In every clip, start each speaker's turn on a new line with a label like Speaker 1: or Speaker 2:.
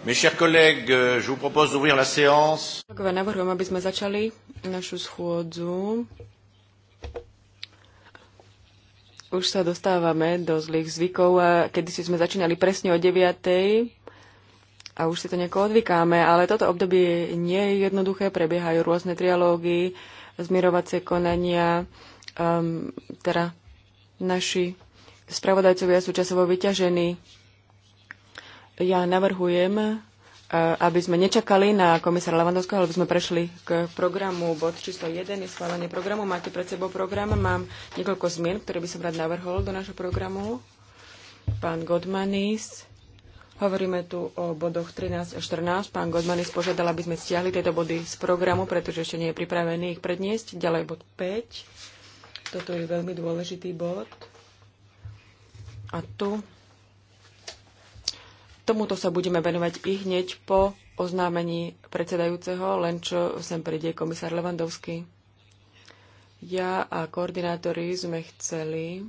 Speaker 1: Mes chers collègues, euh, je vous propose d'ouvrir la séance.
Speaker 2: Navrhujem, aby sme začali našu schôdzu. Už sa dostávame do zlých zvykov. Kedy si sme začínali presne o 9. a už si to nejako odvykáme, ale toto obdobie nie je jednoduché. Prebiehajú rôzne trialógy, zmierovacie konania, um, teda naši spravodajcovia sú časovo vyťažení ja navrhujem, e, aby sme nečakali na komisára Levandovského, ale aby sme prešli k programu. Bod číslo 1 je schválenie programu. Máte pred sebou program. Mám niekoľko zmien, ktoré by som rád navrhol do nášho programu. Pán Godmanis. Hovoríme tu o bodoch 13 a 14. Pán Godmanis požiadal, aby sme stiahli tieto body z programu, pretože ešte nie je pripravený ich predniesť. Ďalej bod 5. Toto je veľmi dôležitý bod. A tu Tomuto sa budeme venovať i hneď po oznámení predsedajúceho, len čo sem príde komisár Levandovský. Ja a koordinátori sme chceli,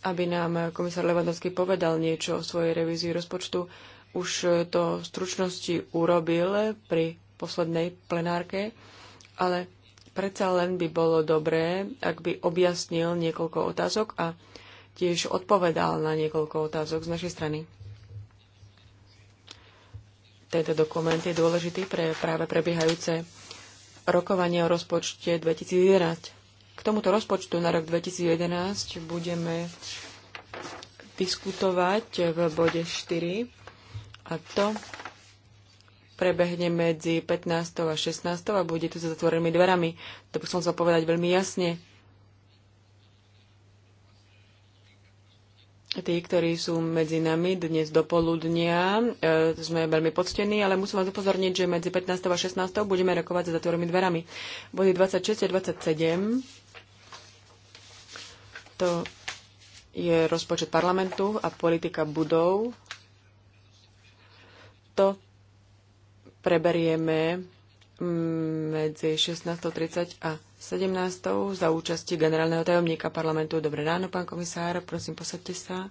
Speaker 2: aby nám komisár Levandovský povedal niečo o svojej revízii rozpočtu. Už to v stručnosti urobil pri poslednej plenárke, ale predsa len by bolo dobré, ak by objasnil niekoľko otázok a tiež odpovedal na niekoľko otázok z našej strany. Tento dokument je dôležitý pre práve prebiehajúce rokovanie o rozpočte 2011. K tomuto rozpočtu na rok 2011 budeme diskutovať v bode 4 a to prebehne medzi 15. a 16. a bude tu za zatvorenými dverami. To by som chcel povedať veľmi jasne. Tí, ktorí sú medzi nami dnes do poludnia, e, sme veľmi poctení, ale musím vás upozorniť, že medzi 15. a 16. budeme rokovať za zatvorenými dverami. Body 26 a 27. To je rozpočet parlamentu a politika budov. To preberieme mm, medzi 16.30 a 17. za účasti generálneho tajomníka parlamentu. Dobré ráno, pán komisár, prosím, posadte sa.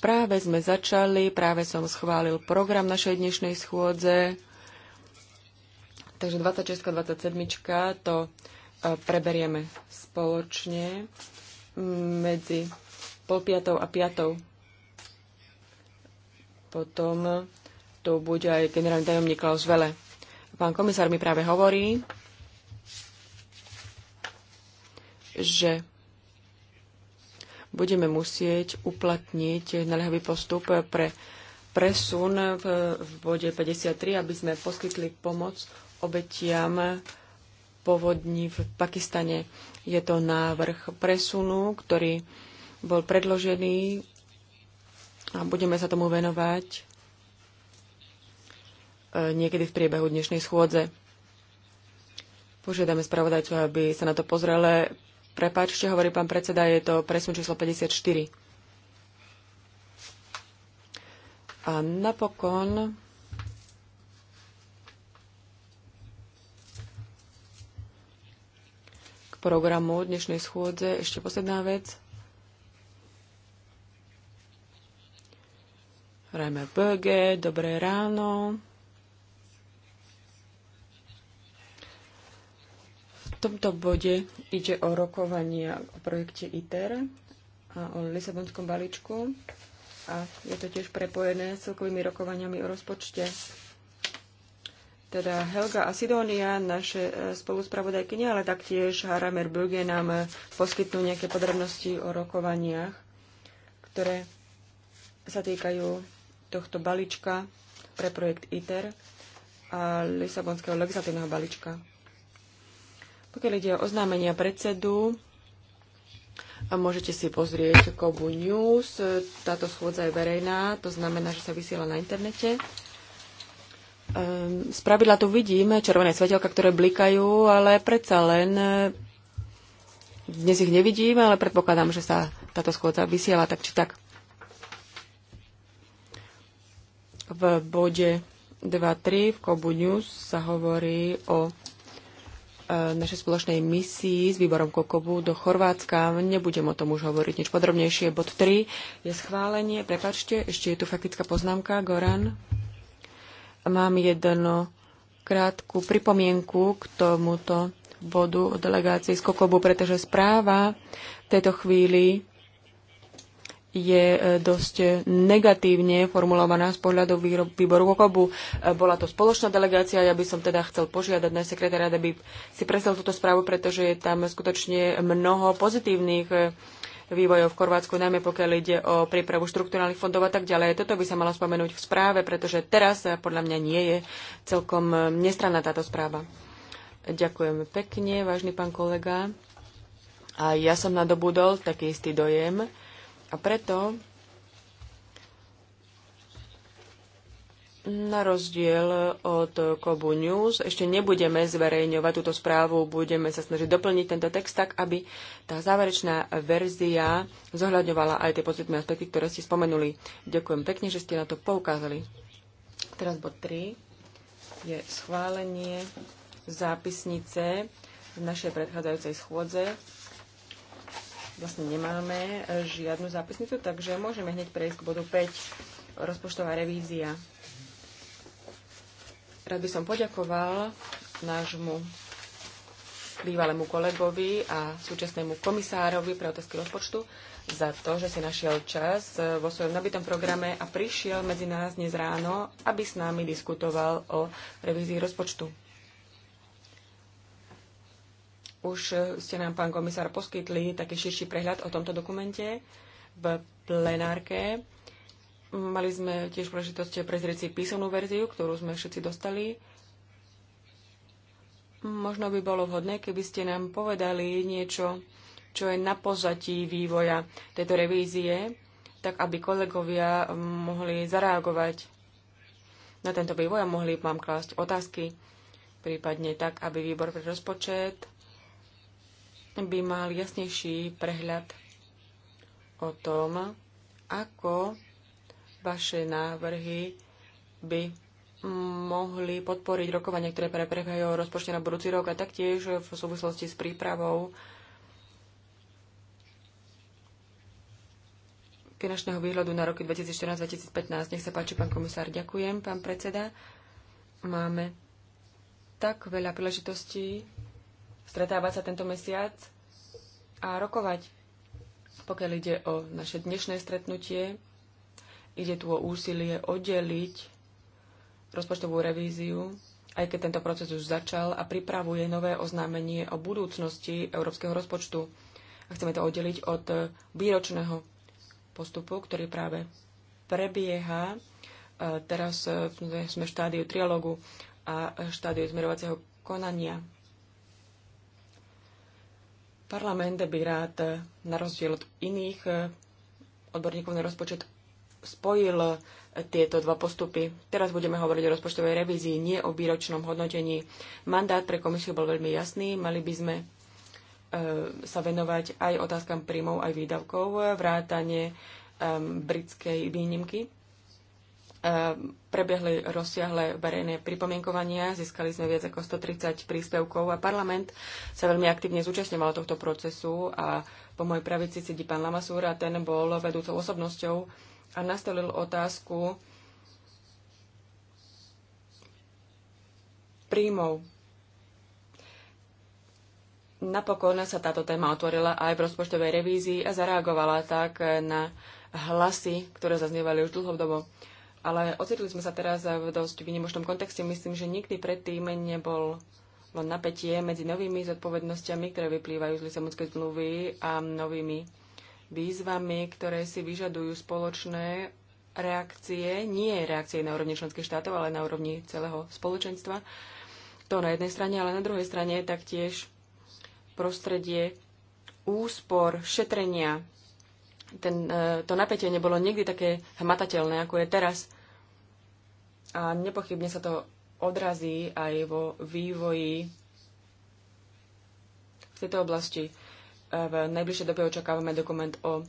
Speaker 2: Práve sme začali, práve som schválil program našej dnešnej schôdze. Takže 26. a 27. to e, preberieme spoločne medzi pol piatou a piatou. Potom to bude aj generálny tajomník Klaus Vele. Pán komisár mi práve hovorí, že budeme musieť uplatniť naliehavý postup pre presun v, v bode 53, aby sme poskytli pomoc obetiam povodní v Pakistane. Je to návrh presunu, ktorý bol predložený a budeme sa tomu venovať E, niekedy v priebehu dnešnej schôdze. Požiadame spravodajcu, aby sa na to pozrele. Prepáčte, hovorí pán predseda, je to presun číslo 54. A napokon k programu dnešnej schôdze ešte posledná vec. Rajme Böge, dobré ráno. tomto bode ide o rokovanie o projekte ITER a o Lisabonskom balíčku a je to tiež prepojené s celkovými rokovaniami o rozpočte. Teda Helga a Sidonia, naše e, spoluspravodajkyne, ale taktiež Haramer Böge nám e, poskytnú nejaké podrobnosti o rokovaniach, ktoré sa týkajú tohto balíčka pre projekt ITER a Lisabonského legislatívneho balíčka. Pokiaľ ide o oznámenia predsedu, a môžete si pozrieť Kobu News. Táto schôdza je verejná, to znamená, že sa vysiela na internete. Ehm, z pravidla tu vidím červené svetelka, ktoré blikajú, ale predsa len e, dnes ich nevidím, ale predpokladám, že sa táto schôdza vysiela tak či tak. V bode 2.3 v Kobu News sa hovorí o E, našej spoločnej misii s výborom Kokobu do Chorvátska. Nebudem o tom už hovoriť nič podrobnejšie. Bod 3 je schválenie. Prepačte, ešte je tu faktická poznámka. Goran. Mám jednu krátku pripomienku k tomuto bodu o delegácii z Kokobu, pretože správa v tejto chvíli je e, dosť negatívne formulovaná z pohľadu výboru OKOBu. E, bola to spoločná delegácia, ja by som teda chcel požiadať na sekretára, aby si presel túto správu, pretože je tam skutočne mnoho pozitívnych e, vývojov v Chorvátsku, najmä pokiaľ ide o prípravu štrukturálnych fondov a tak ďalej. Toto by sa malo spomenúť v správe, pretože teraz podľa mňa nie je celkom nestranná táto správa. Ďakujem pekne, vážny pán kolega. A ja som nadobudol taký istý dojem a preto Na rozdiel od Kobu News ešte nebudeme zverejňovať túto správu, budeme sa snažiť doplniť tento text tak, aby tá záverečná verzia zohľadňovala aj tie pozitívne aspekty, ktoré ste spomenuli. Ďakujem pekne, že ste na to poukázali. Teraz bod 3 je schválenie zápisnice v našej predchádzajúcej schôdze vlastne nemáme e, žiadnu zápisnicu, takže môžeme hneď prejsť k bodu 5, rozpočtová revízia. Rád by som poďakoval nášmu bývalému kolegovi a súčasnému komisárovi pre otázky rozpočtu za to, že si našiel čas e, vo svojom nabitom programe a prišiel medzi nás dnes ráno, aby s nami diskutoval o revízii rozpočtu. Už ste nám, pán komisár, poskytli taký širší prehľad o tomto dokumente v plenárke. Mali sme tiež príležitosť prezrieť si písomnú verziu, ktorú sme všetci dostali. Možno by bolo vhodné, keby ste nám povedali niečo, čo je na pozatí vývoja tejto revízie, tak aby kolegovia mohli zareagovať na tento vývoj a mohli vám klásť otázky, prípadne tak, aby výbor pre rozpočet by mal jasnejší prehľad o tom, ako vaše návrhy by mohli podporiť rokovania, ktoré prebiehajú rozpočte na budúci rok a taktiež v súvislosti s prípravou finančného výhľadu na roky 2014-2015. Nech sa páči, pán komisár. Ďakujem, pán predseda. Máme tak veľa príležitostí stretávať sa tento mesiac a rokovať. Pokiaľ ide o naše dnešné stretnutie, ide tu o úsilie oddeliť rozpočtovú revíziu, aj keď tento proces už začal a pripravuje nové oznámenie o budúcnosti európskeho rozpočtu. A chceme to oddeliť od výročného postupu, ktorý práve prebieha. E, teraz sme v štádiu trialogu a štádiu zmerovacieho konania. Parlament by rád, eh, na rozdiel od iných eh, odborníkov na rozpočet, spojil eh, tieto dva postupy. Teraz budeme hovoriť o rozpočtovej revízii, nie o výročnom hodnotení. Mandát pre komisiu bol veľmi jasný. Mali by sme sa venovať aj otázkam príjmov, aj výdavkov, vrátanie britskej výnimky Ehm, prebiehli rozsiahle verejné pripomienkovania, získali sme viac ako 130 príspevkov a parlament sa veľmi aktívne zúčastňoval tohto procesu a po mojej pravici sedí pán Lamasúr a ten bol vedúcou osobnosťou a nastolil otázku príjmov. Napokon sa táto téma otvorila aj v rozpočtovej revízii a zareagovala tak na hlasy, ktoré zaznievali už dlhodobo. Ale ocitli sme sa teraz v dosť výnimočnom kontexte. Myslím, že nikdy predtým nebol napätie medzi novými zodpovednosťami, ktoré vyplývajú z Lisabonskej zmluvy a novými výzvami, ktoré si vyžadujú spoločné reakcie, nie reakcie na úrovni členských štátov, ale na úrovni celého spoločenstva. To na jednej strane, ale na druhej strane taktiež prostredie úspor, šetrenia, ten, e, to napätie nebolo nikdy také hmatateľné, ako je teraz. A nepochybne sa to odrazí aj vo vývoji v tejto oblasti. E, v najbližšej dobe očakávame dokument o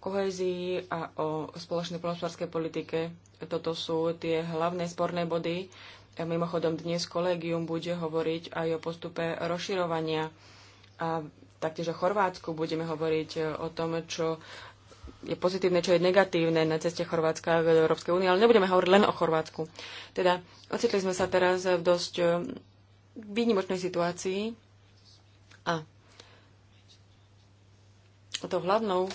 Speaker 2: kohezii a o spoločnej polnospodárskej politike. Toto sú tie hlavné sporné body. E, mimochodom, dnes kolegium bude hovoriť aj o postupe rozširovania a taktiež o Chorvátsku budeme hovoriť e, o tom, čo je pozitívne, čo je negatívne na ceste Chorvátska v Európskej únie, ale nebudeme hovoriť len o Chorvátsku. Teda ocitli sme sa teraz v dosť e, výnimočnej situácii a to hlavnou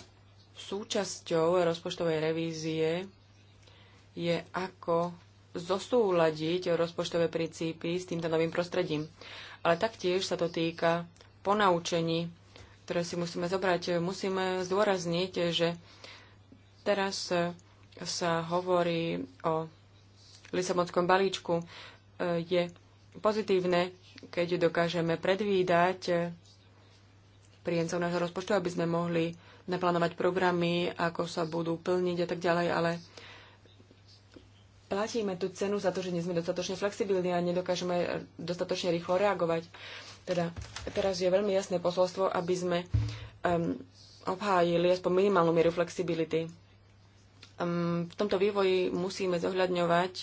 Speaker 2: súčasťou rozpočtovej revízie je ako zosúladiť rozpočtové princípy s týmto novým prostredím. Ale taktiež sa to týka ponaučení, ktoré si musíme zobrať. Musíme zdôrazniť, že teraz sa hovorí o Lisabonskom balíčku. Je pozitívne, keď dokážeme predvídať príjemcov nášho rozpočtu, aby sme mohli naplánovať programy, ako sa budú plniť a tak ďalej, ale platíme tú cenu za to, že nie sme dostatočne flexibilní a nedokážeme dostatočne rýchlo reagovať. Teda teraz je veľmi jasné posolstvo, aby sme um, obhájili aspoň minimálnu mieru flexibility. Um, v tomto vývoji musíme zohľadňovať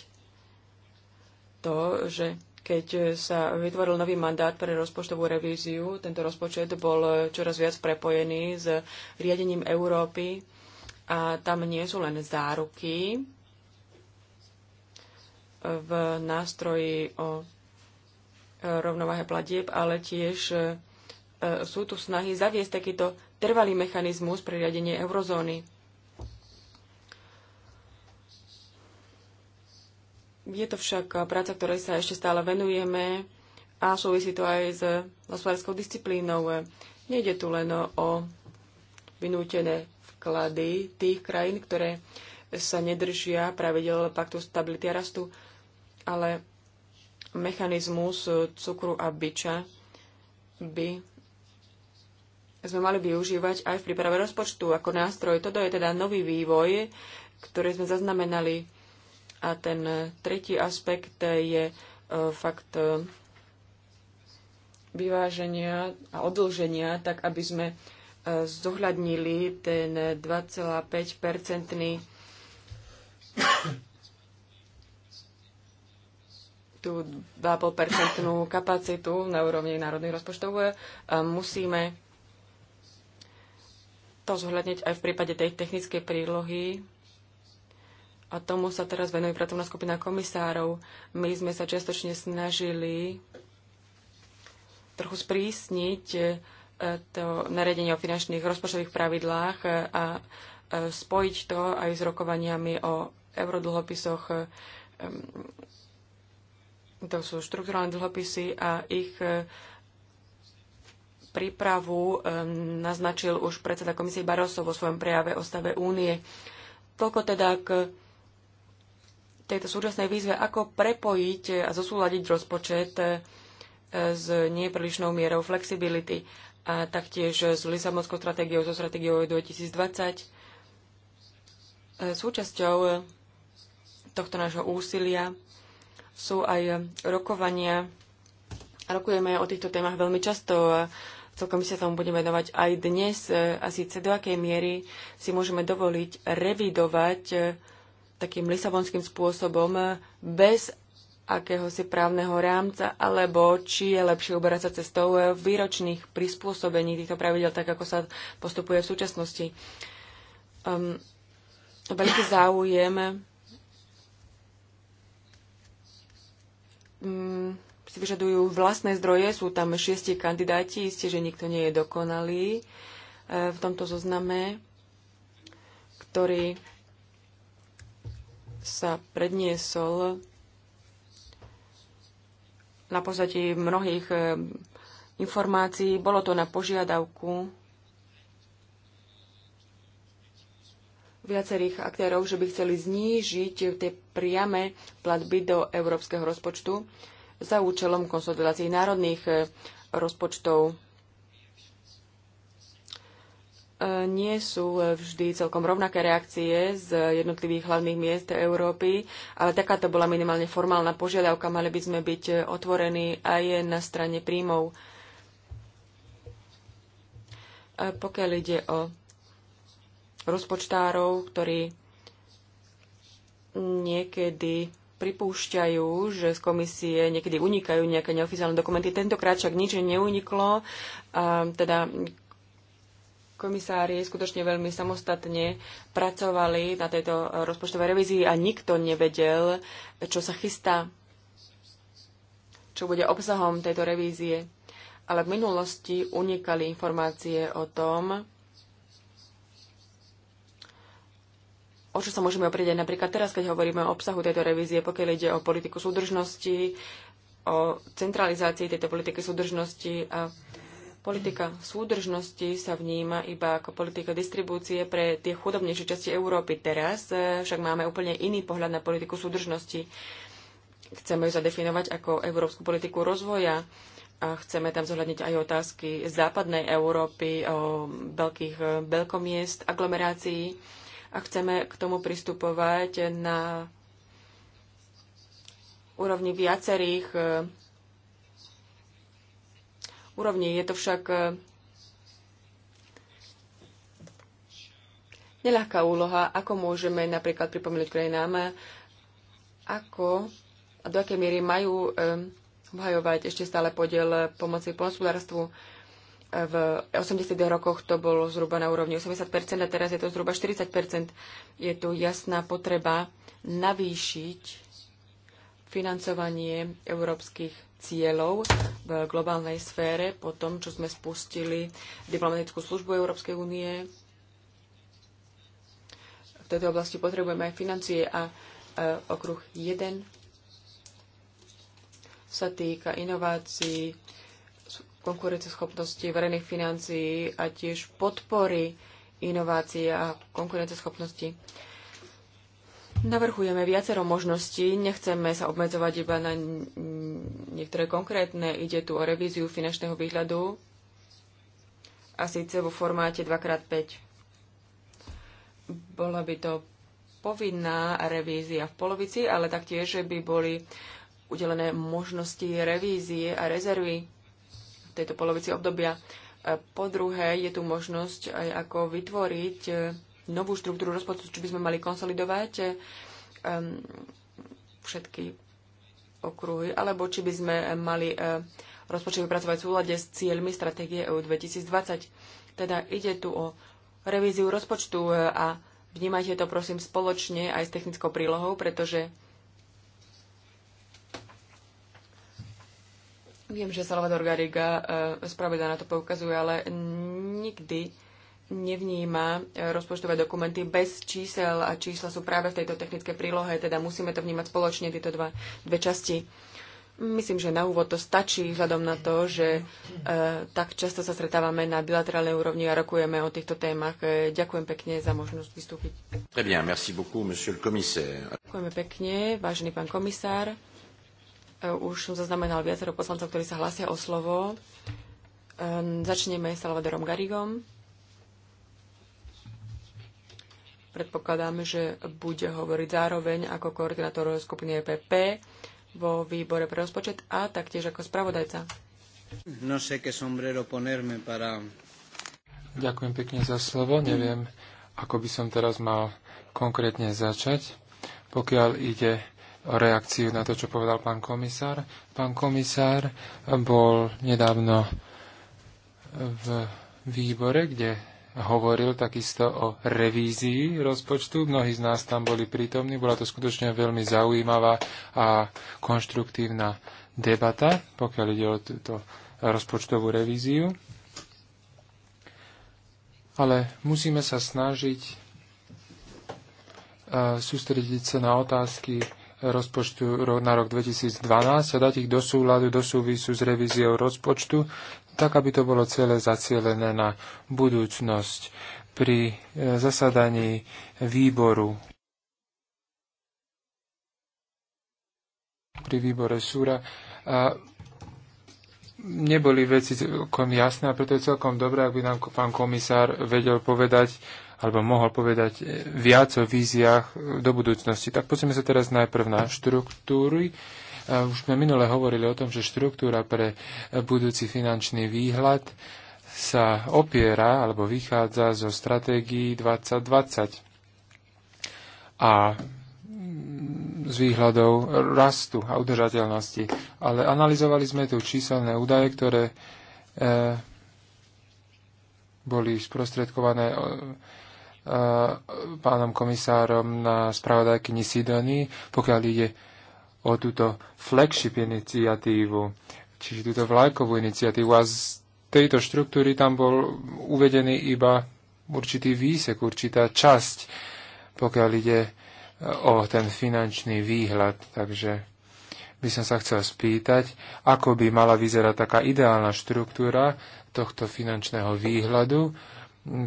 Speaker 2: to, že keď sa vytvoril nový mandát pre rozpočtovú revíziu, tento rozpočet bol čoraz viac prepojený s riadením Európy a tam nie sú len záruky v nástroji o rovnováhe platieb, ale tiež e, sú tu snahy zaviesť takýto trvalý mechanizmus pre riadenie eurozóny. Je to však práca, ktorej sa ešte stále venujeme a súvisí to aj s hospodárskou disciplínou. Nejde tu len o vynútené vklady tých krajín, ktoré sa nedržia pravidel paktu stability a rastu, ale mechanizmus e, cukru a byča by sme mali využívať aj v príprave rozpočtu ako nástroj. Toto je teda nový vývoj, ktorý sme zaznamenali. A ten tretí aspekt je e, fakt e, vyváženia a odlženia, tak aby sme zohľadnili ten 2,5-percentný tú 2,5-percentnú kapacitu na úrovni národných rozpočtov, e, musíme to zohľadniť aj v prípade tej technickej prílohy. A tomu sa teraz venuje pracovná skupina komisárov. My sme sa čiastočne snažili trochu sprísniť e, to nariadenie o finančných rozpočtových pravidlách e, a spojiť to aj s rokovaniami o eurodlhopisoch to sú štrukturálne dlhopisy a ich e, prípravu e, naznačil už predseda komisie Barroso vo svojom prejave o stave únie. Toľko teda k tejto súčasnej výzve, ako prepojiť a zosúľadiť rozpočet e, s neprílišnou mierou flexibility a taktiež s Lisabonskou stratégiou, so stratégiou 2020. Súčasťou tohto nášho úsilia sú aj rokovania. Rokujeme o týchto témach veľmi často. a Celkom sa tomu budeme venovať aj dnes. A síce do akej miery si môžeme dovoliť revidovať takým lisabonským spôsobom bez akéhosi právneho rámca, alebo či je lepšie uberať sa cestou výročných prispôsobení týchto pravidel, tak ako sa postupuje v súčasnosti. Um, veľký záujem Mm, si vyžadujú vlastné zdroje. Sú tam šiesti kandidáti, isté, že nikto nie je dokonalý e, v tomto zozname, ktorý sa predniesol na pozadí mnohých e, informácií. Bolo to na požiadavku viacerých aktérov, že by chceli znížiť tie priame platby do európskeho rozpočtu za účelom konsolidácií národných eh, rozpočtov. Eh, nie sú eh, vždy celkom rovnaké reakcie z jednotlivých hlavných miest Európy, ale takáto bola minimálne formálna požiadavka. Mali by sme byť otvorení aj na strane príjmov. Pokiaľ ide o rozpočtárov, ktorí niekedy pripúšťajú, že z komisie niekedy unikajú nejaké neoficiálne dokumenty. Tentokrát však nič neuniklo. teda komisári skutočne veľmi samostatne pracovali na tejto rozpočtovej revízii a nikto nevedel, čo sa chystá, čo bude obsahom tejto revízie. Ale v minulosti unikali informácie o tom, o čo sa môžeme oprieť aj napríklad teraz, keď hovoríme o obsahu tejto revízie, pokiaľ ide o politiku súdržnosti, o centralizácii tejto politiky súdržnosti a politika súdržnosti sa vníma iba ako politika distribúcie pre tie chudobnejšie časti Európy. Teraz e, však máme úplne iný pohľad na politiku súdržnosti. Chceme ju zadefinovať ako európsku politiku rozvoja a chceme tam zohľadniť aj otázky západnej Európy, o veľkých e, veľkomiest, aglomerácií a chceme k tomu pristupovať na úrovni viacerých e, úrovni. Je to však e, nelahká úloha, ako môžeme napríklad pripomínať krajinám, ako a do akej miery majú e, obhajovať ešte stále podiel pomoci pohospodárstvu v 80. rokoch to bolo zhruba na úrovni 80 a teraz je to zhruba 40 Je tu jasná potreba navýšiť financovanie európskych cieľov v globálnej sfére po tom, čo sme spustili diplomatickú službu Európskej únie. V tejto oblasti potrebujeme aj financie a e, okruh 1 sa týka inovácií, konkurenceschopnosti verejných financií a tiež podpory inovácií a konkurenceschopnosti. Navrhujeme viacero možností, nechceme sa obmedzovať iba na niektoré konkrétne. Ide tu o revíziu finančného výhľadu a síce vo formáte 2x5. Bola by to povinná revízia v polovici, ale taktiež by boli udelené možnosti revízie a rezervy tejto polovici obdobia. Po druhé, je tu možnosť aj ako vytvoriť e, novú štruktúru rozpočtu, čo by sme mali konsolidovať e, všetky okruhy, alebo či by sme mali e, rozpočet vypracovať v súlade s cieľmi stratégie EU 2020. Teda ide tu o revíziu rozpočtu a vnímajte to prosím spoločne aj s technickou prílohou, pretože Viem, že Salvador Garriga eh, spravedlá na to poukazuje, ale nikdy nevníma eh, rozpočtové dokumenty bez čísel a čísla sú práve v tejto technické prílohe, teda musíme to vnímať spoločne, tieto dva, dve časti. Myslím, že na úvod to stačí, vzhľadom na to, že e, tak často sa stretávame na bilaterálnej úrovni a rokujeme o týchto témach. E, ďakujem pekne za možnosť vystúpiť.
Speaker 1: Très bien, merci beaucoup, monsieur le commissaire.
Speaker 2: Ďakujeme pekne, vážený pán komisár. Už som zaznamenal viacero poslancov, ktorí sa hlasia o slovo. Ehm, začneme Salvadorom Garigom. Predpokladám, že bude hovoriť zároveň ako koordinátor skupiny EPP vo výbore pre rozpočet a taktiež ako spravodajca.
Speaker 3: No sé qué sombrero ponerme
Speaker 4: para... Ďakujem pekne za slovo. Neviem, ako by som teraz mal konkrétne začať. Pokiaľ ide reakciu na to, čo povedal pán komisár. Pán komisár bol nedávno v výbore, kde hovoril takisto o revízii rozpočtu. Mnohí z nás tam boli prítomní. Bola to skutočne veľmi zaujímavá a konštruktívna debata, pokiaľ ide o túto rozpočtovú revíziu. Ale musíme sa snažiť e, sústrediť sa na otázky rozpočtu na rok 2012 a dať ich do súladu, do súvisu s revíziou rozpočtu, tak aby to bolo celé zacielené na budúcnosť pri e, zasadaní výboru pri výbore súra a neboli veci celkom jasné a preto je celkom dobré, ak by nám pán komisár vedel povedať, alebo mohol povedať e, viac o víziách e, do budúcnosti. Tak pozrieme sa teraz najprv na štruktúry. E, už sme minule hovorili o tom, že štruktúra pre budúci finančný výhľad sa opiera alebo vychádza zo stratégií 2020 a mm, z výhľadov rastu a udržateľnosti. Ale analyzovali sme tu číselné údaje, ktoré e, boli sprostredkované pánom komisárom na spravodajkyni Nisidony, pokiaľ ide o túto flagship iniciatívu, čiže túto vlajkovú iniciatívu. A z tejto štruktúry tam bol uvedený iba určitý výsek, určitá časť, pokiaľ ide e, o ten finančný výhľad. Takže by som sa chcel spýtať, ako by mala vyzerať taká ideálna štruktúra tohto finančného výhľadu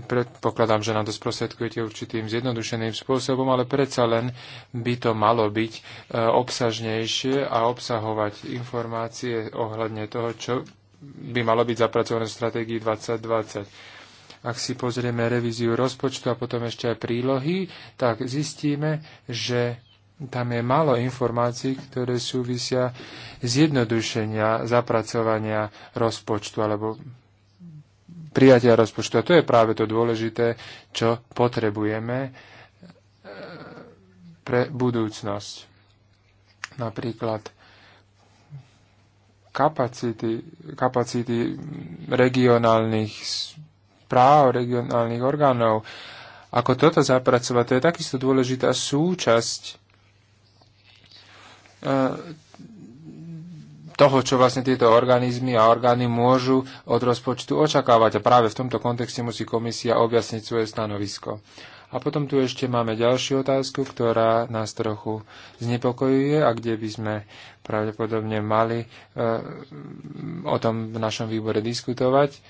Speaker 4: Predpokladám, že nám to sprostredkujete určitým zjednodušeným spôsobom, ale predsa len by to malo byť e, obsažnejšie a obsahovať informácie ohľadne toho, čo by malo byť zapracované v stratégii 2020 ak si pozrieme revíziu rozpočtu a potom ešte aj prílohy, tak zistíme, že tam je málo informácií, ktoré súvisia zjednodušenia zapracovania rozpočtu alebo prijatia rozpočtu. A to je práve to dôležité, čo potrebujeme e, pre budúcnosť. Napríklad kapacity, kapacity regionálnych práv, regionálnych orgánov. Ako toto zapracovať, to je takisto dôležitá súčasť e, toho, čo vlastne tieto organizmy a orgány môžu od rozpočtu očakávať. A práve v tomto kontexte musí komisia objasniť svoje stanovisko. A potom tu ešte máme ďalšiu otázku, ktorá nás trochu znepokojuje a kde by sme pravdepodobne mali e, o tom v našom výbore diskutovať.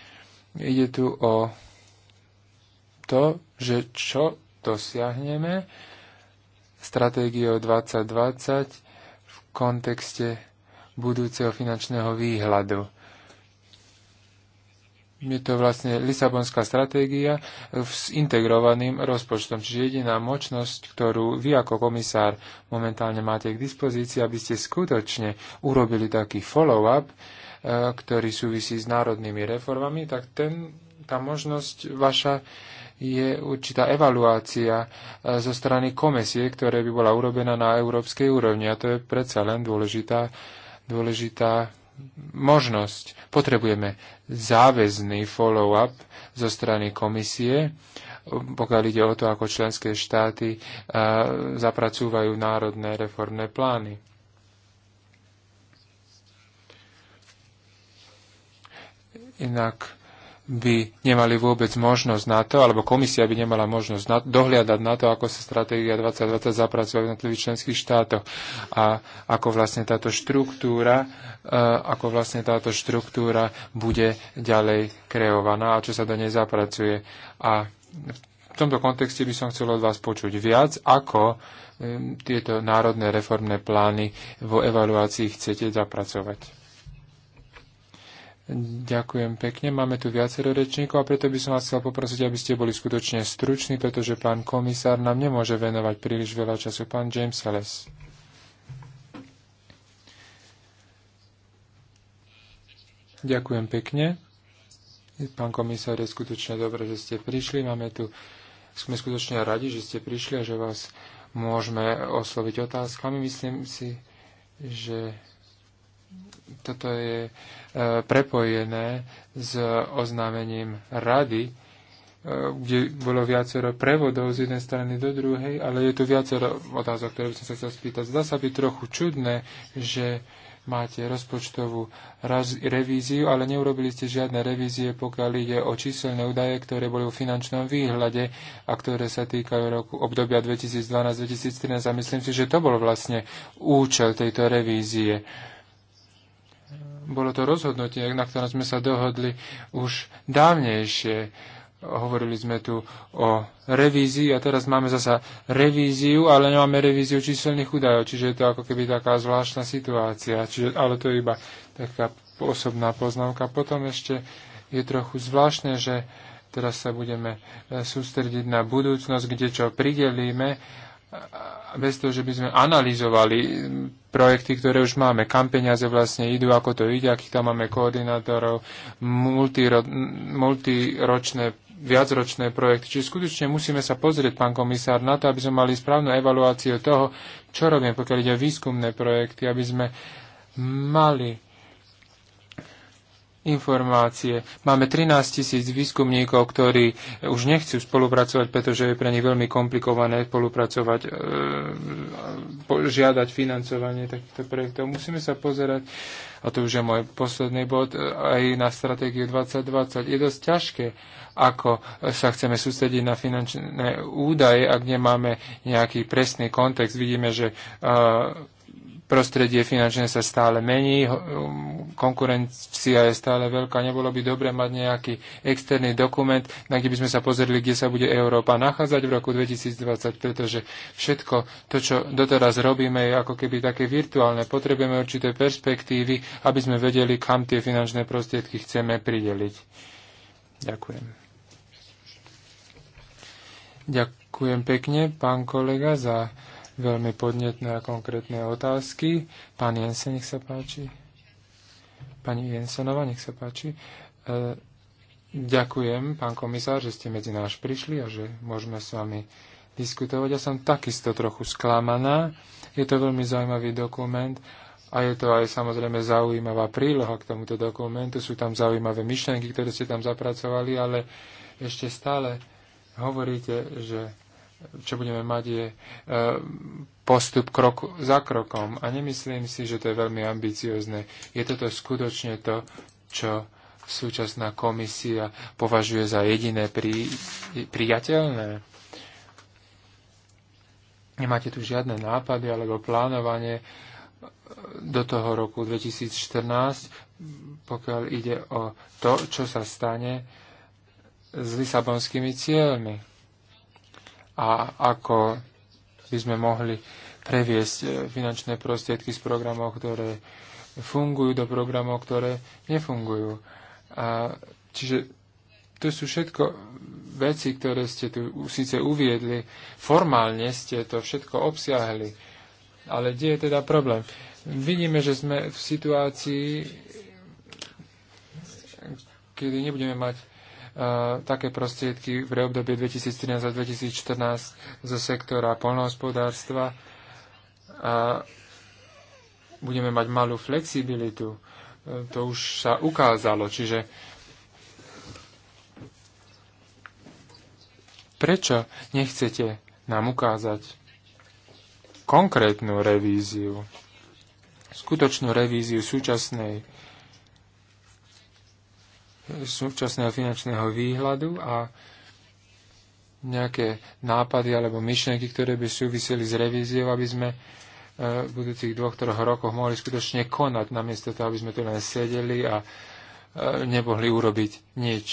Speaker 4: Ide tu o to, že čo dosiahneme stratégiou 2020 v kontexte budúceho finančného výhľadu. Je to vlastne Lisabonská stratégia s integrovaným rozpočtom, čiže jediná močnosť, ktorú vy ako komisár momentálne máte k dispozícii, aby ste skutočne urobili taký follow-up, e, ktorý súvisí s národnými reformami, tak ten, tá možnosť vaša je určitá evaluácia e, zo strany komisie, ktorá by bola urobená na európskej úrovni. A to je predsa len dôležitá dôležitá možnosť. Potrebujeme záväzný follow-up zo strany komisie, pokiaľ ide o to, ako členské štáty zapracúvajú národné reformné plány. Inak by nemali vôbec možnosť na to, alebo komisia by nemala možnosť na, dohliadať na to, ako sa stratégia 2020 zapracuje v jednotlivých členských štátoch a ako vlastne táto štruktúra, e, ako vlastne táto štruktúra bude ďalej kreovaná a čo sa do nej zapracuje. A v tomto kontexte by som chcel od vás počuť viac, ako e, tieto národné reformné plány vo evaluácii chcete zapracovať. Ďakujem pekne. Máme tu viacero rečníkov a preto by som vás chcel poprosiť, aby ste boli skutočne struční, pretože pán komisár nám nemôže venovať príliš veľa času. Pán James Ellis. Ďakujem pekne. Pán komisár, je skutočne dobré, že ste prišli. Máme tu, sme skutočne radi, že ste prišli a že vás môžeme osloviť otázkami. Myslím si, že toto je e, prepojené s oznámením rady, e, kde bolo viacero prevodov z jednej strany do druhej, ale je tu viacero otázok, ktoré by som sa chcel spýtať. Zdá sa byť trochu čudné, že máte rozpočtovú raz, revíziu, ale neurobili ste žiadne revízie, pokiaľ ide o číselné údaje, ktoré boli v finančnom výhľade a ktoré sa týkajú roku obdobia 2012-2013. A myslím si, že to bol vlastne účel tejto revízie. Uh, bolo to rozhodnutie, na ktorom sme sa dohodli už dávnejšie. Hovorili sme tu o revízii a teraz máme zasa revíziu, ale nemáme revíziu číselných údajov, čiže je to ako keby taká zvláštna situácia, čiže, ale to je iba taká osobná poznámka. Potom ešte je trochu zvláštne, že teraz sa budeme sústrediť na budúcnosť, kde čo pridelíme bez toho, že by sme analyzovali projekty, ktoré už máme, kam peniaze vlastne idú, ako to ide, akých tam máme koordinátorov, multiro, multiročné viacročné projekty. Čiže skutočne musíme sa pozrieť, pán komisár, na to, aby sme mali správnu evaluáciu toho, čo robíme, pokiaľ ide o výskumné projekty, aby sme mali informácie. Máme 13 tisíc výskumníkov, ktorí už nechcú spolupracovať, pretože je pre nich veľmi komplikované spolupracovať, e, žiadať financovanie takýchto projektov. Musíme sa pozerať, a to už je môj posledný bod, e, aj na stratégiu 2020. Je dosť ťažké, ako sa chceme sústrediť na finančné údaje, ak nemáme nejaký presný kontext. Vidíme, že e, prostredie finančné sa stále mení, um, konkurencia je stále veľká, nebolo by dobre mať nejaký externý dokument, na kde by sme sa pozreli, kde sa bude Európa nachádzať v roku 2020, pretože všetko to, čo doteraz robíme, je ako keby také virtuálne. Potrebujeme určité perspektívy, aby sme vedeli, kam tie finančné prostriedky chceme prideliť. Ďakujem. Ďakujem pekne, pán kolega, za veľmi podnetné a konkrétne otázky. Pán Jensen, nech sa páči. Pani Jensenova, nech sa páči. E, ďakujem, pán komisár, že ste medzi náš prišli a že môžeme s vami diskutovať. Ja som takisto trochu sklamaná. Je to veľmi zaujímavý dokument a je to aj samozrejme zaujímavá príloha k tomuto dokumentu. Sú tam zaujímavé myšlenky, ktoré ste tam zapracovali, ale ešte stále hovoríte, že čo budeme mať, je e, postup krok za krokom. A nemyslím si, že to je veľmi ambiciozne. Je toto skutočne to, čo súčasná komisia považuje za jediné pri, priateľné? Nemáte tu žiadne nápady alebo plánovanie do toho roku 2014, pokiaľ ide o to, čo sa stane s lisabonskými cieľmi a ako by sme mohli previesť e, finančné prostriedky z programov, ktoré fungujú do programov, ktoré nefungujú. A, čiže to sú všetko veci, ktoré ste tu síce uviedli, formálne ste to všetko obsiahli, ale kde je teda problém? Vidíme, že sme v situácii, kedy nebudeme mať také prostriedky v obdobie 2013 a 2014 zo sektora polnohospodárstva a budeme mať malú flexibilitu. E, to už sa ukázalo, čiže prečo nechcete nám ukázať konkrétnu revíziu, skutočnú revíziu súčasnej súčasného finančného výhľadu a nejaké nápady alebo myšlenky, ktoré by súviseli s revíziou, aby sme e, v budúcich dvoch, troch rokoch mohli skutočne konať, namiesto toho, aby sme tu len sedeli a e, nemohli urobiť nič.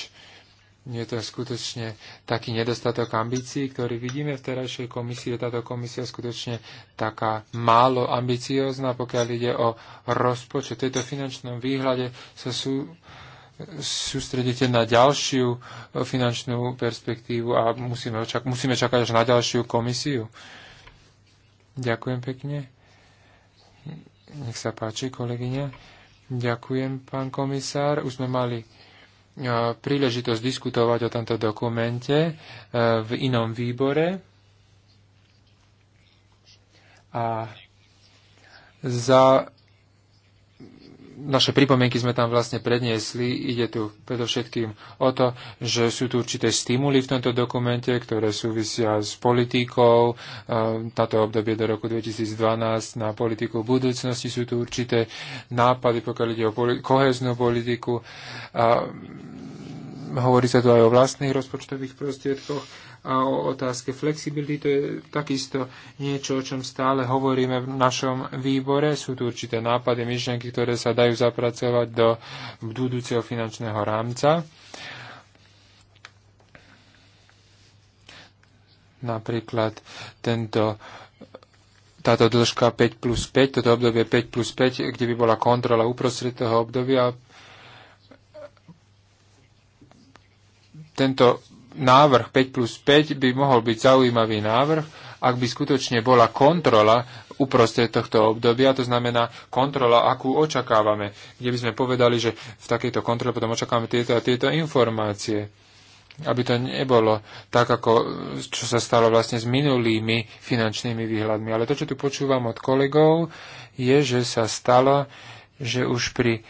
Speaker 4: Je to skutočne taký nedostatok ambícií, ktorý vidíme v terajšej komisii. Je Táto komisia skutočne taká málo ambiciózna, pokiaľ ide o rozpočet. V tejto finančnom výhľade sa sú, sústredíte na ďalšiu e, finančnú perspektívu a musíme, čak- musíme čakať až na ďalšiu komisiu. Ďakujem pekne. Nech sa páči, kolegyňa. Ďakujem, pán komisár. Už sme mali e, príležitosť diskutovať o tomto dokumente e, v inom výbore. A za naše pripomienky sme tam vlastne predniesli. Ide tu predovšetkým o to, že sú tu určité stimuly v tomto dokumente, ktoré súvisia s politikou. E, Táto obdobie do roku 2012 na politiku budúcnosti sú tu určité nápady, pokiaľ ide o poli- koheznú politiku. A mm, hovorí sa tu aj o vlastných rozpočtových prostriedkoch a o otázke flexibility, to je takisto niečo, o čom stále hovoríme v našom výbore. Sú tu určité nápady, myšlenky, ktoré sa dajú zapracovať do budúceho finančného rámca. Napríklad tento táto dĺžka 5 plus 5, toto obdobie 5 plus 5, kde by bola kontrola uprostred toho obdobia. Tento návrh 5 plus 5 by mohol byť zaujímavý návrh, ak by skutočne bola kontrola uprostred tohto obdobia, to znamená kontrola, akú očakávame, kde by sme povedali, že v takejto kontrole potom očakávame tieto a tieto informácie aby to nebolo tak, ako čo sa stalo vlastne s minulými finančnými výhľadmi. Ale to, čo tu počúvam od kolegov, je, že sa stalo, že už pri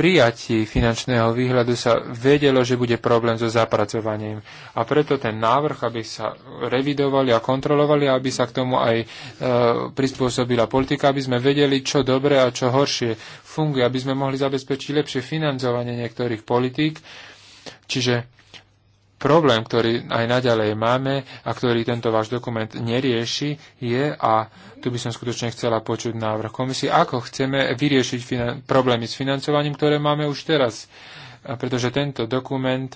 Speaker 4: prijatí finančného výhľadu sa vedelo, že bude problém so zapracovaním. A preto ten návrh, aby sa revidovali a kontrolovali, aby sa k tomu aj e, prispôsobila politika, aby sme vedeli, čo dobre a čo horšie funguje, aby sme mohli zabezpečiť lepšie financovanie niektorých politík. Čiže problém, ktorý aj naďalej máme a ktorý tento váš dokument nerieši, je, a tu by som skutočne chcela počuť návrh komisie, ako chceme vyriešiť problémy s financovaním, ktoré máme už teraz. Pretože tento dokument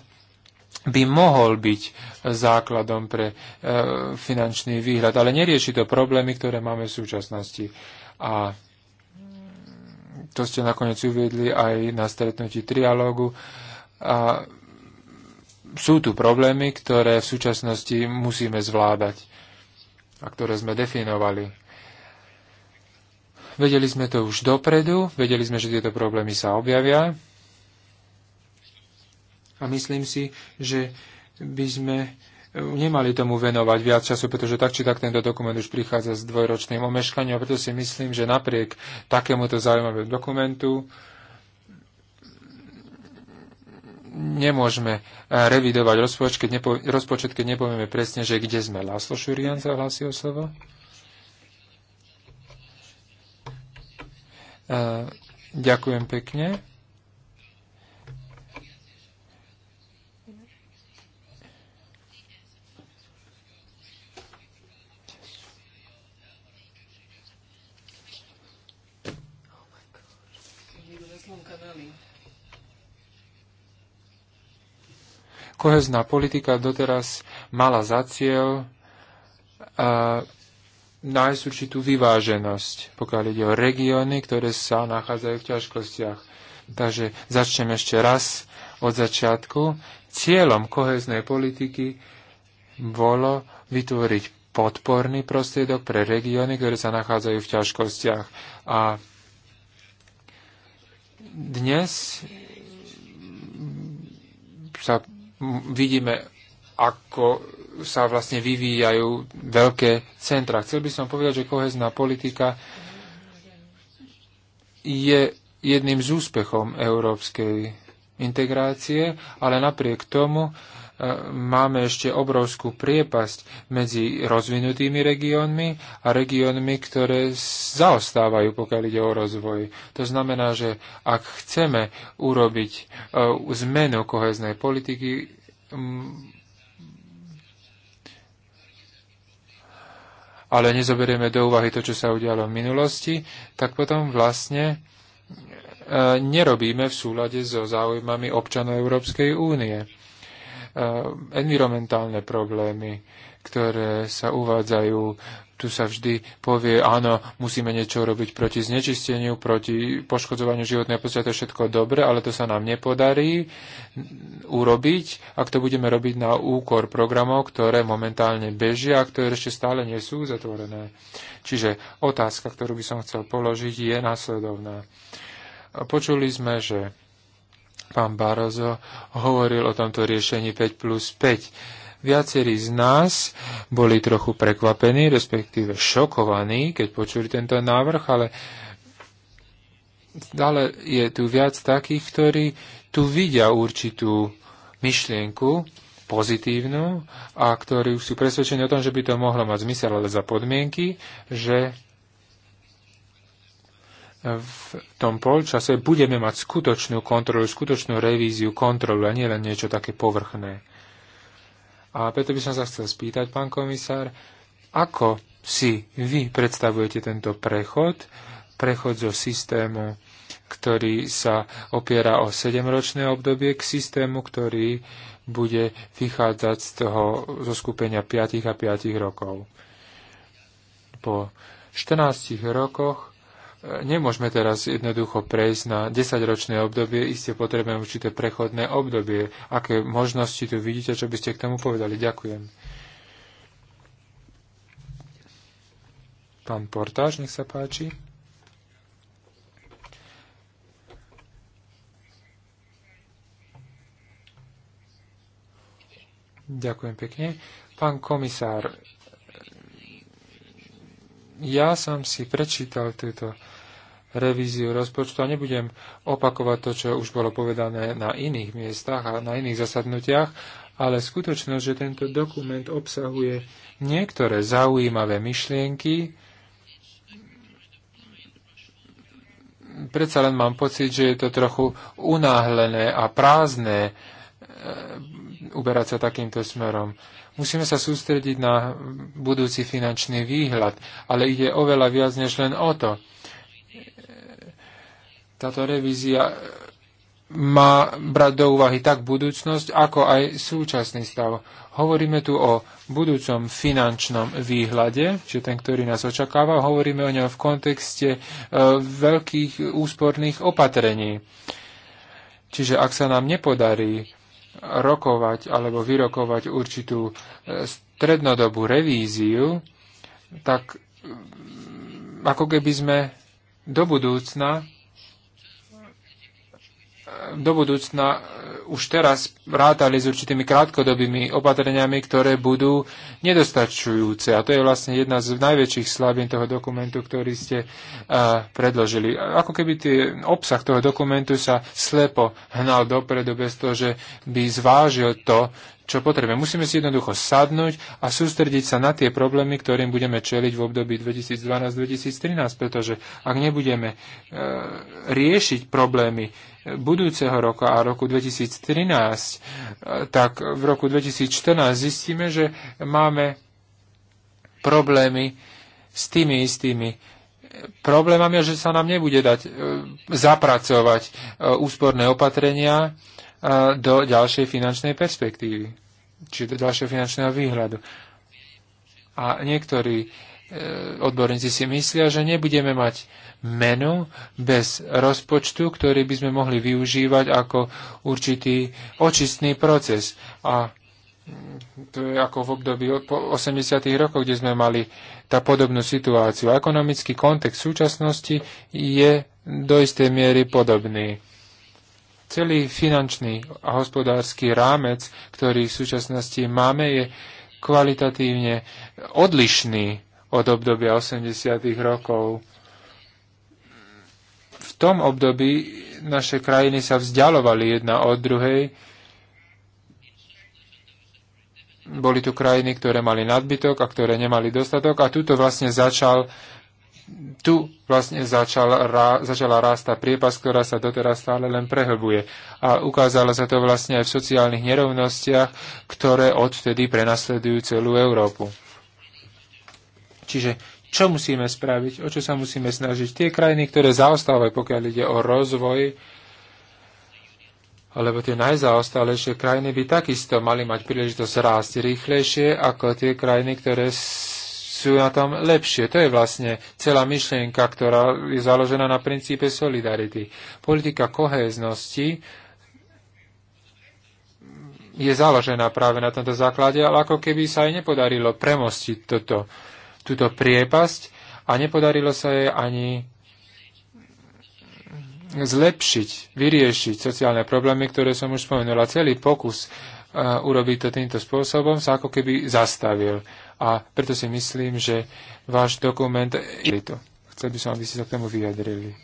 Speaker 4: by mohol byť základom pre e, finančný výhľad, ale nerieši to problémy, ktoré máme v súčasnosti. A to ste nakoniec uviedli aj na stretnutí trialógu. A sú tu problémy, ktoré v súčasnosti musíme zvládať a ktoré sme definovali. Vedeli sme to už dopredu, vedeli sme, že tieto problémy sa objavia a myslím si, že by sme nemali tomu venovať viac času, pretože tak či tak tento dokument už prichádza s dvojročným omeškaním a preto si myslím, že napriek takémuto zaujímavému dokumentu nemôžeme eh, revidovať rozpočet, keď, nepo, rozpočet, keď nepovieme presne, že kde sme. Láslo Šurian zahlási. o slovo. Eh, ďakujem pekne. Kohezná politika doteraz mala za cieľ a, nájsť určitú vyváženosť, pokiaľ ide o regióny, ktoré sa nachádzajú v ťažkostiach. Takže začnem ešte raz od začiatku. Cieľom koheznej politiky bolo vytvoriť podporný prostriedok pre regióny, ktoré sa nachádzajú v ťažkostiach. A dnes sa vidíme, ako sa vlastne vyvíjajú veľké centra. Chcel by som povedať, že kohezná politika je jedným z úspechom európskej integrácie, ale napriek tomu E, máme ešte obrovskú priepasť medzi rozvinutými regiónmi a regiónmi, ktoré zaostávajú, pokiaľ ide o rozvoj. To znamená, že ak chceme urobiť e, zmenu koheznej politiky, ale nezoberieme do úvahy to, čo sa udialo v minulosti, tak potom vlastne e, nerobíme v súlade so záujmami občanov Európskej únie. Eh, environmentálne problémy, ktoré sa uvádzajú. Tu sa vždy povie, áno, musíme niečo robiť proti znečisteniu, proti poškodzovaniu životného prostredia, to je všetko dobre, ale to sa nám nepodarí urobiť, ak to budeme robiť na úkor programov, ktoré momentálne bežia a ktoré ešte stále nie sú zatvorené. Čiže otázka, ktorú by som chcel položiť, je následovná. Počuli sme, že pán Barozo hovoril o tomto riešení 5 plus 5. Viacerí z nás boli trochu prekvapení, respektíve šokovaní, keď počuli tento návrh, ale stále je tu viac takých, ktorí tu vidia určitú myšlienku pozitívnu a ktorí sú presvedčení o tom, že by to mohlo mať zmysel, ale za podmienky, že v tom polčase budeme mať skutočnú kontrolu, skutočnú revíziu kontrolu a nie len niečo také povrchné. A preto by som sa chcel spýtať, pán komisár, ako si vy predstavujete tento prechod, prechod zo systému, ktorý sa opiera o 7-ročné obdobie k systému, ktorý bude vychádzať z toho zo skupenia 5 a 5 rokov. Po 14 rokoch nemôžeme teraz jednoducho prejsť na 10-ročné obdobie, iste potrebujeme určité prechodné obdobie. Aké možnosti tu vidíte, čo by ste k tomu povedali? Ďakujem. Pán Portáž, nech sa páči. Ďakujem pekne. Pán komisár, ja som si prečítal túto revíziu rozpočtu a nebudem opakovať to, čo už bolo povedané na iných miestach a na iných zasadnutiach, ale skutočnosť, že tento dokument obsahuje niektoré zaujímavé myšlienky, predsa len mám pocit, že je to trochu unáhlené a prázdne e, uberať sa takýmto smerom. Musíme sa sústrediť na budúci finančný výhľad, ale ide oveľa viac než len o to. Táto revízia e, má brať do úvahy tak budúcnosť, ako aj súčasný stav. Hovoríme tu o budúcom finančnom výhľade, čiže ten, ktorý nás očakáva, hovoríme o ňom v kontexte e, veľkých úsporných opatrení. Čiže ak sa nám nepodarí rokovať alebo vyrokovať určitú e, strednodobú revíziu, tak ako keby sme do budúcna do budúcna e, už teraz rátali s určitými krátkodobými opatreniami, ktoré budú nedostačujúce. A to je vlastne jedna z najväčších slabín toho dokumentu, ktorý ste e, predložili. Ako keby tý obsah toho dokumentu sa slepo hnal dopredu bez toho, že by zvážil to, čo potrebujeme. Musíme si jednoducho sadnúť a sústrediť sa na tie problémy, ktorým budeme čeliť v období 2012-2013, pretože ak nebudeme e, riešiť problémy budúceho roka a roku 2013, tak v roku 2014 zistíme, že máme problémy s tými istými problémami, že sa nám nebude dať e, zapracovať e, úsporné opatrenia e, do ďalšej finančnej perspektívy, či do ďalšieho finančného výhľadu. A niektorí E, odborníci si myslia, že nebudeme mať menu bez rozpočtu, ktorý by sme mohli využívať ako určitý očistný proces. A mm, to je ako v období 80. rokov, kde sme mali tá podobnú situáciu. Ekonomický kontext súčasnosti je do istej miery podobný. Celý finančný a hospodársky rámec, ktorý v súčasnosti máme, je kvalitatívne odlišný od obdobia 80. rokov. V tom období naše krajiny sa vzdialovali jedna od druhej. Boli tu krajiny, ktoré mali nadbytok a ktoré nemali dostatok a tuto vlastne začal tu vlastne začal, rá, začala rásta priepas, ktorá sa doteraz stále len prehlbuje. A ukázalo sa to vlastne aj v sociálnych nerovnostiach, ktoré odvtedy prenasledujú celú Európu. Čiže čo musíme spraviť, o čo sa musíme snažiť? Tie krajiny, ktoré zaostávajú, pokiaľ ide o rozvoj, alebo tie najzaostalejšie krajiny by takisto mali mať príležitosť rásť rýchlejšie ako tie krajiny, ktoré sú na tom lepšie. To je vlastne celá myšlienka, ktorá je založená na princípe solidarity. Politika kohéznosti je založená práve na tomto základe, ale ako keby sa aj nepodarilo premostiť toto túto priepasť a nepodarilo sa jej ani zlepšiť, vyriešiť sociálne problémy, ktoré som už spomenul a Celý pokus e, urobiť to týmto spôsobom sa ako keby zastavil. A preto si myslím, že váš dokument je to. Chcel by som, aby ste sa k tomu vyjadrili.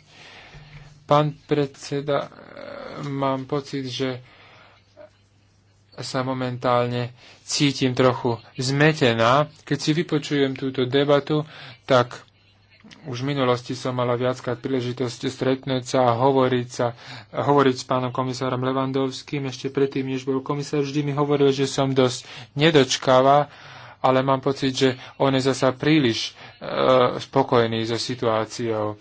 Speaker 4: Pán predseda, e, mám pocit, že sa momentálne cítim trochu zmetená. Keď si vypočujem túto debatu, tak už v minulosti som mala viackrát príležitosť stretnúť sa a hovoriť, sa, hovoriť s pánom komisárom Levandovským. Ešte predtým, než bol komisár, vždy mi hovoril, že som dosť nedočkáva, ale mám pocit, že on je zasa príliš e, spokojný so situáciou.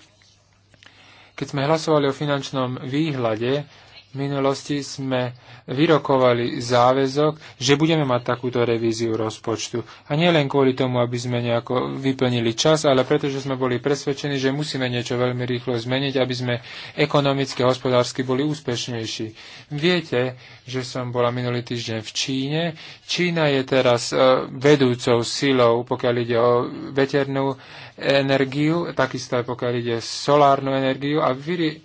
Speaker 4: Keď sme hlasovali o finančnom výhľade, v minulosti sme vyrokovali záväzok, že budeme mať takúto revíziu rozpočtu. A nie len kvôli tomu, aby sme nejako vyplnili čas, ale pretože sme boli presvedčení, že musíme niečo veľmi rýchlo zmeniť, aby sme ekonomicky a hospodársky boli úspešnejší. Viete, že som bola minulý týždeň v Číne. Čína je teraz e, vedúcou silou, pokiaľ ide o veternú energiu, takisto aj pokiaľ ide o solárnu energiu a vyri-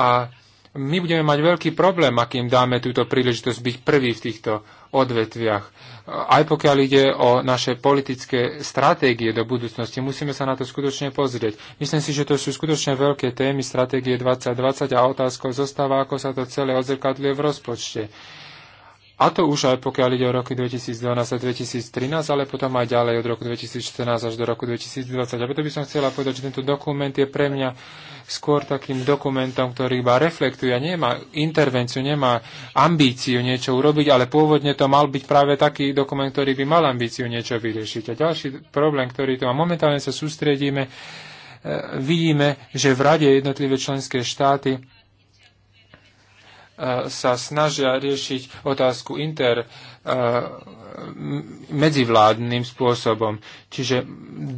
Speaker 4: a my budeme mať veľký problém, akým dáme túto príležitosť byť prvý v týchto odvetviach. Aj pokiaľ ide o naše politické stratégie do budúcnosti, musíme sa na to skutočne pozrieť. Myslím si, že to sú skutočne veľké témy stratégie 2020 a otázkou zostáva, ako sa to celé odzrkadľuje v rozpočte. A to už aj pokiaľ ide o roky 2012 a 2013, ale potom aj ďalej od roku 2014 až do roku 2020. A preto by som chcela povedať, že tento dokument je pre mňa skôr takým dokumentom, ktorý iba reflektuje, nemá intervenciu, nemá ambíciu niečo urobiť, ale pôvodne to mal byť práve taký dokument, ktorý by mal ambíciu niečo vyriešiť. A ďalší problém, ktorý tu má, momentálne sa sústredíme, e, vidíme, že v rade jednotlivé členské štáty sa snažia riešiť otázku inter medzivládnym spôsobom. Čiže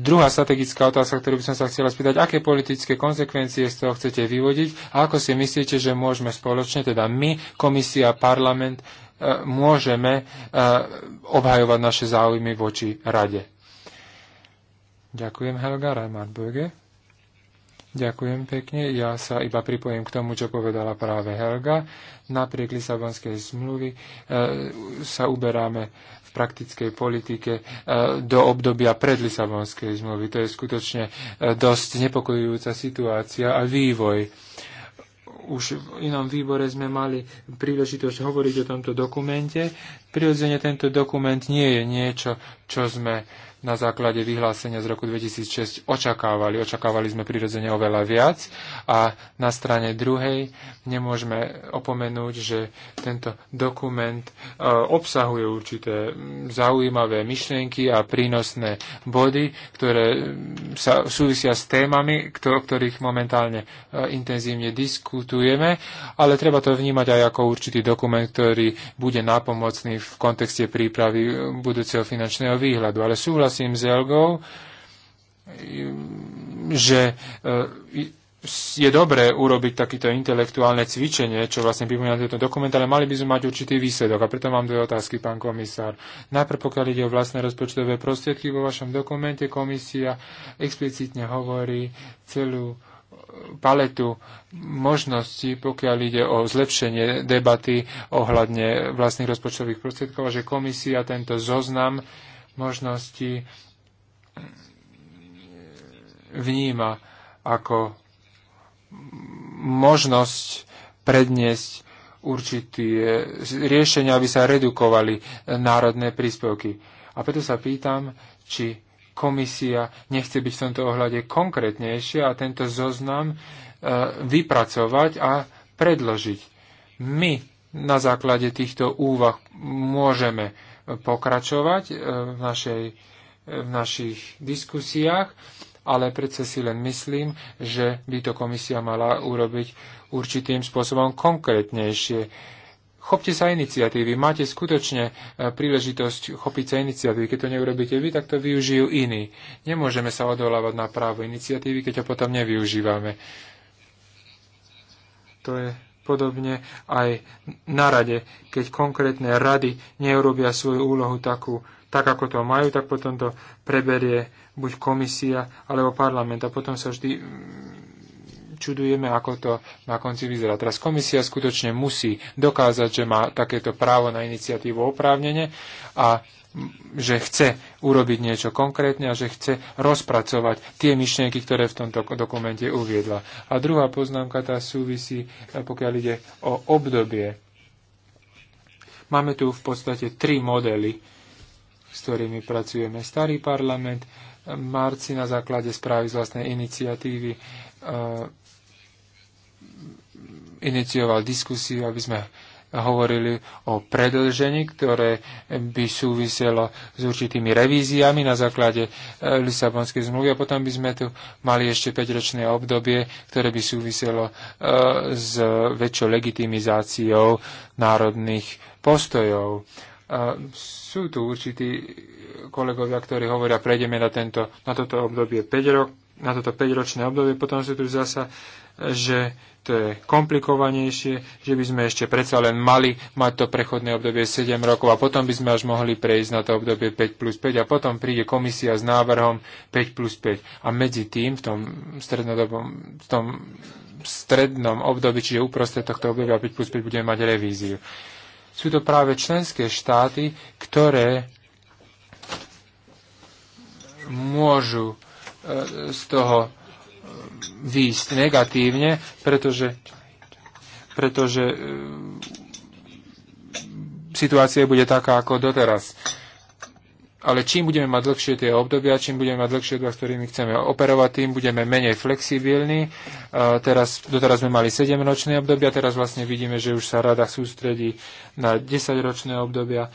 Speaker 4: druhá strategická otázka, ktorú by som sa chcela spýtať, aké politické konsekvencie z toho chcete vyvodiť a ako si myslíte, že môžeme spoločne, teda my, komisia, parlament, môžeme obhajovať naše záujmy voči rade. Ďakujem Helga Reimann-Böge. Ďakujem pekne. Ja sa iba pripojím k tomu, čo povedala práve Helga. Napriek Lisabonskej zmluvy e, sa uberáme v praktickej politike e, do obdobia pred Lisabonskej zmluvy. To je skutočne e, dosť nepokojujúca situácia a vývoj. Už v inom výbore sme mali príležitosť hovoriť o tomto dokumente. Prirodzene tento dokument nie je niečo, čo sme na základe vyhlásenia z roku 2006 očakávali. Očakávali sme prirodzene oveľa viac a na strane druhej nemôžeme opomenúť, že tento dokument e, obsahuje určité mm, zaujímavé myšlienky a prínosné body, ktoré mm, sa súvisia s témami, o ktorých momentálne e, intenzívne diskutujeme, ale treba to vnímať aj ako určitý dokument, ktorý bude nápomocný v kontexte prípravy e, budúceho finančného výhľadu. Ale súhlas súhlasím s Jelgou, že e, je dobré urobiť takéto intelektuálne cvičenie, čo vlastne pripomína tento dokument, ale mali by sme mať určitý výsledok. A preto mám dve otázky, pán komisár. Najprv, pokiaľ ide o vlastné rozpočtové prostriedky, vo vašom dokumente komisia explicitne hovorí celú e, paletu možností, pokiaľ ide o zlepšenie debaty ohľadne vlastných rozpočtových prostriedkov, a že komisia tento zoznam možnosti vníma ako možnosť predniesť určité riešenia, aby sa redukovali národné príspevky. A preto sa pýtam, či komisia nechce byť v tomto ohľade konkrétnejšia a tento zoznam e, vypracovať a predložiť. My na základe týchto úvah môžeme pokračovať eh, v, našej, eh, v našich diskusiách, ale predsa si len myslím, že by to komisia mala urobiť určitým spôsobom konkrétnejšie. Chopte sa iniciatívy, máte skutočne eh, príležitosť chopiť sa iniciatívy. Keď to neurobíte vy, tak to využijú iní. Nemôžeme sa odolávať na právo iniciatívy, keď ho potom nevyužívame. To je podobne aj na rade. Keď konkrétne rady neurobia svoju úlohu takú, tak ako to majú, tak potom to preberie buď komisia alebo parlament a potom sa vždy mm, čudujeme, ako to na konci vyzerá. Teraz komisia skutočne musí dokázať, že má takéto právo na iniciatívu oprávnenie a že chce urobiť niečo konkrétne a že chce rozpracovať tie myšlienky, ktoré v tomto dokumente uviedla. A druhá poznámka tá súvisí, eh, pokiaľ ide o obdobie. Máme tu v podstate tri modely, s ktorými pracujeme. Starý parlament, eh, marci na základe správy z vlastnej iniciatívy uh, inicioval diskusiu, aby sme hovorili o predlžení, ktoré by súviselo s určitými revíziami na základe e, Lisabonskej zmluvy a potom by sme tu mali ešte 5-ročné obdobie, ktoré by súviselo e, s väčšou legitimizáciou národných postojov. E, sú tu určití kolegovia, ktorí hovoria, prejdeme na, tento, na toto obdobie 5 rokov, na toto 5-ročné obdobie. Potom sú tu zasa že to je komplikovanejšie, že by sme ešte predsa len mali mať to prechodné obdobie 7 rokov a potom by sme až mohli prejsť na to obdobie 5 plus 5 a potom príde komisia s návrhom 5 plus 5 a medzi tým v tom strednodobom, v tom strednom období, čiže uprostred tohto obdobia 5 plus 5 budeme mať revíziu. Sú to práve členské štáty, ktoré môžu e, z toho výjsť negatívne, pretože, pretože e, situácia bude taká ako doteraz. Ale čím budeme mať dlhšie tie obdobia, čím budeme mať dlhšie obdobia, s ktorými chceme operovať, tým budeme menej flexibilní. E, teraz, doteraz sme mali 7-ročné obdobia, teraz vlastne vidíme, že už sa rada sústredí na 10-ročné obdobia.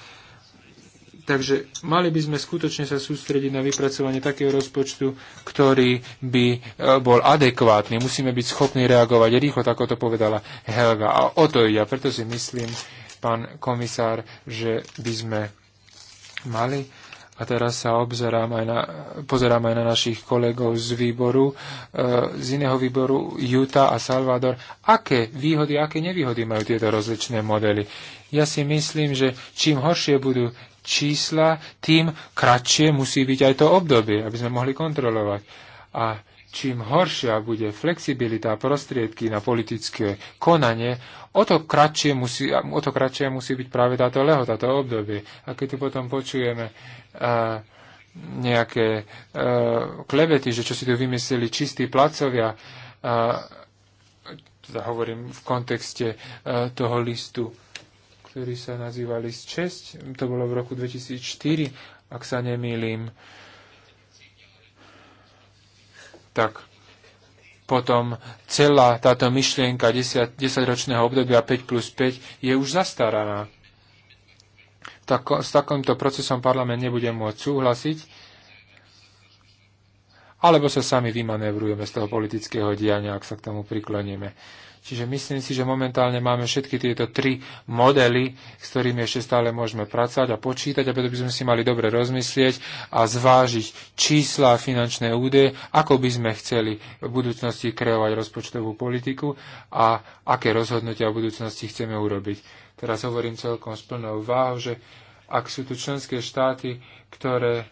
Speaker 4: Takže mali by sme skutočne sa sústrediť na vypracovanie takého rozpočtu, ktorý by e, bol adekvátny. Musíme byť schopní reagovať rýchlo, tak ako to povedala Helga. A o to ide. Preto si myslím, pán komisár, že by sme mali a teraz sa obzerám aj na, pozerám aj na našich kolegov z výboru, e, z iného výboru, Utah a Salvador. Aké výhody, aké nevýhody majú tieto rozličné modely? Ja si myslím, že čím horšie budú čísla, tým kratšie musí byť aj to obdobie, aby sme mohli kontrolovať. A čím horšia bude flexibilita prostriedky na politické konanie, o to kratšie musí, o to kratšie musí byť práve táto leho, táto obdobie. A keď tu potom počujeme uh, nejaké uh, klevety, že čo si tu vymysleli čistí placovia, uh, e, hovorím v kontexte uh, toho listu ktorí sa nazývali z Česť. To bolo v roku 2004, ak sa nemýlim. Tak potom celá táto myšlienka 10, 10 obdobia 5 plus 5 je už zastaraná. Tak, s takýmto procesom parlament nebude môcť súhlasiť, alebo sa sami vymanevrujeme z toho politického diania, ak sa k tomu priklonieme. Čiže myslím si, že momentálne máme všetky tieto tri modely, s ktorými ešte stále môžeme pracovať a počítať a preto by sme si mali dobre rozmyslieť a zvážiť čísla a finančné údaje, ako by sme chceli v budúcnosti kreovať rozpočtovú politiku a aké rozhodnutia v budúcnosti chceme urobiť. Teraz hovorím celkom s plnou váhou, že ak sú tu členské štáty, ktoré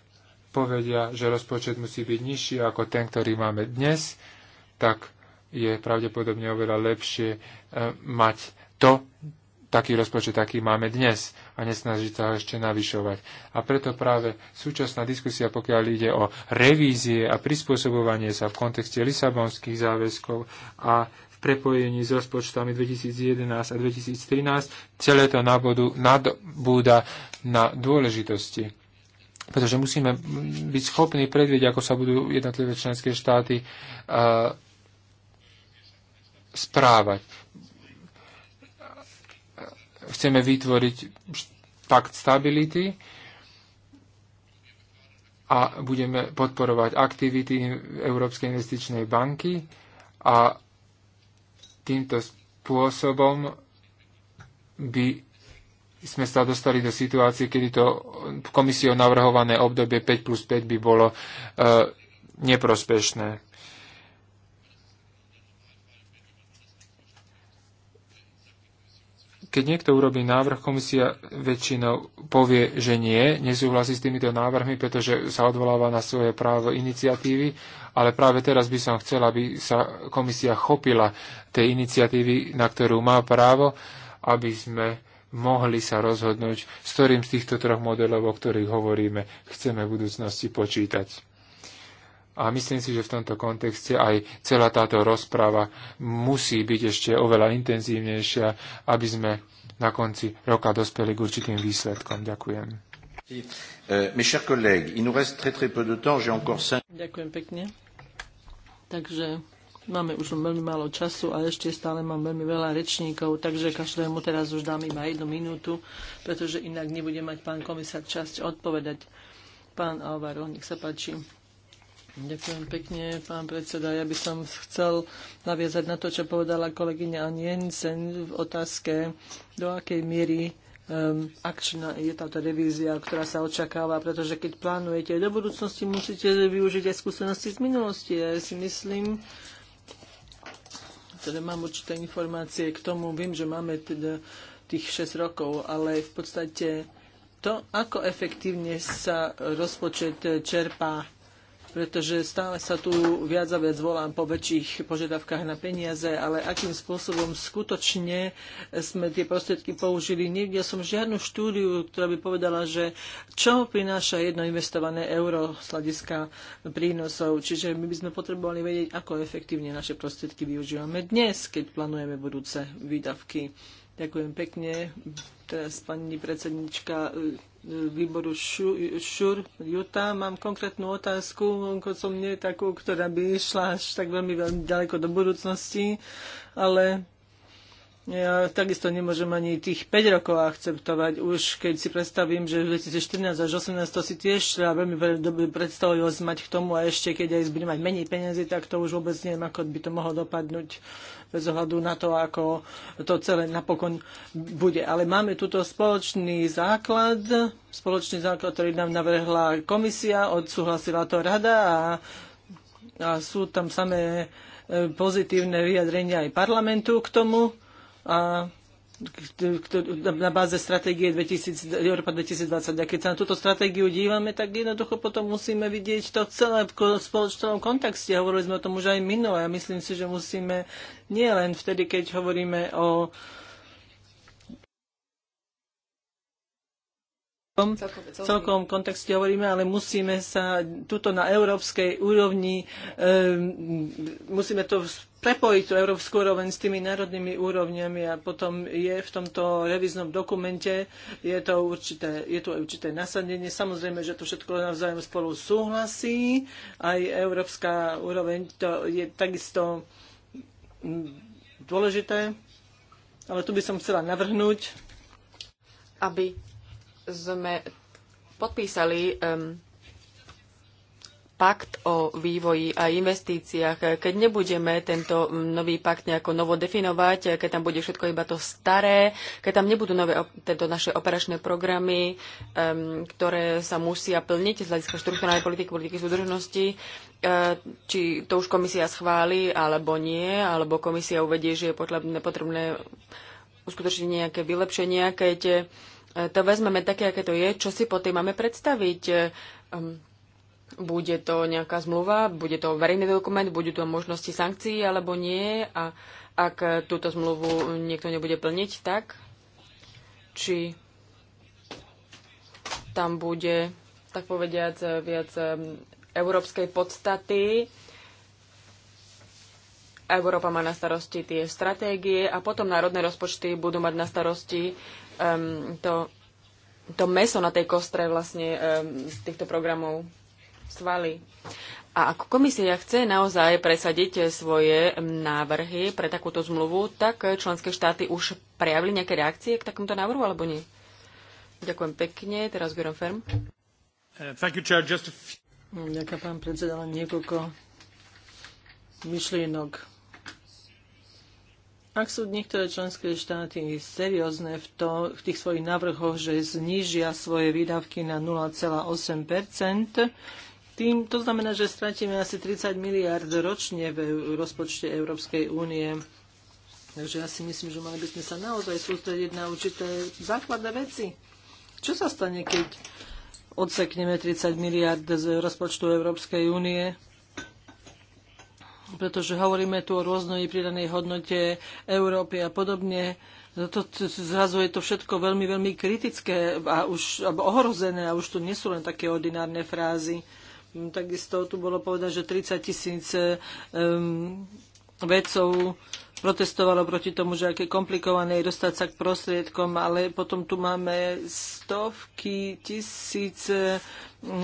Speaker 4: povedia, že rozpočet musí byť nižší ako ten, ktorý máme dnes, tak je pravdepodobne oveľa lepšie e, mať to, taký rozpočet, aký máme dnes a nesnažiť sa ho ešte navyšovať. A preto práve súčasná diskusia, pokiaľ ide o revízie a prispôsobovanie sa v kontexte lisabonských záväzkov a v prepojení s rozpočtami 2011 a 2013, celé to nabodu, nadbúda na dôležitosti. Pretože musíme byť schopní predvieť, ako sa budú jednotlivé členské štáty uh, správať. Chceme vytvoriť pakt stability a budeme podporovať aktivity Európskej investičnej banky a týmto spôsobom by sme sa dostali do situácie, kedy to komisiou navrhované obdobie 5 plus 5 by bolo e, neprospešné. Keď niekto urobí návrh, komisia väčšinou povie, že nie, nesúhlasí s týmito návrhmi, pretože sa odvoláva na svoje právo iniciatívy, ale práve teraz by som chcel, aby sa komisia chopila tej iniciatívy, na ktorú má právo, aby sme mohli sa rozhodnúť, s ktorým z týchto troch modelov, o ktorých hovoríme, chceme v budúcnosti počítať. A myslím si, že v tomto kontexte aj celá táto rozpráva musí byť ešte oveľa intenzívnejšia, aby sme na konci roka dospeli k určitým výsledkom. Ďakujem.
Speaker 3: Eh, Ďakujem pekne. Takže máme už veľmi málo času a ešte stále mám veľmi veľa rečníkov, takže každému teraz už dám iba jednu minútu, pretože inak nebude mať pán komisár časť odpovedať. Pán Alvaro, nech sa páči. Ďakujem pekne, pán predseda. Ja by som chcel naviazať na to, čo povedala kolegyňa Jensen v otázke, do akej miery um, akčná je táto revízia, ktorá sa očakáva, pretože keď plánujete do budúcnosti, musíte využiť aj skúsenosti z minulosti. Ja si myslím, teda mám určité informácie k tomu, viem, že máme teda tých 6 rokov, ale v podstate to, ako efektívne sa rozpočet čerpá pretože stále sa tu viac a viac volám po väčších požiadavkách na peniaze, ale akým spôsobom skutočne sme tie prostriedky použili. Nevidel som žiadnu štúdiu, ktorá by povedala, že čo prináša jedno investované euro z hľadiska prínosov. Čiže my by sme potrebovali vedieť, ako efektívne naše prostriedky využívame dnes, keď plánujeme budúce výdavky. Ďakujem pekne. Teraz pani predsednička výboru ŠUR, Juta. Mám konkrétnu otázku, ako som nie takú, ktorá by išla až tak veľmi, veľmi ďaleko do budúcnosti, ale ja takisto nemôžem ani tých 5 rokov akceptovať. Už keď si predstavím, že 2014 až 2018 si tiež treba veľmi dobre predstavujú mať k tomu a ešte keď aj budem mať menej peniazy, tak to už vôbec neviem, ako by to mohlo dopadnúť bez ohľadu na to, ako to celé napokon bude. Ale máme tuto spoločný základ, spoločný základ, ktorý nám navrhla komisia, odsúhlasila to rada a, a sú tam samé e, pozitívne vyjadrenia aj parlamentu k tomu. A na báze stratégie 2000, Európa 2020. A keď sa na túto stratégiu dívame, tak jednoducho potom musíme vidieť to celé v spoločnom kontexte. Hovorili sme o tom už aj minule a myslím si, že musíme nie len vtedy, keď hovoríme o celkom, celkom kontexte hovoríme, ale musíme sa tuto na európskej úrovni, ehm, musíme to prepojiť tú európsku úroveň s tými národnými úrovňami a potom je v tomto reviznom dokumente je to určité, je to určité nasadenie. Samozrejme, že to všetko navzájom spolu súhlasí. Aj európska úroveň to je takisto mm, dôležité. Ale tu by som chcela navrhnúť, aby
Speaker 2: sme podpísali um, pakt o vývoji a investíciách, keď nebudeme tento nový pakt nejako novo definovať, keď tam bude všetko iba to staré, keď tam nebudú nové tento naše operačné programy, um, ktoré sa musia plniť z hľadiska štruktúrnej politiky, politiky súdržnosti, uh, či to už komisia schváli alebo nie, alebo komisia uvedie, že je potrebné, potrebné uskutočniť nejaké vylepšenia, keď eh, to vezmeme také, aké to je, čo si po tým máme predstaviť. Um, bude to nejaká zmluva, bude to verejný dokument, budú to možnosti sankcií alebo nie a ak túto zmluvu niekto nebude plniť, tak či tam bude, tak povediať viac um, európskej podstaty. Európa má na starosti tie stratégie a potom národné rozpočty budú mať na starosti um, to, to meso na tej kostre vlastne um, z týchto programov svaly. A ak komisia chce naozaj presadiť svoje návrhy pre takúto zmluvu, tak členské štáty už prejavili nejaké reakcie k takomto návrhu, alebo nie?
Speaker 3: Ďakujem pekne. Teraz Gerom Ferm. Uh, you, Chair, a... Ďakujem, pán predseda, len niekoľko myšlienok. Ak sú niektoré členské štáty seriózne v, to, v tých svojich návrhoch, že znížia svoje výdavky na 0,8 tým, to znamená, že stratíme asi 30 miliard ročne v rozpočte Európskej únie. Takže ja si myslím, že mali by sme sa naozaj sústrediť na určité základné veci. Čo sa stane, keď odsekneme 30 miliard z rozpočtu Európskej únie? Pretože hovoríme tu o rôznej pridanej hodnote Európy a podobne. To, zrazu je to všetko veľmi, veľmi kritické a už alebo ohrozené a už tu nie sú len také ordinárne frázy. Takisto tu bolo povedať, že 30 tisíc um, vedcov protestovalo proti tomu, že aké komplikované je dostať sa k prostriedkom, ale potom tu máme stovky tisíc e,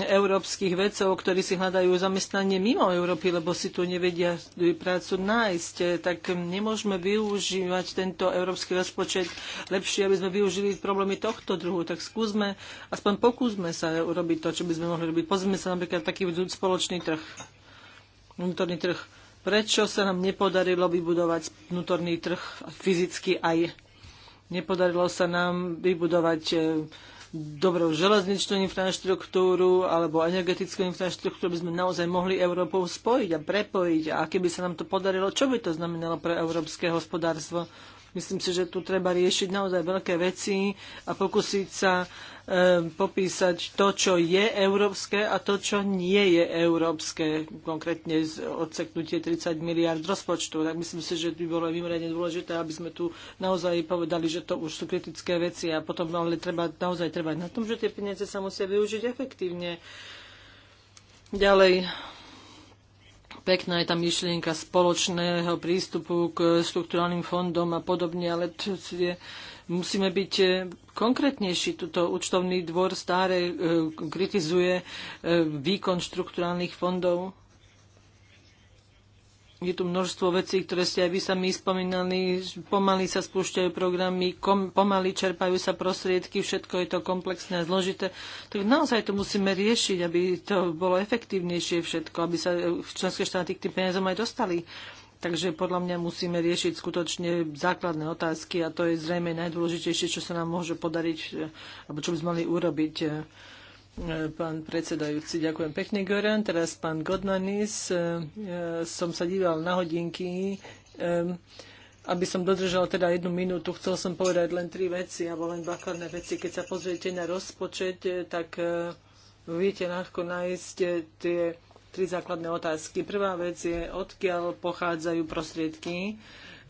Speaker 3: európskych vedcov, ktorí si hľadajú zamestnanie mimo Európy, lebo si tu nevedia prácu nájsť. E, tak nemôžeme využívať tento európsky rozpočet lepšie, aby sme využili problémy tohto druhu. Tak skúsme, aspoň pokúsme sa robiť to, čo by sme mohli robiť. Pozrieme sa napríklad taký spoločný trh vnútorný trh. Prečo sa nám nepodarilo vybudovať vnútorný trh fyzicky aj nepodarilo sa nám vybudovať e, dobrú železničnú infraštruktúru alebo energetickú infraštruktúru, by sme naozaj mohli Európou spojiť a prepojiť. A keby sa nám to podarilo, čo by to znamenalo pre európske hospodárstvo? Myslím si, že tu treba riešiť naozaj veľké veci a pokúsiť sa e, popísať to, čo je európske a to, čo nie je európske, konkrétne odseknutie 30 miliard rozpočtu. Tak myslím si, že by bolo mimoriadne dôležité, aby sme tu naozaj povedali, že to už sú kritické veci a potom ale treba naozaj trvať na tom, že tie peniaze sa musia využiť efektívne. Ďalej, Pekná je tá myšlienka spoločného prístupu k štruktúrálnym fondom a podobne, ale je, musíme byť e, konkrétnejší. Tuto účtovný dvor stále e, kritizuje e, výkon štruktúrálnych fondov je tu množstvo vecí, ktoré ste aj vy sami spomínali. Pomaly sa spúšťajú programy, kom, pomaly čerpajú sa prostriedky, všetko je to komplexné a zložité. Tak naozaj to musíme riešiť, aby to bolo efektívnejšie všetko, aby sa členské štáty k tým peniazom aj dostali. Takže podľa mňa musíme riešiť skutočne základné otázky a to je zrejme najdôležitejšie, čo sa nám môže podariť, alebo čo by sme mali urobiť Pán predsedajúci, ďakujem pekne, Goran. Teraz pán Godmanis. E, som sa díval na hodinky. Aby som dodržal teda jednu minútu, chcel som povedať len tri veci, alebo len základné veci. Keď sa pozriete na rozpočet, e, tak e, viete ľahko nájsť tie tri základné otázky. Prvá vec je, odkiaľ pochádzajú prostriedky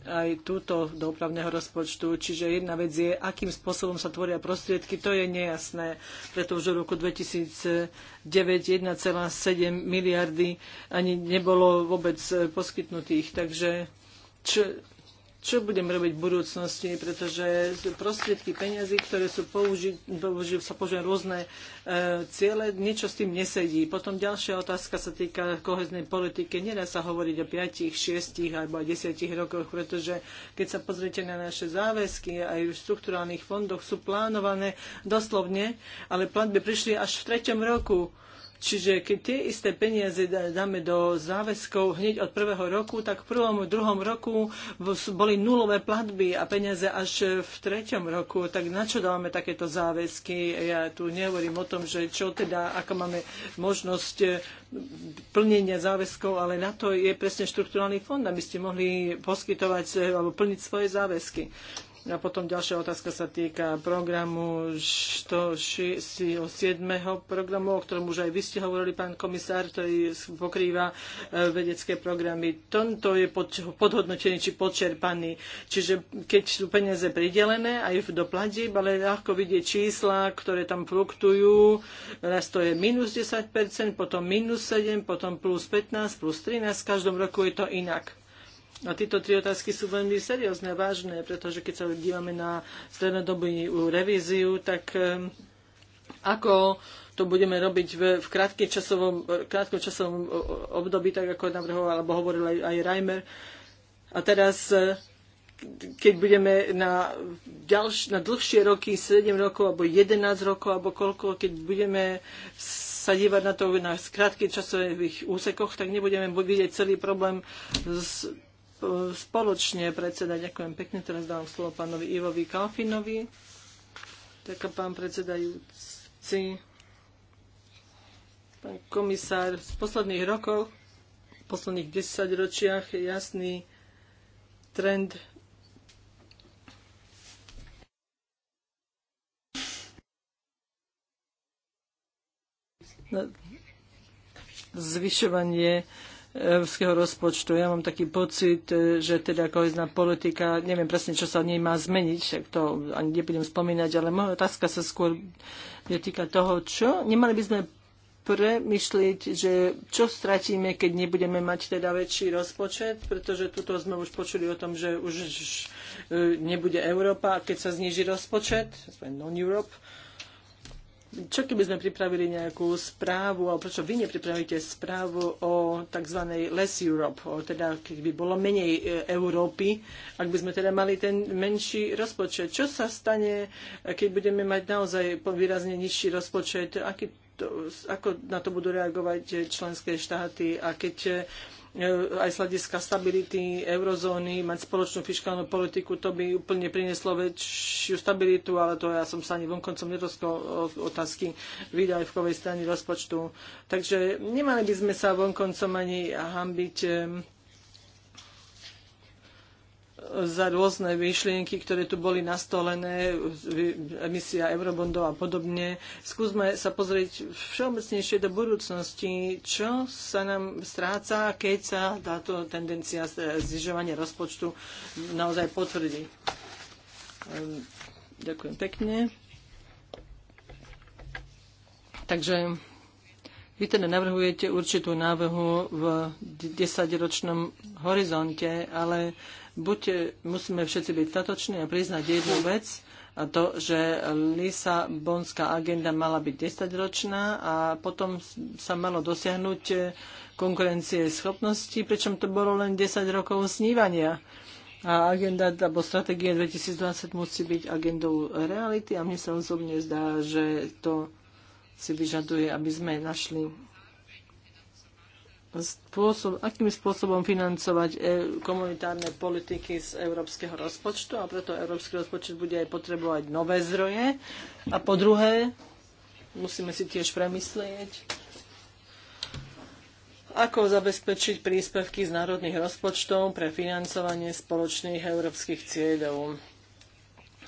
Speaker 3: aj túto do opravného rozpočtu. Čiže jedna vec je, akým spôsobom sa tvoria prostriedky, to je nejasné, pretože v roku 2009 1,7 miliardy ani nebolo vôbec poskytnutých. Takže čo, čo budem robiť v budúcnosti, pretože prostriedky peňazí, ktoré sú použi- sa použijú rôzne e, ciele, niečo s tým nesedí. Potom ďalšia otázka sa týka koheznej politiky. Nedá sa hovoriť o 5, 6 alebo 10 rokoch, pretože keď sa pozriete na naše záväzky, aj v štruktúrálnych fondoch sú plánované doslovne, ale platby prišli až v treťom roku Čiže keď tie isté peniaze dáme do záväzkov hneď od prvého roku, tak v prvom, druhom roku boli nulové platby a peniaze až v treťom roku. Tak na čo dávame takéto záväzky? Ja tu nehovorím o tom, že čo teda, ako máme možnosť e, plnenia záväzkov, ale na to je presne štruktúrálny fond, aby ste mohli poskytovať alebo plniť svoje záväzky. A potom ďalšia otázka sa týka programu 7. programu, o ktorom už aj vy ste hovorili, pán komisár, ktorý pokrýva e, vedecké programy. Tento je podhodnotený či podčerpaný. Čiže keď sú peniaze pridelené aj do platieb, ale ľahko vidie čísla, ktoré tam fluktujú. Raz to je minus 10%, potom minus 7, potom plus 15, plus 13. V každom roku je to inak. A tieto tri otázky sú veľmi seriózne, vážne, pretože keď sa dívame na strednodobú revíziu, tak ehm, ako to budeme robiť v, v krátkom časovom, krátkom časovom období, tak ako navrhoval alebo hovoril aj, aj Reimer. A teraz e, keď budeme na, ďalš, na dlhšie roky, 7 rokov alebo 11 rokov alebo koľko, keď budeme sa dívať na to na krátkých časových úsekoch, tak nebudeme vidieť celý problém z spoločne predseda, Ďakujem pekne. Teraz dávam slovo pánovi Ivovi Kalfinovi. Ďakujem pán predsedajúci. Pán komisár, v posledných rokoch, v posledných desaťročiach je jasný trend zvyšovanie európskeho rozpočtu. Ja mám taký pocit, e, že teda kohezná politika, neviem presne, čo sa v nej má zmeniť, však to ani nebudem spomínať, ale moja otázka sa skôr týka toho, čo nemali by sme premyšliť, že čo stratíme, keď nebudeme mať teda väčší rozpočet, pretože tuto sme už počuli o tom, že už e, nebude Európa, keď sa zniží rozpočet, non-Europe čo keby sme pripravili nejakú správu, alebo prečo vy nepripravíte správu o tzv. less Europe, o teda keby bolo menej e, Európy, ak by sme teda mali ten menší rozpočet. Čo sa stane, keď budeme mať naozaj výrazne nižší rozpočet? Aký to, ako na to budú reagovať členské štáty a keď E, aj z hľadiska stability eurozóny, mať spoločnú fiskálnu politiku, to by úplne prinieslo väčšiu stabilitu, ale to ja som sa ani vonkoncom nedoskol otázky výdajkovej strany rozpočtu. Takže nemali by sme sa vonkoncom ani hambiť e, za rôzne myšlienky, ktoré tu boli nastolené, emisia eurobondov a podobne. Skúsme sa pozrieť všeobecnejšie do budúcnosti, čo sa nám stráca, keď sa táto tendencia znižovania rozpočtu naozaj potvrdí. Ehm, ďakujem pekne. Takže vy teda navrhujete určitú návrhu v desaťročnom horizonte, ale buď musíme všetci byť statoční a priznať jednu vec, a to, že Lisabonská agenda mala byť 10-ročná a potom sa malo dosiahnuť e, konkurencie schopnosti, pričom to bolo len 10 rokov snívania. A agenda alebo stratégia 2020 musí byť agendou reality a mne sa osobne zdá, že to si vyžaduje, aby sme našli spôsob, akým spôsobom financovať e, komunitárne politiky z európskeho rozpočtu a preto európsky rozpočet bude aj potrebovať nové zdroje. A po druhé, musíme si tiež premyslieť, ako zabezpečiť príspevky z národných rozpočtov pre financovanie spoločných európskych cieľov.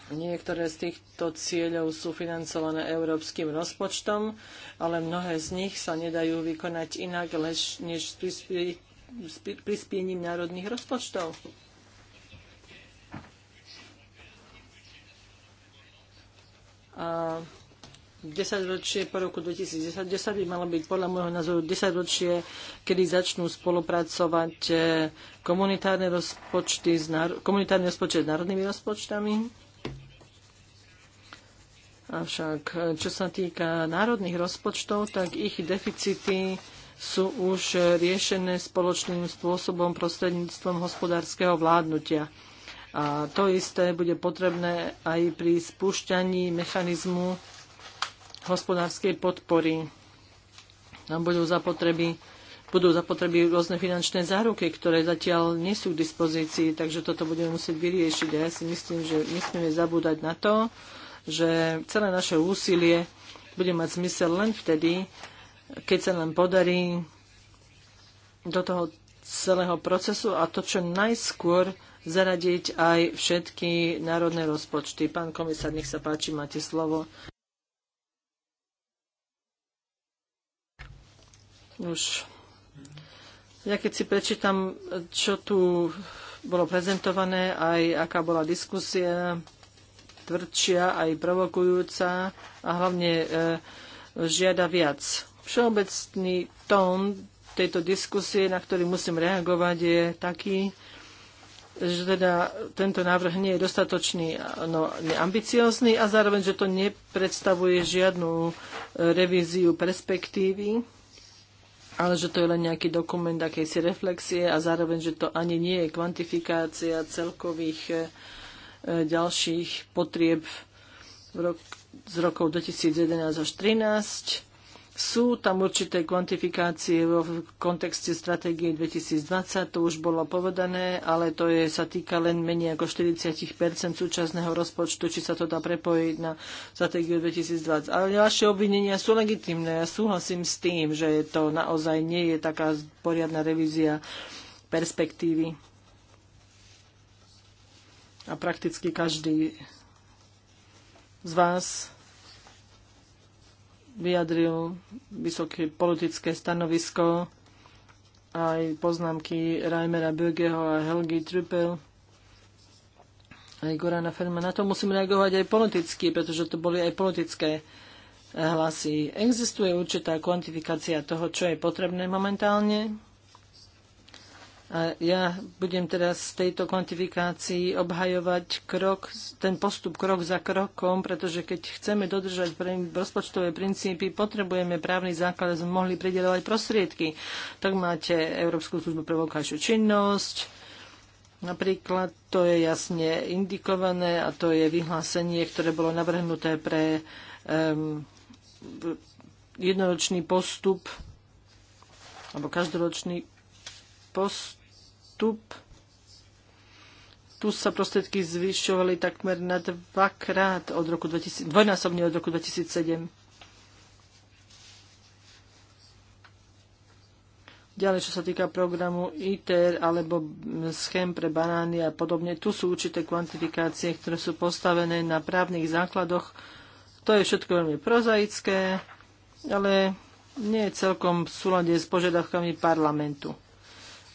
Speaker 3: Niektoré z týchto cieľov sú financované európskym rozpočtom, ale mnohé z nich sa nedajú vykonať inak lež, než prispie, prispiením národných rozpočtov. A 10 ročie po roku 2010 10 by malo byť podľa môjho názoru 10 ročie, kedy začnú spolupracovať eh, komunitárne rozpočty s komunitárny rozpočet s národnými rozpočtami Avšak čo sa týka národných rozpočtov, tak ich deficity sú už riešené spoločným spôsobom prostredníctvom hospodárskeho vládnutia. A to isté bude potrebné aj pri spúšťaní mechanizmu hospodárskej podpory. Tam budú zapotreby, budú zapotreby rôzne finančné záruky, ktoré zatiaľ nie sú k dispozícii, takže toto budeme musieť vyriešiť. A ja si myslím, že nesmieme zabúdať na to, že celé naše úsilie bude mať zmysel len vtedy, keď sa nám podarí do toho celého procesu a to čo najskôr zaradiť aj všetky národné rozpočty. Pán komisár, nech sa páči, máte slovo. Už. Ja keď si prečítam, čo tu bolo prezentované, aj aká bola diskusia, tvrdšia, aj provokujúca a hlavne e, žiada viac. Všeobecný tón tejto diskusie, na ktorý musím reagovať, je taký, že teda tento návrh nie je dostatočný, no, ambiciózny a zároveň, že to nepredstavuje žiadnu e, revíziu perspektívy, ale že to je len nejaký dokument akejsi reflexie a zároveň, že to ani nie je kvantifikácia celkových e, E, ďalších potrieb rok, z rokov 2011 až 2013. Sú tam určité kvantifikácie v kontexte stratégie 2020, to už bolo povedané, ale to je, sa týka len menej ako 40 súčasného rozpočtu, či sa to dá prepojiť na stratégiu 2020. Ale ďalšie obvinenia sú legitimné. Ja súhlasím s tým, že to naozaj nie je taká poriadna revízia perspektívy a prakticky každý z vás vyjadril vysoké politické stanovisko aj poznámky Reimera Bögeho a Helgi Trüppel aj Gorana Ferma. Na to musím reagovať aj politicky, pretože to boli aj politické eh, hlasy. Existuje určitá kvantifikácia toho, čo je potrebné momentálne a ja budem teraz v tejto kvantifikácii obhajovať krok, ten postup krok za krokom, pretože keď chceme dodržať rozpočtové princípy, potrebujeme právny základ, aby sme mohli pridelovať prostriedky. Tak máte Európsku službu pre vonkajšiu činnosť, Napríklad to je jasne indikované a to je vyhlásenie, ktoré bolo navrhnuté pre um, jednoročný postup alebo každoročný postup vstup. Tu sa prostriedky zvyšovali takmer na dvakrát od roku 2000, dvojnásobne od roku 2007. Ďalej, čo sa týka programu ITER alebo schém pre banány a podobne, tu sú určité kvantifikácie, ktoré sú postavené na právnych základoch. To je všetko veľmi prozaické, ale nie je celkom v súlade s požiadavkami parlamentu.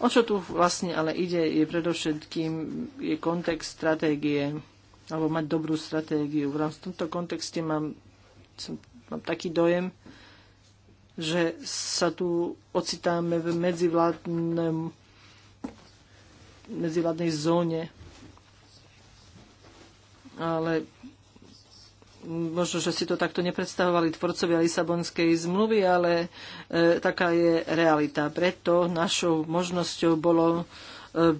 Speaker 3: O čo tu vlastne ale ide, je predovšetkým je kontext stratégie, alebo mať dobrú stratégiu. V tomto kontexte mám, som, mám taký dojem, že sa tu ocitáme v medzivládnom, medzivládnej zóne. Ale možno, že si to takto nepredstavovali tvorcovia Lisabonskej zmluvy, ale e, taká je realita. Preto našou možnosťou bolo e,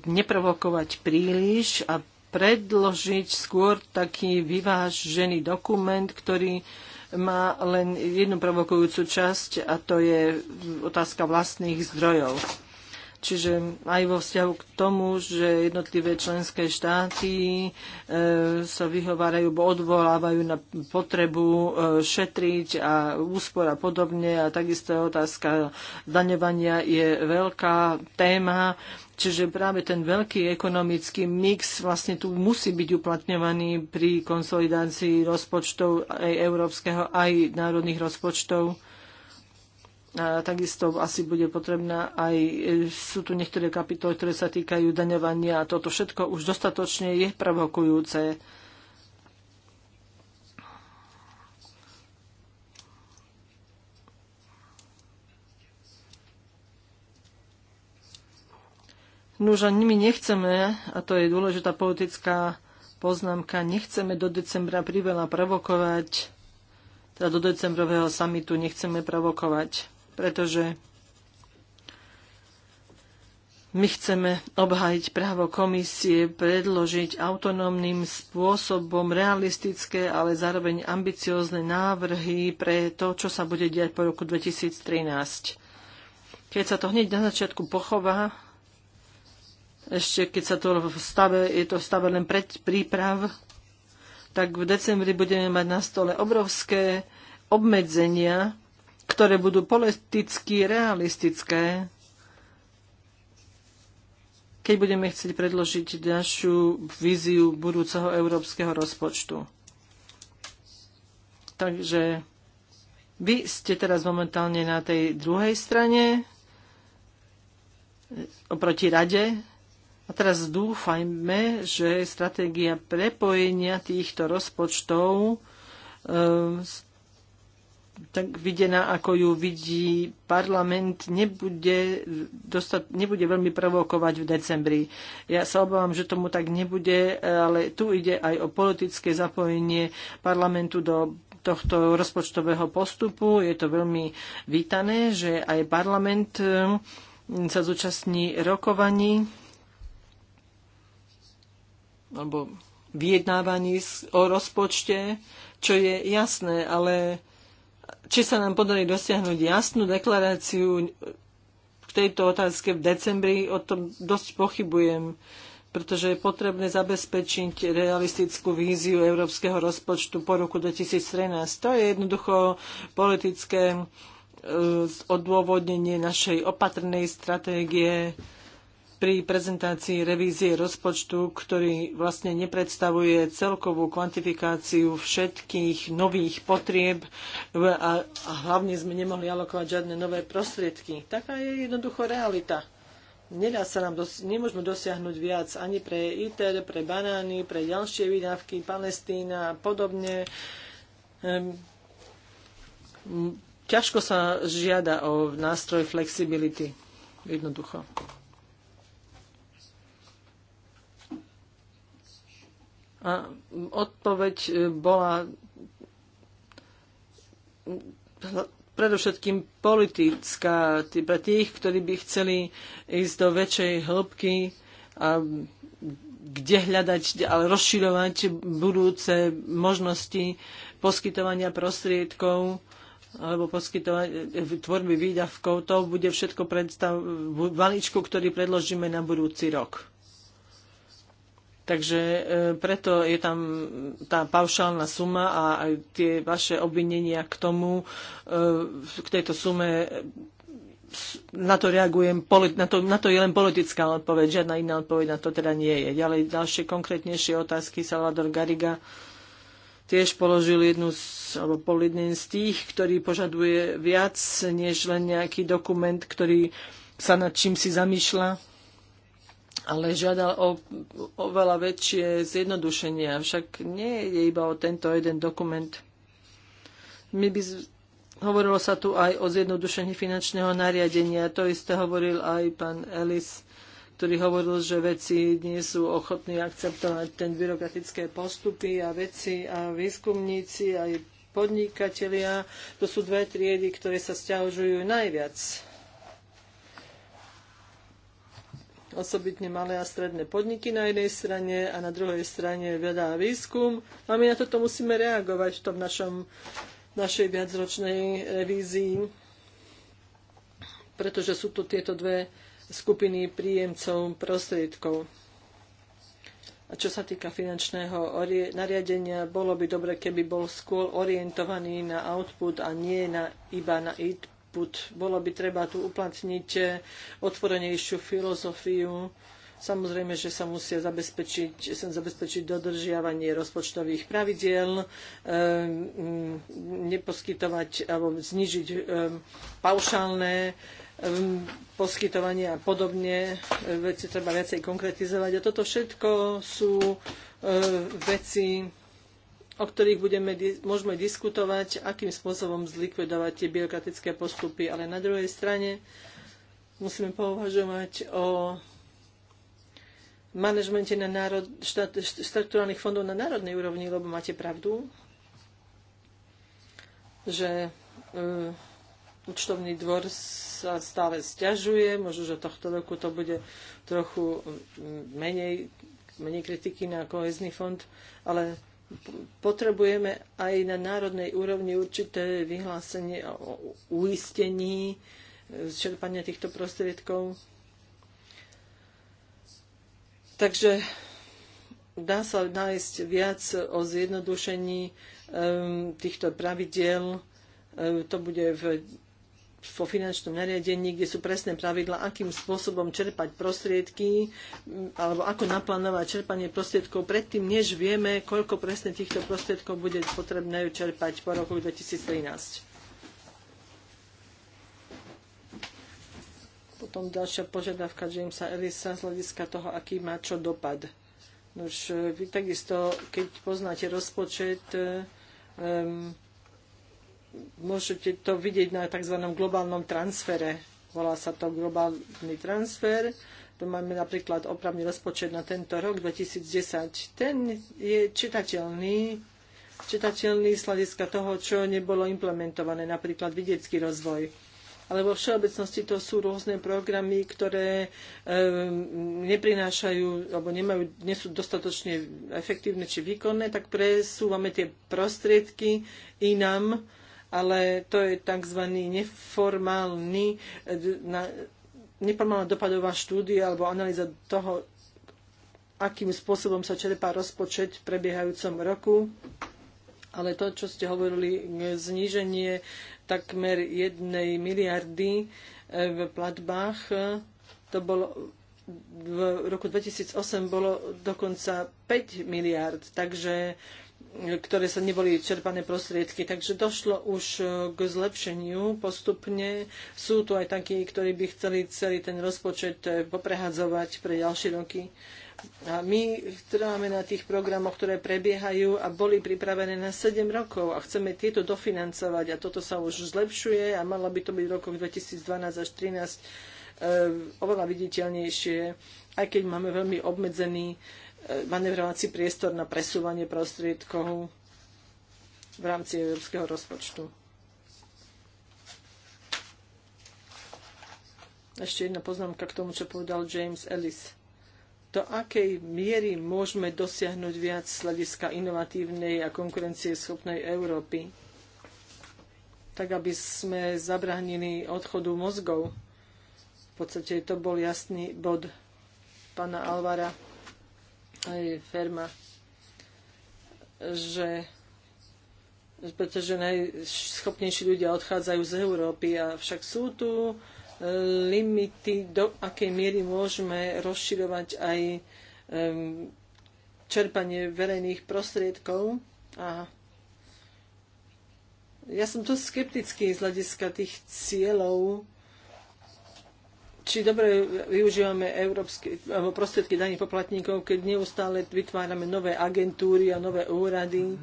Speaker 3: neprovokovať príliš a predložiť skôr taký vyvážený dokument, ktorý má len jednu provokujúcu časť a to je otázka vlastných zdrojov. Čiže aj vo vzťahu k tomu, že jednotlivé členské štáty e, sa vyhovárajú, odvolávajú na potrebu e, šetriť a úspor a podobne. A takisto otázka daňovania je veľká téma. Čiže práve ten veľký ekonomický mix vlastne tu musí byť uplatňovaný pri konsolidácii rozpočtov aj európskeho, aj národných rozpočtov. A takisto asi bude potrebná aj, sú tu niektoré kapitoly, ktoré sa týkajú daňovania a toto všetko už dostatočne je provokujúce. Nuž a my nechceme, a to je dôležitá politická poznámka, nechceme do decembra priveľa provokovať, teda do decembrového samitu nechceme provokovať pretože my chceme obhájiť právo komisie predložiť autonómnym spôsobom realistické, ale zároveň ambiciózne návrhy pre to, čo sa bude diať po roku 2013. Keď sa to hneď na začiatku pochová, ešte keď sa to v stave, je to v stave len pred príprav, tak v decembri budeme mať na stole obrovské obmedzenia, ktoré budú politicky realistické, keď budeme chcieť predložiť našu víziu budúceho európskeho rozpočtu. Takže vy ste teraz momentálne na tej druhej strane oproti rade. A teraz dúfajme, že stratégia prepojenia týchto rozpočtov ehm, s tak videná, ako ju vidí parlament, nebude, dostať, nebude veľmi provokovať v decembri. Ja sa obávam, že tomu tak nebude, ale tu ide aj o politické zapojenie parlamentu do tohto rozpočtového postupu. Je to veľmi vítané, že aj parlament hm, sa zúčastní rokovaní alebo vyjednávaní o rozpočte, čo je jasné, ale či sa nám podarí dosiahnuť jasnú deklaráciu k tejto otázke v decembri, o tom dosť pochybujem, pretože je potrebné zabezpečiť realistickú víziu európskeho rozpočtu po roku 2013. To je jednoducho politické eh, odôvodnenie našej opatrnej stratégie pri prezentácii revízie rozpočtu, ktorý vlastne nepredstavuje celkovú kvantifikáciu všetkých nových potrieb a, a hlavne sme nemohli alokovať žiadne nové prostriedky. Taká je jednoducho realita. Nedá sa nám dos- nemôžeme dosiahnuť viac ani pre ITER, pre banány, pre ďalšie výdavky, Palestína a podobne. Ehm, ťažko sa žiada o nástroj flexibility. Jednoducho. A odpoveď bola predovšetkým politická, pre tých, ktorí by chceli ísť do väčšej hĺbky a kde hľadať, ale rozširovať budúce možnosti poskytovania prostriedkov alebo tvorby výdavkov, to bude všetko predstav valíčku, ktorý predložíme na budúci rok. Takže e, preto je tam tá paušálna suma a aj tie vaše obvinenia k tomu, e, k tejto sume na to reagujem, na to, na to je len politická odpoveď, žiadna iná odpoveď na to teda nie je. Ďalej ďalšie konkrétnejšie otázky Salvador Gariga tiež položil jednu z, alebo pol jeden z tých, ktorý požaduje viac než len nejaký dokument, ktorý sa nad čím si zamýšľa ale žiadal o oveľa väčšie zjednodušenie. Avšak nie je iba o tento jeden dokument. My by z... Hovorilo sa tu aj o zjednodušení finančného nariadenia. To isté hovoril aj pán Ellis, ktorý hovoril, že veci nie sú ochotní akceptovať ten byrokratické postupy a veci a výskumníci aj podnikatelia. To sú dve triedy, ktoré sa stiažujú najviac osobitne malé a stredné podniky na jednej strane a na druhej strane veda a výskum. A my na toto musíme reagovať v tom našom, našej viacročnej revízii, pretože sú tu tieto dve skupiny príjemcov prostriedkov. A čo sa týka finančného nariadenia, bolo by dobre, keby bol skôr orientovaný na output a nie na, iba na put. Bolo by treba tu uplatniť eh, otvorenejšiu filozofiu. Samozrejme, že sa musia zabezpečiť, sem zabezpečiť dodržiavanie rozpočtových pravidiel, eh, mm, neposkytovať alebo znižiť eh, paušálne poskytovanie a podobne. Veci treba viacej konkretizovať. A toto všetko sú veci, o ktorých budeme, môžeme diskutovať, akým spôsobom zlikvidovať tie byrokratické postupy. Ale na druhej strane musíme pouvažovať o manažmente na národ, štát, fondov na národnej úrovni, lebo máte pravdu, že e, účtovný dvor sa stále stiažuje, možno, že tohto roku to bude trochu menej, menej kritiky na kohezný fond, ale potrebujeme aj na národnej úrovni určité vyhlásenie o uistení e, čerpania týchto prostriedkov. Takže dá sa nájsť viac o zjednodušení e, týchto pravidiel. E, to bude v vo finančnom nariadení, kde sú presné pravidla, akým spôsobom čerpať prostriedky alebo ako naplánovať čerpanie prostriedkov predtým, než vieme, koľko presne týchto prostriedkov bude potrebné čerpať po roku 2013. Potom ďalšia požiadavka Jamesa Ellisa z hľadiska toho, aký má čo dopad. Nož, vy takisto, keď poznáte rozpočet, um, môžete to vidieť na tzv. globálnom transfere. Volá sa to globálny transfer. Tu máme napríklad opravný rozpočet na tento rok 2010. Ten je čitateľný, čitateľný z hľadiska toho, čo nebolo implementované, napríklad vidiecký rozvoj ale vo všeobecnosti to sú rôzne programy, ktoré e, neprinášajú alebo nemajú, nie sú dostatočne efektívne či výkonné, tak presúvame tie prostriedky inám ale to je tzv. neformálny eh, neformálna dopadová štúdia alebo analýza toho, akým spôsobom sa čerpá rozpočet v prebiehajúcom roku. Ale to, čo ste hovorili, eh, zníženie takmer jednej miliardy eh, v platbách, to bolo v roku 2008 bolo dokonca 5 miliard, takže ktoré sa neboli čerpané prostriedky. Takže došlo už e, k zlepšeniu postupne. Sú tu aj takí, ktorí by chceli celý ten rozpočet e, poprehadzovať pre ďalšie roky. A my trváme na tých programoch, ktoré prebiehajú a boli pripravené na 7 rokov a chceme tieto dofinancovať a toto sa už zlepšuje a malo by to byť v rokoch 2012 až 2013 e, oveľa viditeľnejšie, aj keď máme veľmi obmedzený manevrovací priestor na presúvanie prostriedkov v rámci európskeho rozpočtu. Ešte jedna poznámka k tomu, čo povedal James Ellis. Do akej miery môžeme dosiahnuť viac z hľadiska inovatívnej a konkurencieschopnej Európy? Tak, aby sme zabránili odchodu mozgov. V podstate to bol jasný bod pána Alvara aj ferma, že pretože najschopnejší ľudia odchádzajú z Európy a však sú tu e, limity, do akej miery môžeme rozširovať aj čerpanie verejných prostriedkov. A ja som to skeptický z hľadiska tých cieľov, či dobre využívame európske, alebo prostriedky daní poplatníkov, keď neustále vytvárame nové agentúry a nové úrady.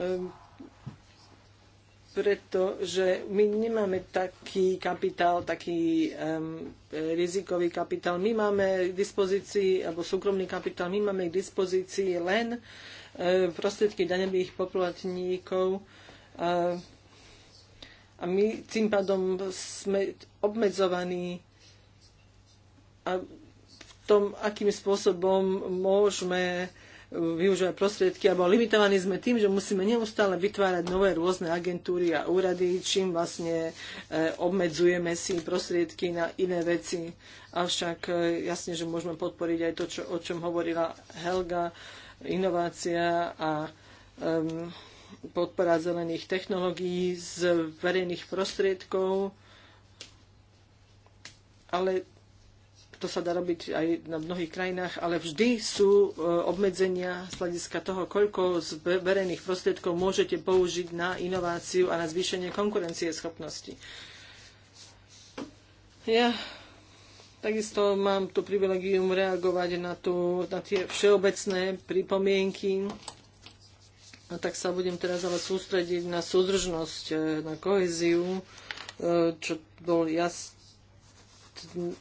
Speaker 3: Ehm, pretože my nemáme taký kapitál, taký um, rizikový kapitál. My máme k dispozícii, alebo súkromný kapitál, my máme k dispozícii len um, prostriedky daňových poplatníkov. Um, a my tým pádom sme obmedzovaní a v tom, akým spôsobom môžeme uh, využívať prostriedky, alebo limitovaní sme tým, že musíme neustále vytvárať nové rôzne agentúry a úrady, čím vlastne uh, obmedzujeme si prostriedky na iné veci. Avšak uh, jasne, že môžeme podporiť aj to, čo, o čom hovorila Helga, inovácia a um, podpora zelených technológií z verejných prostriedkov, ale to sa dá robiť aj na mnohých krajinách, ale vždy sú e, obmedzenia z hľadiska toho, koľko z verejných prostriedkov môžete použiť na inováciu a na zvýšenie konkurencie schopnosti. Ja Takisto mám tu privilegium reagovať na, tú, na tie všeobecné pripomienky No tak sa budem teraz ale sústrediť na súdržnosť, e, na koheziu, e, čo bol jasný,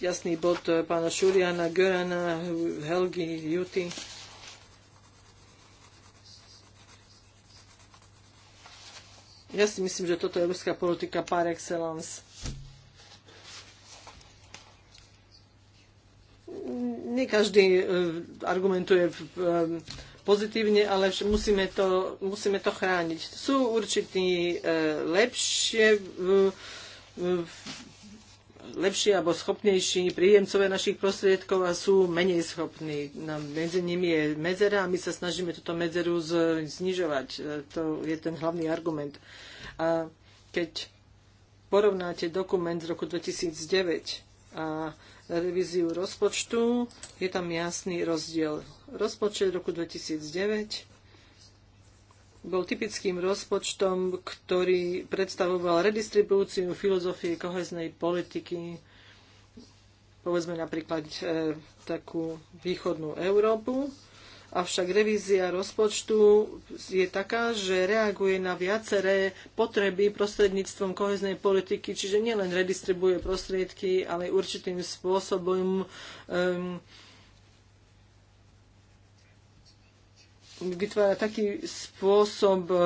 Speaker 3: jasný bod e, pána Šuriana, Görana, Helgi, Juty. Ja si myslím, že toto je ruská politika par excellence. Nie každý argumentuje v, pozitívne, ale musíme to, musíme to chrániť. Sú určití e, lepšie lepšie alebo schopnejší príjemcové našich prostriedkov a sú menej schopní. Medzi nimi je medzera a my sa snažíme túto medzeru znižovať. E, to je ten hlavný argument. A keď porovnáte dokument z roku 2009 a revíziu rozpočtu, je tam jasný rozdiel. Rozpočet roku 2009 bol typickým rozpočtom, ktorý predstavoval redistribúciu filozofie koheznej politiky, povedzme napríklad e, takú východnú Európu. Avšak revízia rozpočtu je taká, že reaguje na viaceré potreby prostredníctvom koheznej politiky, čiže nielen redistribuje prostriedky, ale určitým spôsobom E, vytvára taký spôsob eh,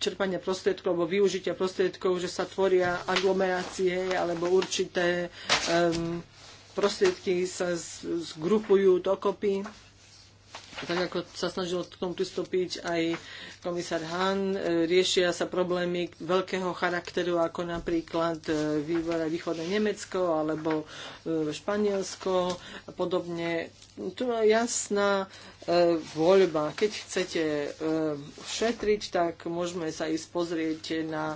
Speaker 3: čerpania prostriedkov alebo využitia prostriedkov, že sa tvoria aglomerácie alebo určité prostriedky sa zgrupujú dokopy tak ako sa snažil k tomu pristúpiť aj komisár Hahn, e, riešia sa problémy veľkého charakteru, ako napríklad e, vývoj východné Nemecko alebo e, Španielsko a podobne. Tu je jasná voľba. Keď chcete šetriť, tak môžeme sa ísť pozrieť na,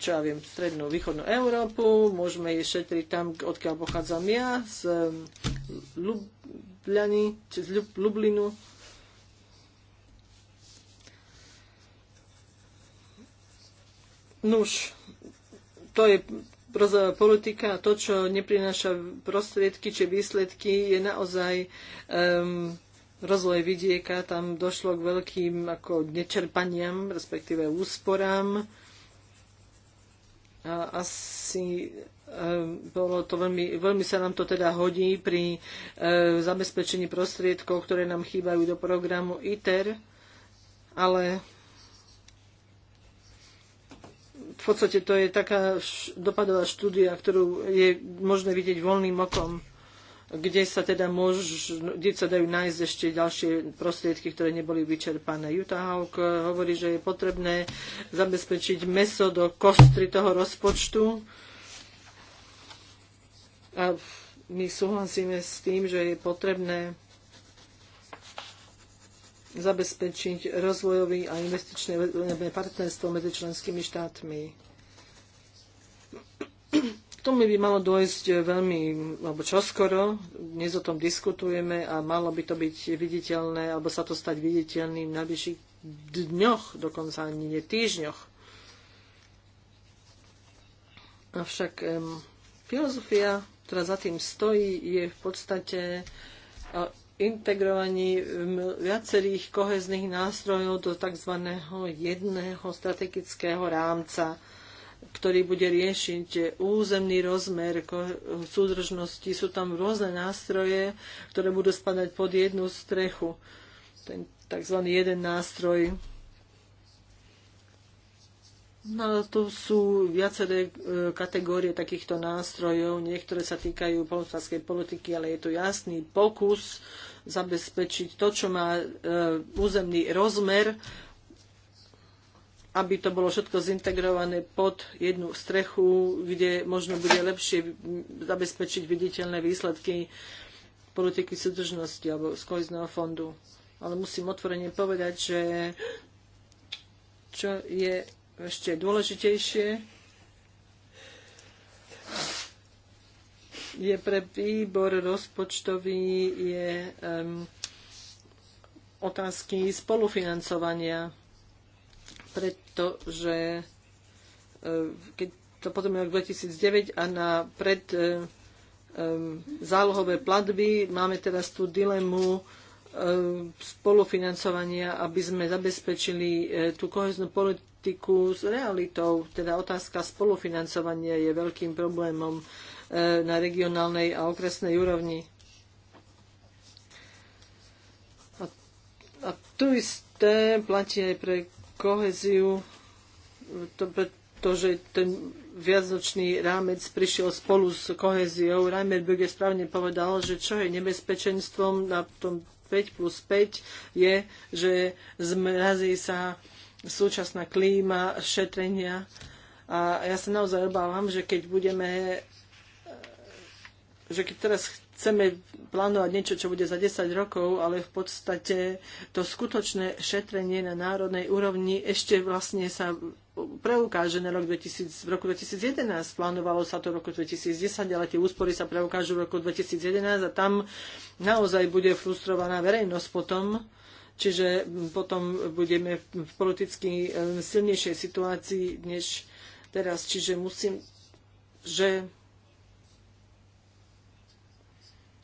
Speaker 3: čo ja viem, strednú východnú Európu, môžeme ísť šetriť tam, odkiaľ pochádzam ja, z Lub- Ljubljany, cez Lublinu. Nuž, to je politika a to, čo neprináša prostriedky či výsledky, je naozaj um, rozvoj vidieka. Tam došlo k veľkým ako nečerpaniam, respektíve úsporám. A asi E, bolo to veľmi, veľmi sa nám to teda hodí pri e, zabezpečení prostriedkov, ktoré nám chýbajú do programu ITER, ale v podstate to je taká dopadová štúdia, ktorú je možné vidieť voľným okom, kde sa teda môž, kde sa dajú nájsť ešte ďalšie prostriedky, ktoré neboli vyčerpané. Utah Hawk e, hovorí, že je potrebné zabezpečiť meso do kostry toho rozpočtu. A my súhlasíme s tým, že je potrebné zabezpečiť rozvojový a investičné partnerstvo medzi členskými štátmi. K tomu by malo dôjsť veľmi, alebo čoskoro, dnes o tom diskutujeme a malo by to byť viditeľné, alebo sa to stať viditeľným v najbližších dňoch, dokonca ani nie týždňoch. Avšak um, filozofia ktorá za tým stojí, je v podstate integrovaní viacerých kohezných nástrojov do tzv. jedného strategického rámca, ktorý bude riešiť územný rozmer súdržnosti. Sú tam rôzne nástroje, ktoré budú spadať pod jednu strechu. Ten tzv. jeden nástroj No, tu sú viaceré e, kategórie takýchto nástrojov. Niektoré sa týkajú polnospodárskej politiky, ale je to jasný pokus zabezpečiť to, čo má e, územný rozmer, aby to bolo všetko zintegrované pod jednu strechu, kde možno bude lepšie zabezpečiť viditeľné výsledky politiky súdržnosti alebo z fondu. Ale musím otvorene povedať, že čo je ešte dôležitejšie je pre výbor rozpočtový je um, otázky spolufinancovania, pretože e, keď to potom je rok 2009 a na pred um, zálohové platby máme teraz tú dilemu e, spolufinancovania, aby sme zabezpečili tú koheznú politiku s realitou. Teda otázka spolufinancovania je veľkým problémom e, na regionálnej a okresnej úrovni. A, a tu isté platí aj pre koheziu, to, pretože ten viacnočný rámec prišiel spolu s koheziou. Reimer Böge správne povedal, že čo je nebezpečenstvom na tom 5 plus 5 je, že zmrazí sa súčasná klíma šetrenia. A ja sa naozaj obávam, že keď budeme e, že keď teraz chceme plánovať niečo, čo bude za 10 rokov, ale v podstate to skutočné šetrenie na národnej úrovni ešte vlastne sa preukáže na rok 2000, v roku 2011. Plánovalo sa to v roku 2010, ale tie úspory sa preukážu v roku 2011 a tam naozaj bude frustrovaná verejnosť potom, čiže potom budeme v politicky eh, silnejšej situácii než teraz. Čiže musím, že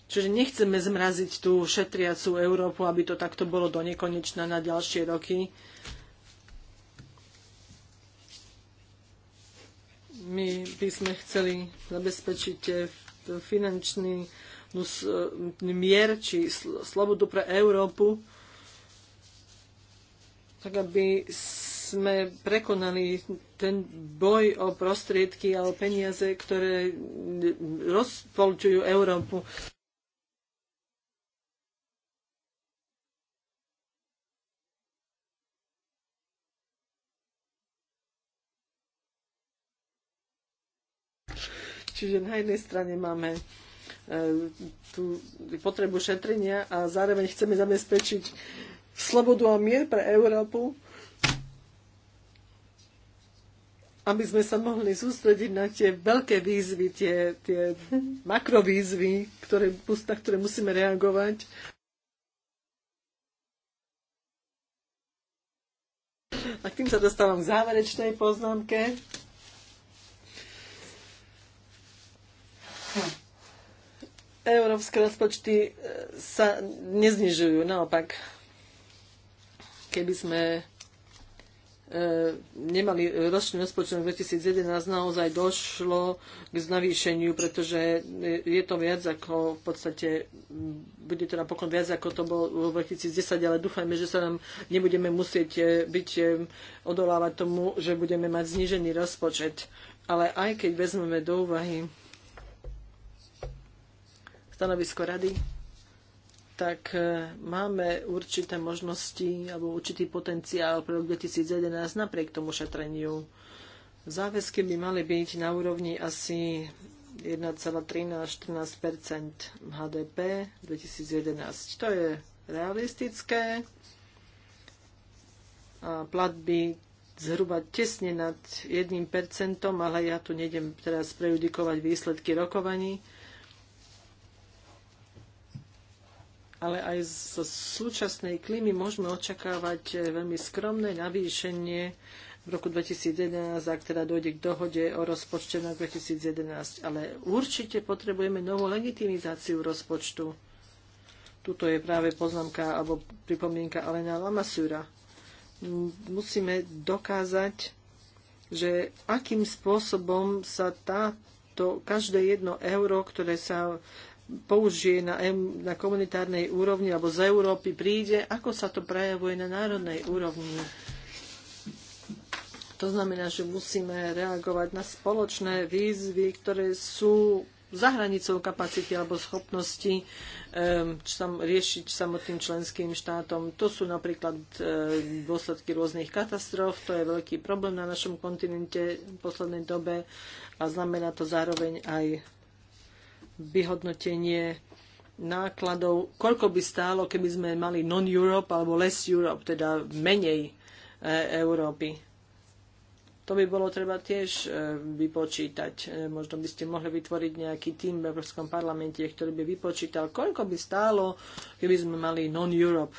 Speaker 3: Čiže nechceme zmraziť tú šetriacú Európu, aby to takto bolo do nekonečna na ďalšie roky. My by sme chceli zabezpečiť eh, finančný eh, mier či slobodu pre Európu tak aby sme prekonali ten boj o prostriedky a o peniaze, ktoré rozpolčujú Európu. Čiže na jednej strane máme e, tú potrebu šetrenia a zároveň chceme zabezpečiť slobodu a mier pre Európu, aby sme sa mohli sústrediť na tie veľké výzvy, tie, tie makrovýzvy, ktoré, na ktoré musíme reagovať. A k tým sa dostávam k záverečnej poznámke. Európske rozpočty eh, sa neznižujú, naopak keby sme e, nemali ročný rozpočet 2011, naozaj došlo k znavýšeniu, pretože je to viac ako v podstate, bude to napokon viac ako to bolo v 2010, ale dúfajme, že sa nám nebudeme musieť e, byť e, odolávať tomu, že budeme mať znížený rozpočet. Ale aj keď vezmeme do úvahy stanovisko rady, tak e, máme určité možnosti alebo určitý potenciál pre rok 2011 napriek tomu šetreniu. Záväzky by mali byť na úrovni asi 1,13-14 HDP 2011. To je realistické a platby zhruba tesne nad 1%, ale ja tu nejdem teraz prejudikovať výsledky rokovaní ale aj zo súčasnej klímy môžeme očakávať eh, veľmi skromné navýšenie v roku 2011, ak teda dojde k dohode o rozpočte na 2011. Ale určite potrebujeme novú legitimizáciu rozpočtu. Tuto je práve poznámka alebo pripomienka Alena Lamasura. Musíme dokázať, že akým spôsobom sa táto každé jedno euro, ktoré sa použije na, na komunitárnej úrovni alebo z Európy príde, ako sa to prejavuje na národnej úrovni. To znamená, že musíme reagovať na spoločné výzvy, ktoré sú za hranicou kapacity alebo schopnosti um, riešiť samotným členským štátom. To sú napríklad um, dôsledky rôznych katastrof, to je veľký problém na našom kontinente v poslednej dobe a znamená to zároveň aj vyhodnotenie nákladov, koľko by stálo, keby sme mali non-Europe alebo less Europe, teda menej e, Európy. To by bolo treba tiež e, vypočítať. E, možno by ste mohli vytvoriť nejaký tým v Európskom parlamente, ktorý by vypočítal, koľko by stálo, keby sme mali non-Europe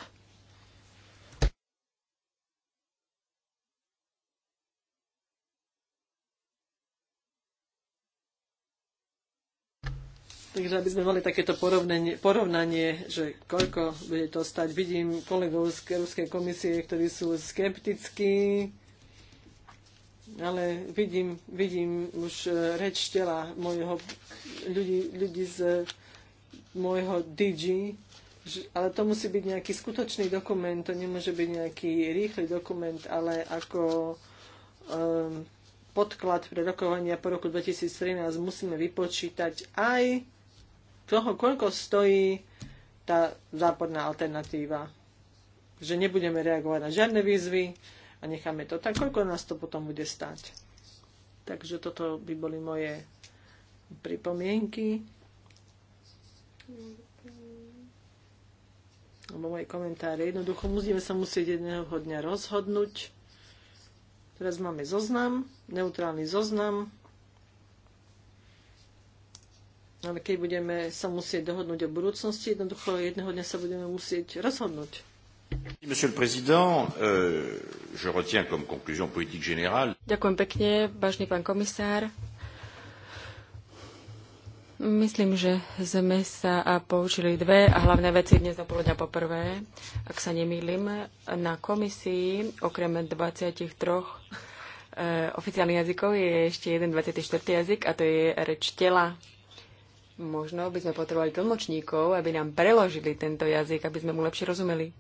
Speaker 3: Takže aby sme mali takéto porovnanie, porovnanie že koľko bude to stať. Vidím kolegov z Európskej komisie, ktorí sú skeptickí, ale vidím, vidím už e, reč tela mojho, ľudí, ľudí z môjho DG, ale to musí byť nejaký skutočný dokument, to nemôže byť nejaký rýchly dokument, ale ako um, podklad pre rokovania po roku 2013 musíme vypočítať aj toho, koľko stojí tá západná alternatíva. Že nebudeme reagovať na žiadne výzvy a necháme to tak, koľko nás to potom bude stať. Takže toto by boli moje pripomienky alebo moje komentáre. Jednoducho musíme sa musieť jedného dňa rozhodnúť. Teraz máme zoznam, neutrálny zoznam, ale keď budeme sa musieť dohodnúť o budúcnosti, jednoducho jedného dňa sa budeme musieť rozhodnúť.
Speaker 1: Monsieur le Président, euh, je retiens comme conclusion politique générale.
Speaker 2: Ďakujem pekne, vážny pán komisár. Myslím, že sme sa poučili dve a hlavné veci dnes dopoludňa poprvé. Ak sa nemýlim, na komisii okrem 23 e, eh, oficiálnych jazykov je ešte jeden 24. jazyk a to je reč tela. Možno by sme potrebovali tlmočníkov, aby nám preložili tento jazyk, aby sme mu lepšie rozumeli.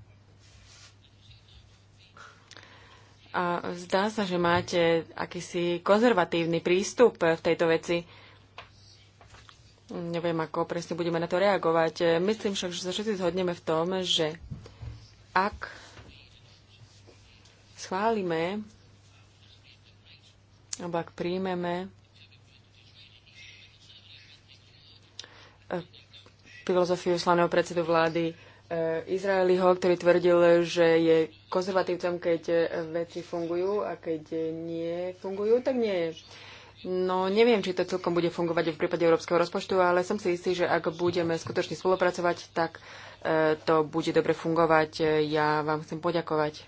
Speaker 2: A zdá sa, že máte akýsi konzervatívny prístup v tejto veci. Neviem, ako presne budeme na to reagovať. Myslím však, že sa všetci zhodneme v tom, že ak schválime alebo ak príjmeme filozofiu slaného predsedu vlády e, Izraeliho, ktorý tvrdil, že je konzervatívcom, keď e, veci fungujú a keď e, nie fungujú, tak nie je. No neviem, či to celkom bude fungovať v prípade európskeho rozpočtu, ale som si istý, že ak budeme skutočne spolupracovať, tak to bude dobre fungovať. Ja vám chcem poďakovať.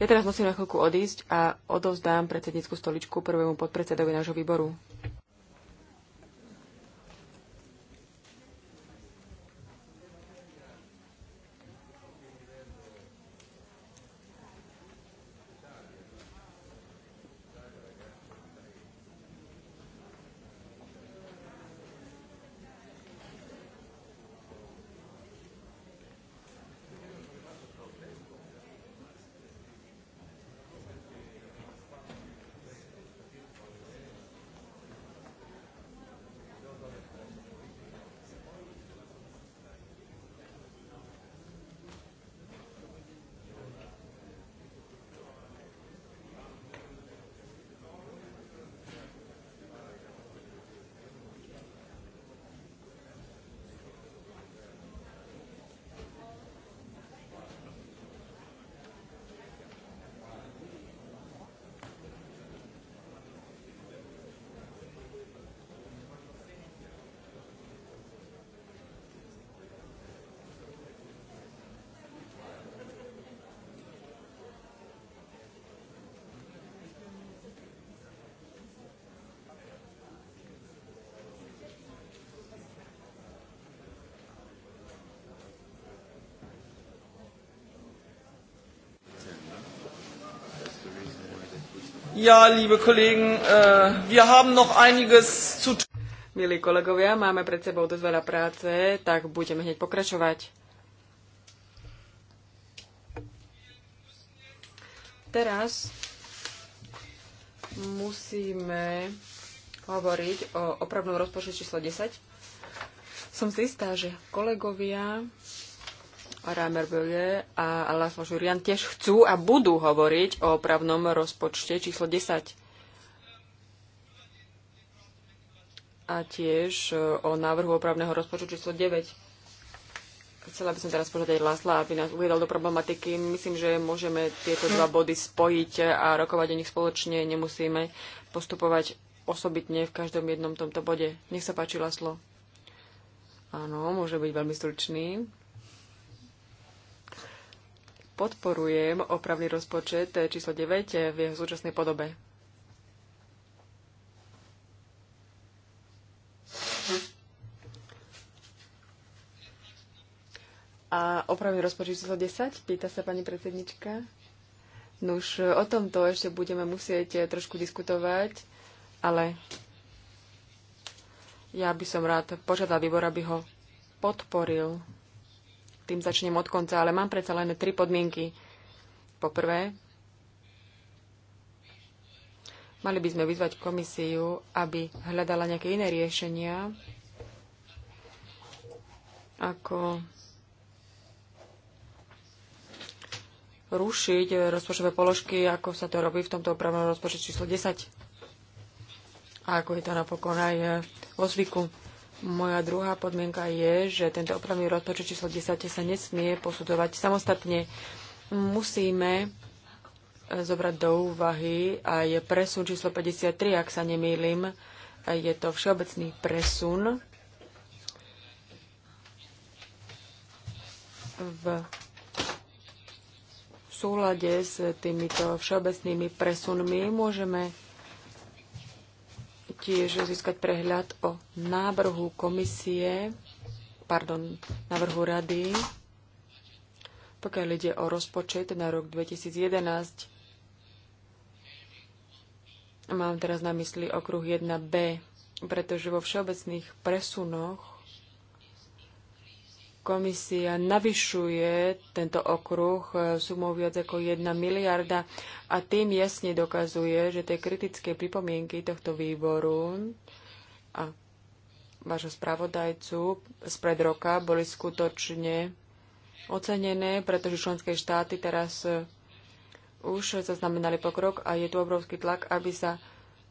Speaker 2: Ja teraz musím na chvíľku odísť a odovzdám predsednícku stoličku prvému podpredsedovi nášho výboru. Ja, liebe Kollegen, uh, wir haben noch einiges zu tun. Milí kolegovia, máme pred sebou dosť veľa práce, tak budeme hneď pokračovať. Teraz musíme hovoriť o opravnom rozpočte číslo 10. Som si istá, že kolegovia Rámer Böge a Laszlo Žurian tiež chcú a budú hovoriť o opravnom rozpočte číslo 10. A tiež e, o návrhu opravného rozpočtu číslo 9. Chcela by som teraz požiadať Lasla, aby nás uviedol do problematiky. Myslím, že môžeme tieto dva body spojiť a rokovať o nich spoločne. Nemusíme postupovať osobitne v každom jednom tomto bode. Nech sa páči, Laslo. Áno, môže byť veľmi stručný podporujem opravný rozpočet eh, číslo 9 eh, v jeho súčasnej podobe. A opravný rozpočet číslo 10? Pýta sa pani predsednička. Nuž, o tomto ešte budeme musieť eh, trošku diskutovať, ale ja by som rád požiadal výbor, aby ho podporil tým začnem od konca, ale mám predsa len tri podmienky. Poprvé, mali by sme vyzvať komisiu, aby hľadala nejaké iné riešenia, ako rušiť rozpočtové položky, ako sa to robí v tomto opravnom rozpočte číslo 10 a ako je to napokon aj vo zvyku. Moja druhá podmienka je, že tento opravný rozpočet číslo 10 sa nesmie posudzovať samostatne. Musíme eh, zobrať do úvahy aj presun číslo 53, ak sa nemýlim. Je to všeobecný presun v súlade s týmito všeobecnými presunmi môžeme tiež získať prehľad o návrhu komisie, pardon, návrhu rady, pokiaľ ide o rozpočet na rok 2011. Mám teraz na mysli okruh 1b, pretože vo všeobecných presunoch komisia navyšuje tento okruh e, sumou viac ako 1 miliarda a tým jasne dokazuje, že tie kritické pripomienky tohto výboru a vášho spravodajcu spred roka boli skutočne ocenené, pretože členské štáty teraz e, už zaznamenali pokrok a je tu obrovský tlak, aby sa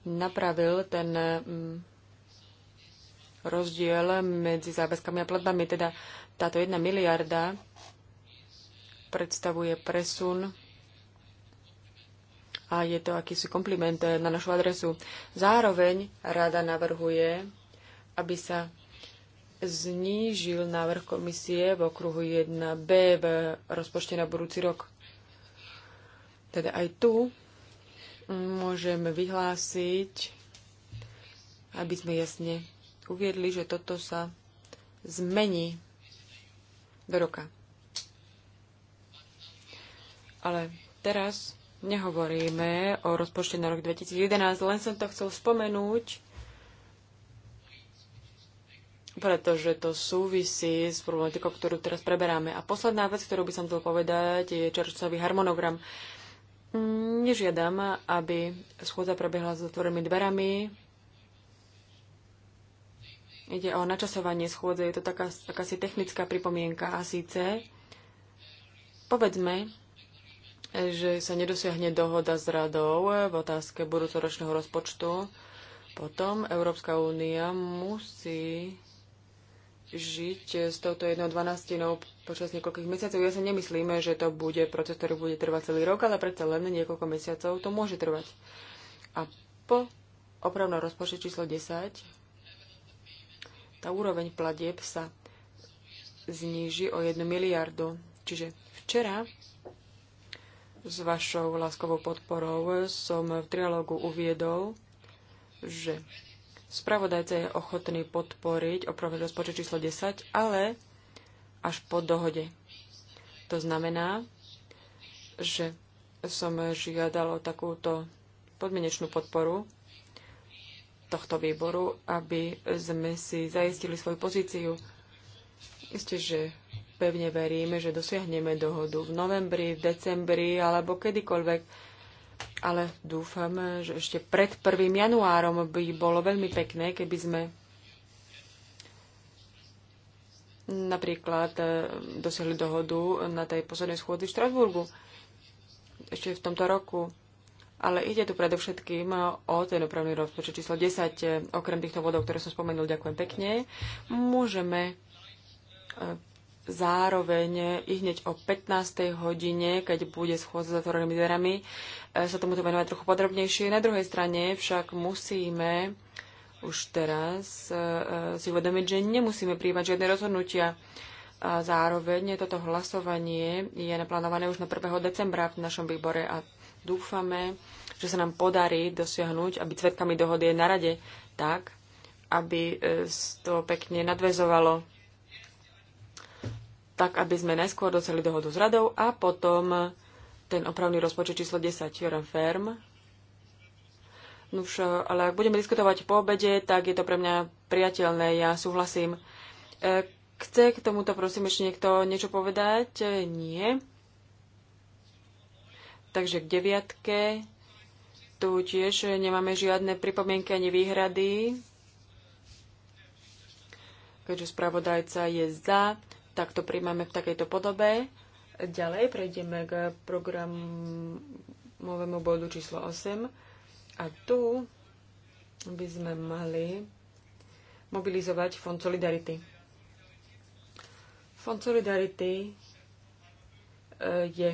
Speaker 2: napravil ten mm, rozdiel medzi záväzkami a platbami. Teda táto jedna miliarda predstavuje presun a je to akýsi kompliment eh, na našu adresu. Zároveň rada navrhuje, aby sa znížil návrh komisie v okruhu 1b v rozpočte na budúci rok. Teda aj tu môžem vyhlásiť, aby sme jasne uviedli, že toto sa zmení do roka. Ale teraz nehovoríme o rozpočte na rok 2011, len som to chcel spomenúť, pretože to súvisí s problematikou, ktorú teraz preberáme. A posledná vec, ktorú by som chcel povedať, je červcový harmonogram. Nežiadam, aby schôdza prebehla s otvorenými dverami, Ide o načasovanie schôdze, je to taká, taká si technická pripomienka a síce povedzme, že sa nedosiahne dohoda s radou v otázke budúcoročného rozpočtu, potom Európska únia musí žiť s touto jednou dvanáctinou počas niekoľkých mesiacov. Ja sa nemyslíme, že to bude proces, ktorý bude trvať celý rok, ale predsa len niekoľko mesiacov to môže trvať. A po opravnom rozpočte číslo 10 tá úroveň platieb sa zníži o 1 miliardu. Čiže včera s vašou láskovou podporou som v trialógu uviedol, že spravodajca je ochotný podporiť opravdu rozpočet číslo 10, ale až po dohode. To znamená, že som žiadal o takúto podmienečnú podporu tohto výboru, aby sme si zaistili svoju pozíciu. Isté, že pevne veríme, že dosiahneme dohodu v novembri, v decembri alebo kedykoľvek. Ale dúfam, že ešte pred 1. januárom by bolo veľmi pekné, keby sme napríklad e, dosiahli dohodu na tej poslednej schôdzi v Štrasburgu ešte v tomto roku. Ale ide tu predovšetkým no, o ten opravný rozpočet číslo 10. E, okrem týchto vodov, ktoré som spomenul, ďakujem pekne. Môžeme e, zároveň i hneď o 15. hodine, keď bude schôdza s zatvorenými dverami, e, sa tomuto venovať trochu podrobnejšie. Na druhej strane však musíme už teraz si uvedomiť, že nemusíme príjmať žiadne rozhodnutia. A zároveň toto hlasovanie je naplánované už na 1. decembra v našom výbore a Dúfame, že sa nám podarí dosiahnuť aby cvetkami svetkami dohody na rade tak, aby e, to pekne nadvezovalo tak, aby sme najskôr doceli dohodu s radou a potom ten opravný rozpočet číslo 10, Joran Ferm. Nuž, ale ak budeme diskutovať po obede, tak je to pre mňa priateľné, ja súhlasím. E, chce k tomuto prosím ešte niekto niečo povedať? Nie. Takže k deviatke tu tiež nemáme žiadne pripomienky ani výhrady. Keďže spravodajca je za, tak to príjmame v takejto podobe. Ďalej prejdeme k programovému bodu číslo 8. A tu by sme mali mobilizovať Fond Solidarity. Fond Solidarity e, je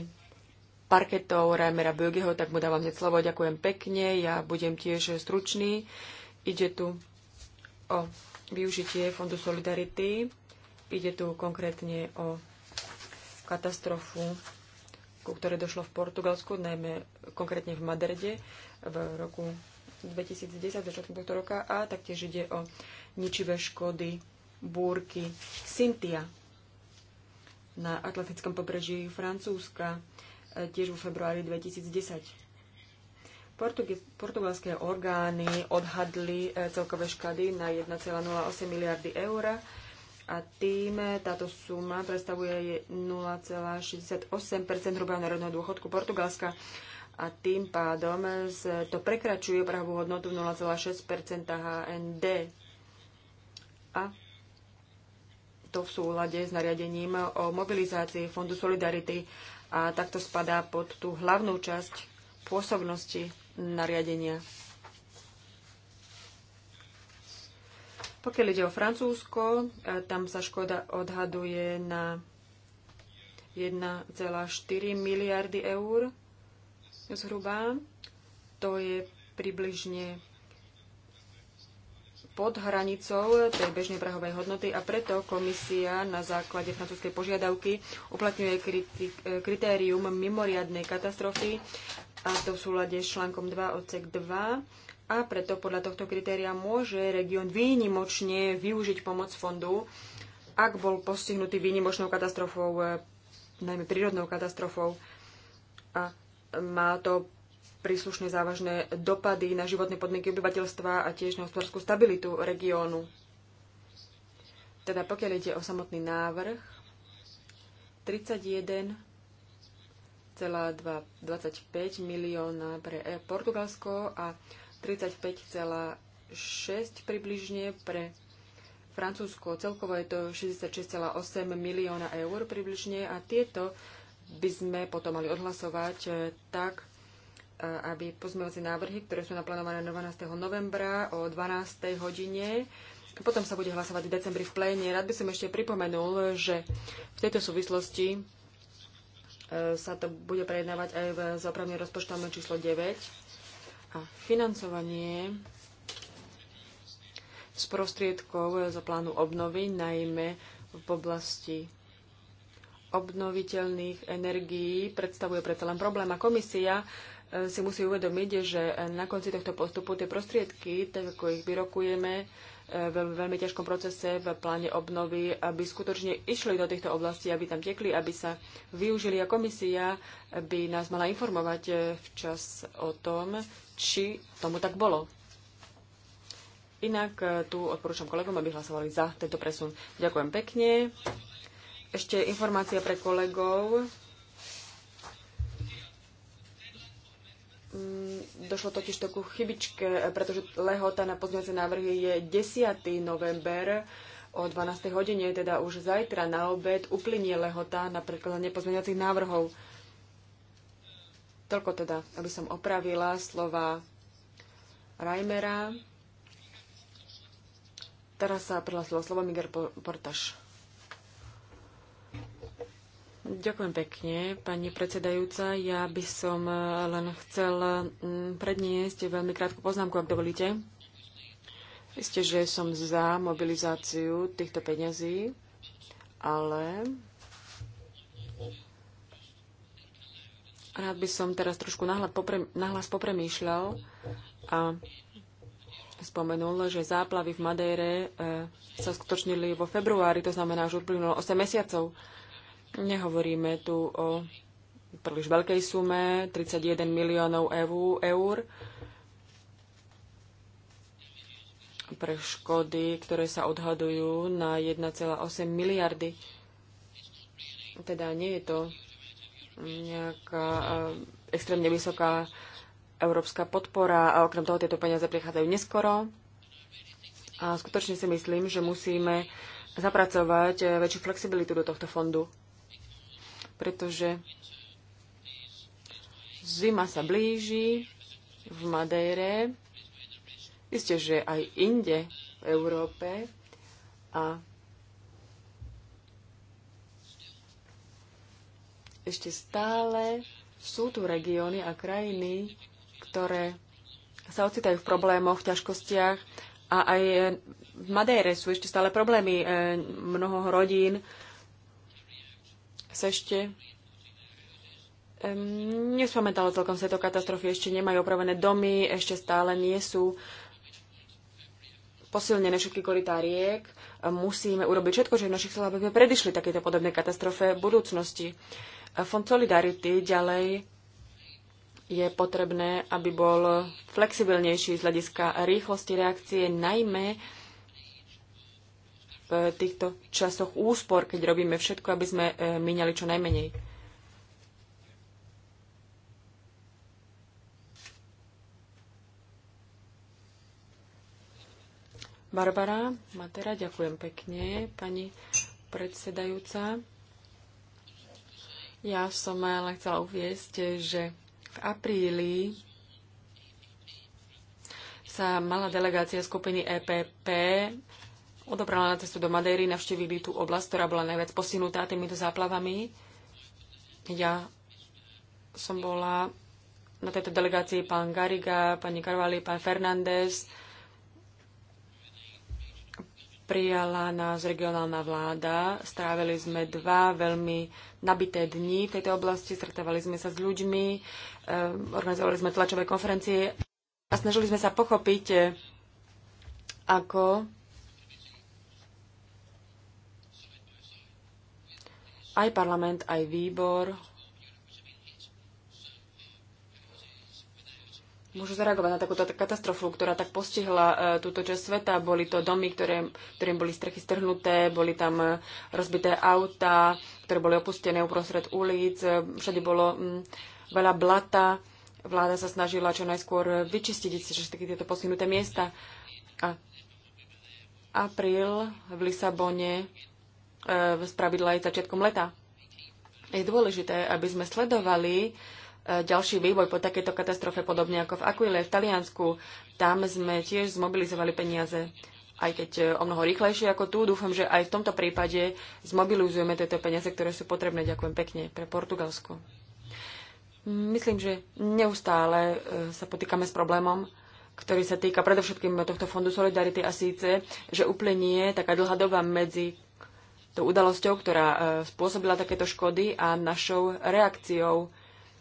Speaker 2: parketov Reimera Bögeho, tak mu dávam hneď slovo. Ďakujem pekne, ja budem tiež stručný. Ide tu o využitie Fondu Solidarity, ide tu konkrétne o katastrofu, ku ktorej došlo v Portugalsku, najmä konkrétne v Madrede v roku 2010, začiatkom tohto roka, a taktiež ide o ničivé škody búrky Cynthia na Atlantickom pobreží Francúzska tiež vo februári 2010. Portugalské orgány odhadli e, celkové škady na 1,08 miliardy eur a tým e, táto suma predstavuje 0,68 hrubého národného dôchodku Portugalska a tým pádom e, to prekračuje pravú hodnotu 0,6 HND. A to v súlade s nariadením o mobilizácii Fondu Solidarity a takto spadá pod tú hlavnú časť pôsobnosti nariadenia. Pokiaľ ide o Francúzsko, e, tam sa škoda odhaduje na 1,4 miliardy eur zhruba. To je približne pod hranicou tej bežnej prahovej hodnoty a preto komisia na základe francúzskej požiadavky uplatňuje kritérium mimoriadnej katastrofy a to v súlade s článkom 2 odsek 2 a preto podľa tohto kritéria môže región výnimočne využiť pomoc fondu, ak bol postihnutý výnimočnou katastrofou, e, najmä prírodnou katastrofou a má to príslušné závažné dopady na životné podmienky obyvateľstva a tiež na hospodárskú stabilitu regiónu. Teda pokiaľ ide o samotný návrh, 31,25 milióna pre Portugalsko a 35,6 približne pre Francúzsko. Celkovo je to 66,8 milióna eur približne a tieto by sme potom mali odhlasovať eh, tak, aby pozmevacie návrhy, ktoré sú naplánované 12. novembra o 12. hodine, potom sa bude hlasovať v decembri v pléne. Rád by som ešte pripomenul, že v tejto súvislosti e, sa to bude prejednávať aj v zopravne rozpočtom číslo 9. A financovanie z prostriedkov zo plánu obnovy, najmä v oblasti obnoviteľných energií, predstavuje predsa len problém. A komisia si musí uvedomiť, že na konci tohto postupu tie prostriedky, tak ako ich vyrokujeme e, v veľmi ťažkom procese v pláne obnovy, aby skutočne išli do týchto oblastí, aby tam tekli, aby sa využili a komisia by nás mala informovať e, včas o tom, či tomu tak bolo. Inak e, tu odporúčam kolegom, aby hlasovali za tento presun. Ďakujem pekne. Ešte informácia pre kolegov. došlo totiž to ku chybičke, pretože lehota na pozmeňujúce návrhy je 10. november o 12. hodine, teda už zajtra na obed uplynie lehota na predkladanie pozmeňovacích návrhov. Toľko teda, aby som opravila slova Reimera. Teraz sa prihlásilo slovo Miguel Portaš. Ďakujem pekne, pani predsedajúca. Ja by som eh, len chcel mm, predniesť veľmi krátku poznámku, ak dovolíte. Isté, že som za mobilizáciu týchto peňazí, ale rád by som teraz trošku nahlas popremýšľal a spomenul, že záplavy v Madejre eh, sa skutočnili vo februári, to znamená, že uplynulo 8 mesiacov. Nehovoríme tu o príliš veľkej sume, 31 miliónov eur pre škody, ktoré sa odhadujú na 1,8 miliardy. Teda nie je to nejaká eh, extrémne vysoká európska podpora a okrem toho tieto peniaze prichádzajú neskoro. A skutočne si myslím, že musíme zapracovať eh, väčšiu flexibilitu do tohto fondu pretože zima sa blíži v Madejre, isté, že aj inde v Európe a ešte stále sú tu regióny a krajiny, ktoré sa ocitajú v problémoch, v ťažkostiach a aj v Madejre sú ešte stále problémy. Eh, mnoho rodín sa ešte um, nespamätalo celkom sa to katastrofy, ešte nemajú opravené domy, ešte stále nie sú posilnené všetky korytá riek. Musíme urobiť všetko, že v našich silách, aby sme predišli takéto podobné katastrofe v budúcnosti. Fond Solidarity ďalej je potrebné, aby bol flexibilnejší z hľadiska rýchlosti reakcie, najmä v týchto časoch úspor, keď robíme všetko, aby sme e, míňali čo najmenej. Barbara Matera, ďakujem pekne, pani predsedajúca. Ja som len chcela uviesť, že v apríli sa mala delegácia skupiny EPP odobrala na cestu do Madejry, navštívili tú oblasť, ktorá bola najviac posinutá týmito záplavami. Ja som bola na tejto delegácii pán Gariga, pani Karvali, pán Fernández. Prijala nás regionálna vláda. Strávili sme dva veľmi nabité dni v tejto oblasti. Stretávali sme sa s ľuďmi, eh, organizovali sme tlačové konferencie a snažili sme sa pochopiť, eh, ako aj parlament, aj výbor môžu zareagovať na takúto katastrofu, ktorá tak postihla e, túto časť sveta. Boli to domy, ktoré, ktorým boli strechy strhnuté, boli tam e, rozbité auta, ktoré boli opustené uprostred ulic, e, všade bolo mm, veľa blata. Vláda sa snažila čo najskôr vyčistiť všetky tieto posunuté miesta. A apríl v Lisabone E, z pravidla aj začiatkom leta. Je dôležité, aby sme sledovali e, ďalší vývoj po takejto katastrofe, podobne ako v Aquile v Taliansku. Tam sme tiež zmobilizovali peniaze, aj keď e, o mnoho rýchlejšie ako tu. Dúfam, že aj v tomto prípade zmobilizujeme tieto peniaze, ktoré sú potrebné. Ďakujem pekne pre Portugalsko. Myslím, že neustále sa potýkame s problémom, ktorý sa týka predovšetkým tohto fondu Solidarity a síce, že úplne nie je taká dlhá doba medzi tou udalosťou, ktorá e, spôsobila takéto škody a našou reakciou,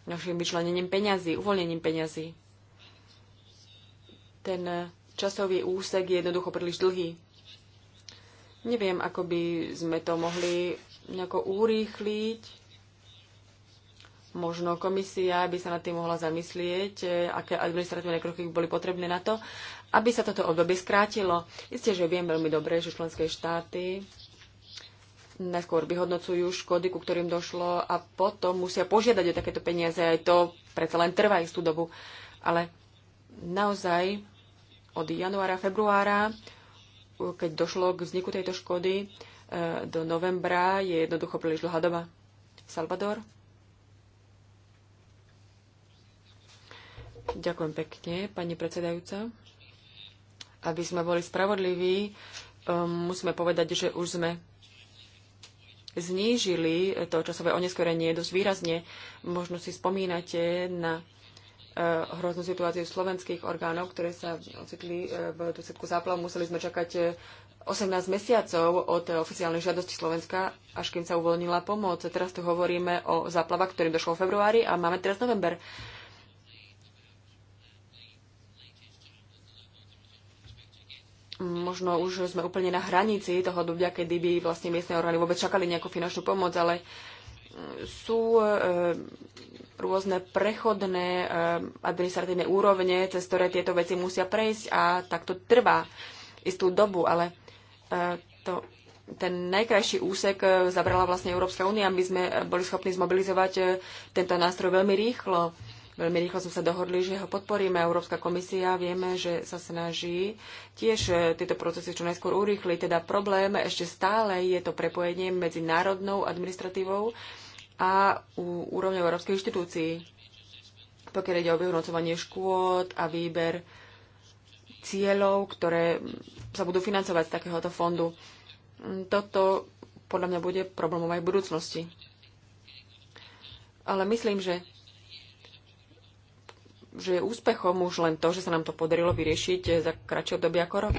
Speaker 2: našim vyčlenením peňazí, uvoľnením peňazí. Ten e, časový úsek je jednoducho príliš dlhý. Neviem, ako by sme to mohli nejako urýchliť. Možno komisia by sa nad tým mohla zamyslieť, e, aké administratívne kroky boli potrebné na to, aby sa toto obdobie skrátilo. Isté, že viem veľmi dobre, že členské štáty najskôr vyhodnocujú škody, ku ktorým došlo a potom musia požiadať o takéto peniaze. Aj to predsa len trvá istú dobu. Ale naozaj od januára, februára, keď došlo k vzniku tejto škody, e, do novembra je jednoducho príliš dlhá doba. Salvador? Ďakujem pekne, pani predsedajúca. Aby sme boli spravodliví, e, musíme povedať, že už sme znížili to časové oneskorenie dosť výrazne. Možno si spomínate na e, hroznú situáciu slovenských orgánov, ktoré sa ocitli e, v dôsledku záplav. Museli sme čakať 18 e, mesiacov od oficiálnej žiadosti Slovenska, až kým sa uvoľnila pomoc. Teraz tu hovoríme o záplavách, ktorým došlo v februári a máme teraz november. možno už sme úplne na hranici toho dobia, kedy by vlastne miestne orgány vôbec čakali nejakú finančnú pomoc, ale mm, sú eh, rôzne prechodné eh, administratívne úrovne, cez ktoré tieto veci musia prejsť a tak to trvá istú dobu, ale eh, to, ten najkrajší úsek zabrala vlastne Európska únia, aby sme boli schopní zmobilizovať tento nástroj veľmi rýchlo. Veľmi rýchlo sme sa dohodli, že ho podporíme. Európska komisia vieme, že sa snaží tiež e, tieto procesy čo najskôr urýchliť. Teda problém ešte stále je to prepojenie medzi národnou administratívou a úrovňou európskej inštitúcií. Pokiaľ ide o vyhodnocovanie škôd a výber cieľov, ktoré sa budú financovať z takéhoto fondu. Toto podľa mňa bude problémom aj v budúcnosti. Ale myslím, že že je úspechom už len to, že sa nám to podarilo vyriešiť za kratšie obdobie ako rok.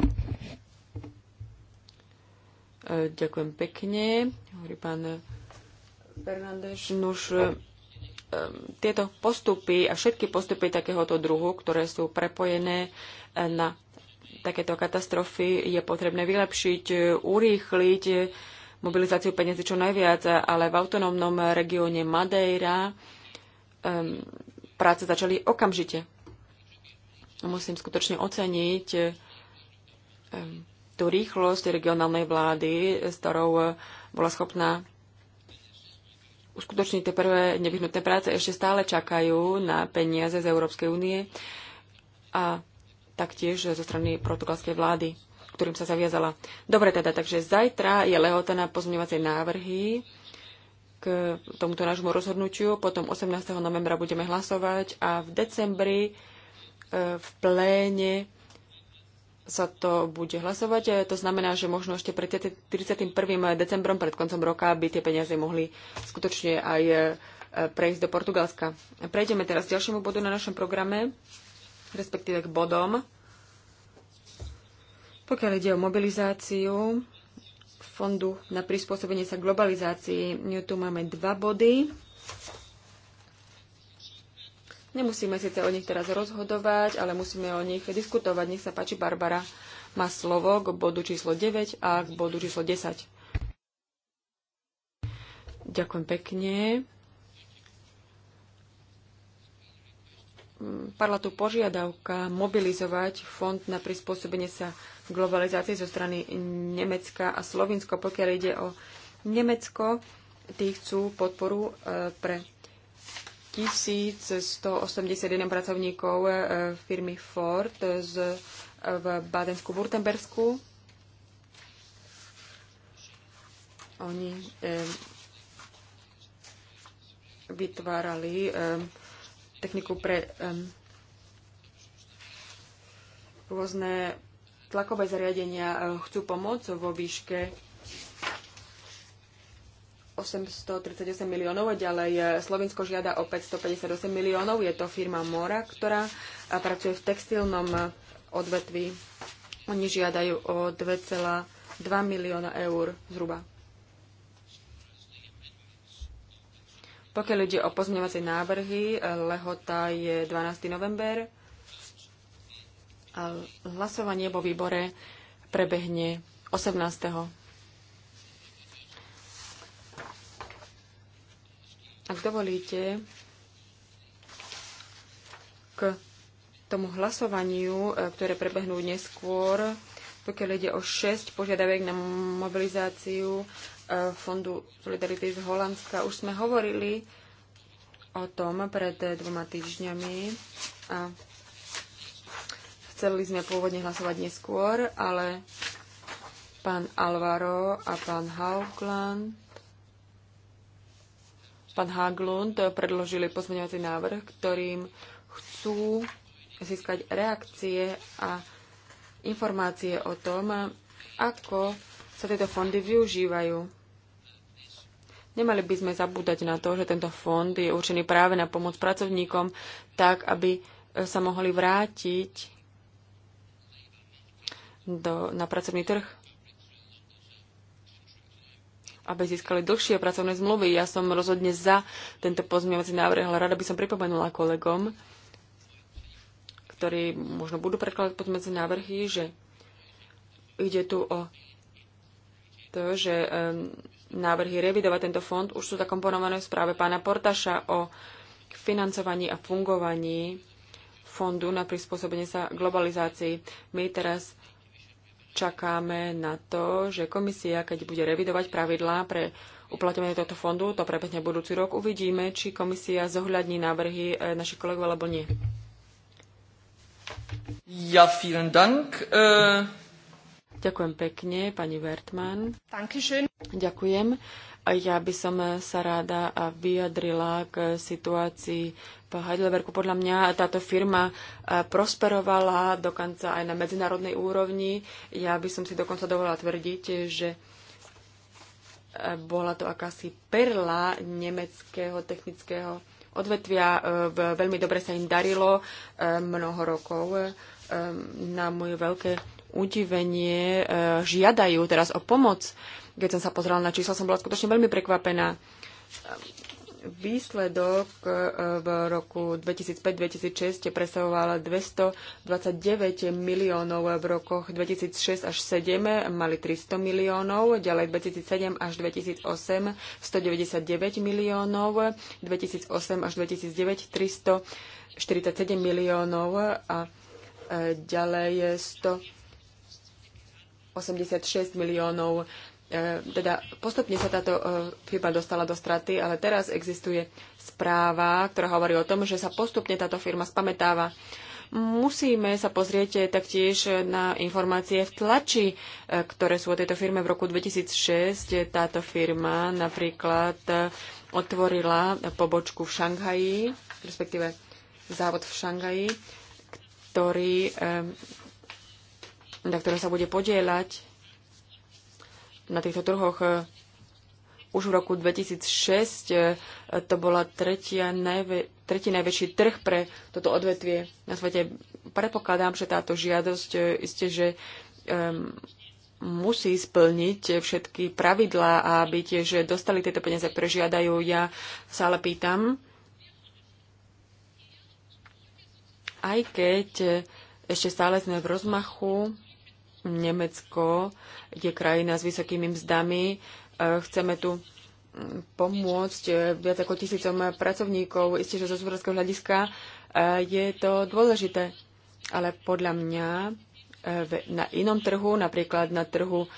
Speaker 2: E, ďakujem pekne, hovorí pán Fernández. Nuž, e, tieto postupy a všetky postupy takéhoto druhu, ktoré sú prepojené e, na takéto katastrofy, je potrebné vylepšiť, urýchliť mobilizáciu peniazy čo najviac, ale v autonómnom regióne Madeira práce začali okamžite. Musím skutočne oceniť eh, tú rýchlosť regionálnej vlády, s ktorou eh, bola schopná uskutočniť tie prvé nevyhnutné práce. Ešte stále čakajú na peniaze z Európskej únie a taktiež zo strany portugalskej vlády, ktorým sa zaviazala. Dobre teda, takže zajtra je lehota na pozmeňovacie návrhy k tomuto nášmu rozhodnutiu. Potom 18. novembra budeme hlasovať a v decembri e, v pléne sa to bude hlasovať. E, to znamená, že možno ešte pred 31. decembrom, pred koncom roka, by tie peniaze mohli skutočne aj e, prejsť do Portugalska. Prejdeme teraz k ďalšiemu bodu na našom programe, respektíve k bodom. Pokiaľ ide o mobilizáciu fondu na prispôsobenie sa globalizácii. Tu máme dva body. Nemusíme síce o nich teraz rozhodovať, ale musíme o nich diskutovať. Nech sa páči, Barbara má slovo k bodu číslo 9 a k bodu číslo 10. Ďakujem pekne. Parla tu požiadavka mobilizovať fond na prispôsobenie sa globalizácie zo strany Nemecka a Slovinsko. Pokiaľ ide o Nemecko, tí chcú podporu e, pre 1181 pracovníkov e, firmy Ford z, e, v Badensku-Württembersku. Oni vytvárali techniku pre rôzne tlakové zariadenia e, chcú pomôcť vo výške 838 miliónov a ďalej e, Slovinsko žiada o 558 miliónov. Je to firma Mora, ktorá e, pracuje v textilnom odvetví. Oni žiadajú o 2,2 milióna eur zhruba. Pokiaľ ide o pozmeňovacie návrhy, lehota je 12. november a hlasovanie vo výbore prebehne 18. Ak dovolíte, k tomu hlasovaniu, e, ktoré prebehnú neskôr, pokiaľ ide o 6 požiadaviek na mobilizáciu e, Fondu Solidarity z Holandska. Už sme hovorili o tom pred dvoma týždňami a Chceli sme pôvodne hlasovať neskôr, ale pán Alvaro a pán Haugland pán Haglund predložili pozmeňovací návrh, ktorým chcú získať reakcie a informácie o tom, ako sa tieto fondy využívajú. Nemali by sme zabúdať na to, že tento fond je určený práve na pomoc pracovníkom, tak aby sa mohli vrátiť do, na pracovný trh, aby získali dlhšie pracovné zmluvy. Ja som rozhodne za tento pozmievací návrh, ale rada by som pripomenula kolegom, ktorí možno budú predkladať pozmievací návrhy, že ide tu o to, že um, návrhy revidovať tento fond už sú zakomponované v správe pána Portaša o financovaní a fungovaní fondu na prispôsobenie sa globalizácii. My teraz čakáme na to, že komisia, keď bude revidovať pravidlá pre uplatňovanie tohto fondu, to prebehne budúci rok, uvidíme, či komisia zohľadní návrhy eh, našich kolegov alebo nie. Ja, vielen dank. Uh... Ďakujem pekne, pani Wertmann. Dankeschön. Ďakujem. Ja by som sa ráda vyjadrila k situácii v Heidelbergu podľa mňa táto firma e, prosperovala dokonca aj na medzinárodnej úrovni. Ja by som si dokonca dovolila tvrdiť, že e, bola to akási perla nemeckého technického odvetvia. E, veľmi dobre sa im darilo mnoho rokov. Na moje veľké udivenie žiadajú teraz o pomoc. Keď som sa pozrela na čísla, som bola skutočne veľmi prekvapená výsledok e, v roku 2005-2006 presahoval 229 miliónov, v rokoch 2006 až 2007 mali 300 miliónov, ďalej 2007 až 2008 199 miliónov, 2008 až 2009 347 miliónov a e, ďalej 186 miliónov E, teda postupne sa táto firma e, dostala do straty, ale teraz existuje správa, ktorá hovorí o tom, že sa postupne táto firma spametáva. Musíme sa pozrieť taktiež na informácie v tlači, e, ktoré sú o tejto firme. V roku 2006 táto firma napríklad otvorila pobočku v Šanghaji, respektíve závod v Šanghaji, ktorý, na ktorom sa bude podielať na týchto trhoch. E, už v roku 2006 e, to bola tretia najvä, tretí najväčší trh pre toto odvetvie na svete. Predpokladám, že táto žiadosť e, isté, že um, musí splniť všetky pravidlá a aby tiež dostali tieto peniaze, ktoré žiadajú. Ja sa ale pýtam, aj keď ešte stále sme v rozmachu Nemecko je krajina s vysokými mzdami. E, chceme tu mm, pomôcť e, viac ako tisícom pracovníkov. Isté, že zo hospodárskeho hľadiska e, je to dôležité. Ale podľa mňa na inom trhu, napríklad na trhu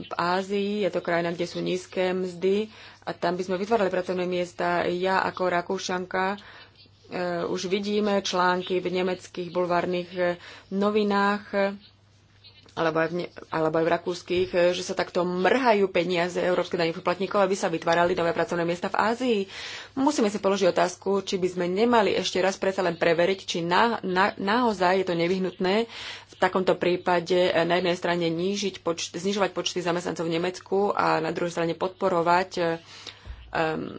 Speaker 2: v Ázii, je to krajina, kde sú nízke mzdy a tam by sme vytvárali pracovné miesta. Ja ako Rakúšanka už vidíme články v nemeckých bulvárnych novinách alebo aj, v, ne, alebo aj v rakúskych, e, že sa takto mrhajú peniaze európske daných poplatníkov, aby sa vytvárali nové pracovné miesta v Ázii. Musíme si položiť otázku, či by sme nemali ešte raz predsa len preveriť, či na, na, naozaj je to nevyhnutné v takomto prípade e, na jednej strane nížiť počt, znižovať počty zamestnancov v Nemecku a na druhej strane podporovať um,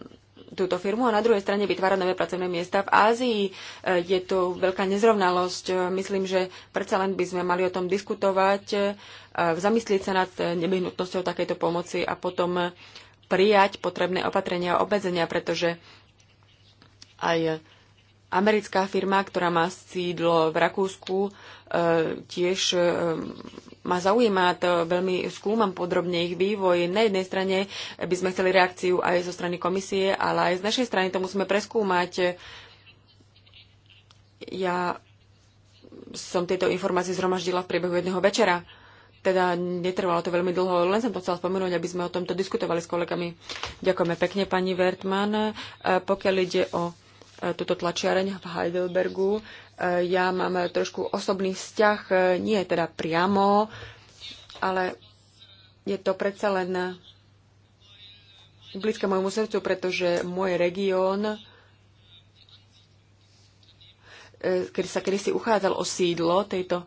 Speaker 2: túto firmu a na druhej strane vytvára nové pracovné miesta. V Ázii e, je tu veľká nezrovnalosť. E, myslím, že predsa len by sme mali o tom diskutovať, e, zamyslieť sa nad nevyhnutnosťou takejto pomoci a potom prijať potrebné opatrenia a obmedzenia, pretože aj americká firma, ktorá má sídlo v Rakúsku, tiež ma zaujíma, to veľmi skúmam podrobne ich vývoj. Na jednej strane by sme chceli reakciu aj zo strany komisie, ale aj z našej strany to musíme preskúmať. Ja som tieto informácie zhromaždila v priebehu jedného večera. Teda netrvalo to veľmi dlho, len som to chcela spomenúť, aby sme o tomto diskutovali s kolegami. Ďakujeme pekne, pani Wertmann. E, pokiaľ ide o e, túto tlačiareň v Heidelbergu ja mám trošku osobný vzťah, e, nie teda priamo, ale je to predsa len blízke môjmu srdcu, pretože môj región, e, keď sa kedy si uchádzal o sídlo tejto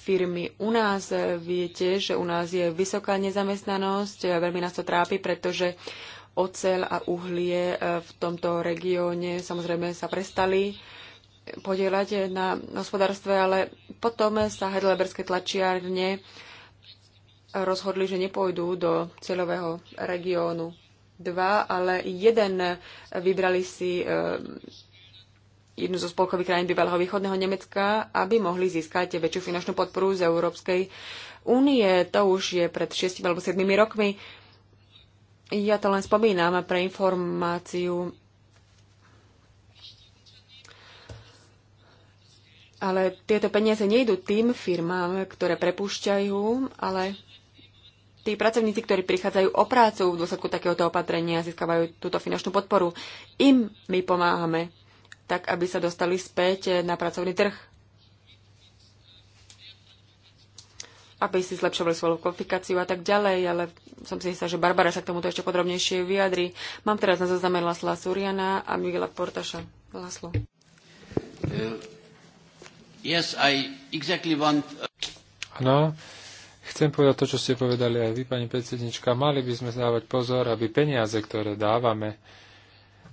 Speaker 2: firmy. U nás e, viete, že u nás je vysoká nezamestnanosť, veľmi nás to trápi, pretože oceľ a uhlie v tomto regióne samozrejme sa prestali podielať na hospodárstve, ale potom sa heidelberské tlačiarne rozhodli, že nepôjdu do cieľového regiónu 2, ale jeden vybrali si e, jednu zo spolkových krajín bývalého východného Nemecka, aby mohli získať väčšiu finančnú podporu z Európskej únie. To už je pred 6 alebo 7 rokmi. Ja to len spomínam pre informáciu Ale tieto peniaze nejdú tým firmám, ktoré prepúšťajú, ale tí pracovníci, ktorí prichádzajú o prácu v dôsledku takéhoto opatrenia a získavajú túto finančnú podporu, im my pomáhame, tak aby sa dostali späť na pracovný trh. aby si zlepšovali svoju kvalifikáciu a tak ďalej, ale som si istá, že Barbara sa k tomuto ešte podrobnejšie vyjadri. Mám teraz na zozname Lasla Suriana a Miguela Portaša. Laslo.
Speaker 4: Yeah.
Speaker 1: Yes, I exactly want...
Speaker 4: No, chcem povedať to, čo ste povedali aj vy, pani predsednička. Mali by sme dávať pozor, aby peniaze, ktoré dávame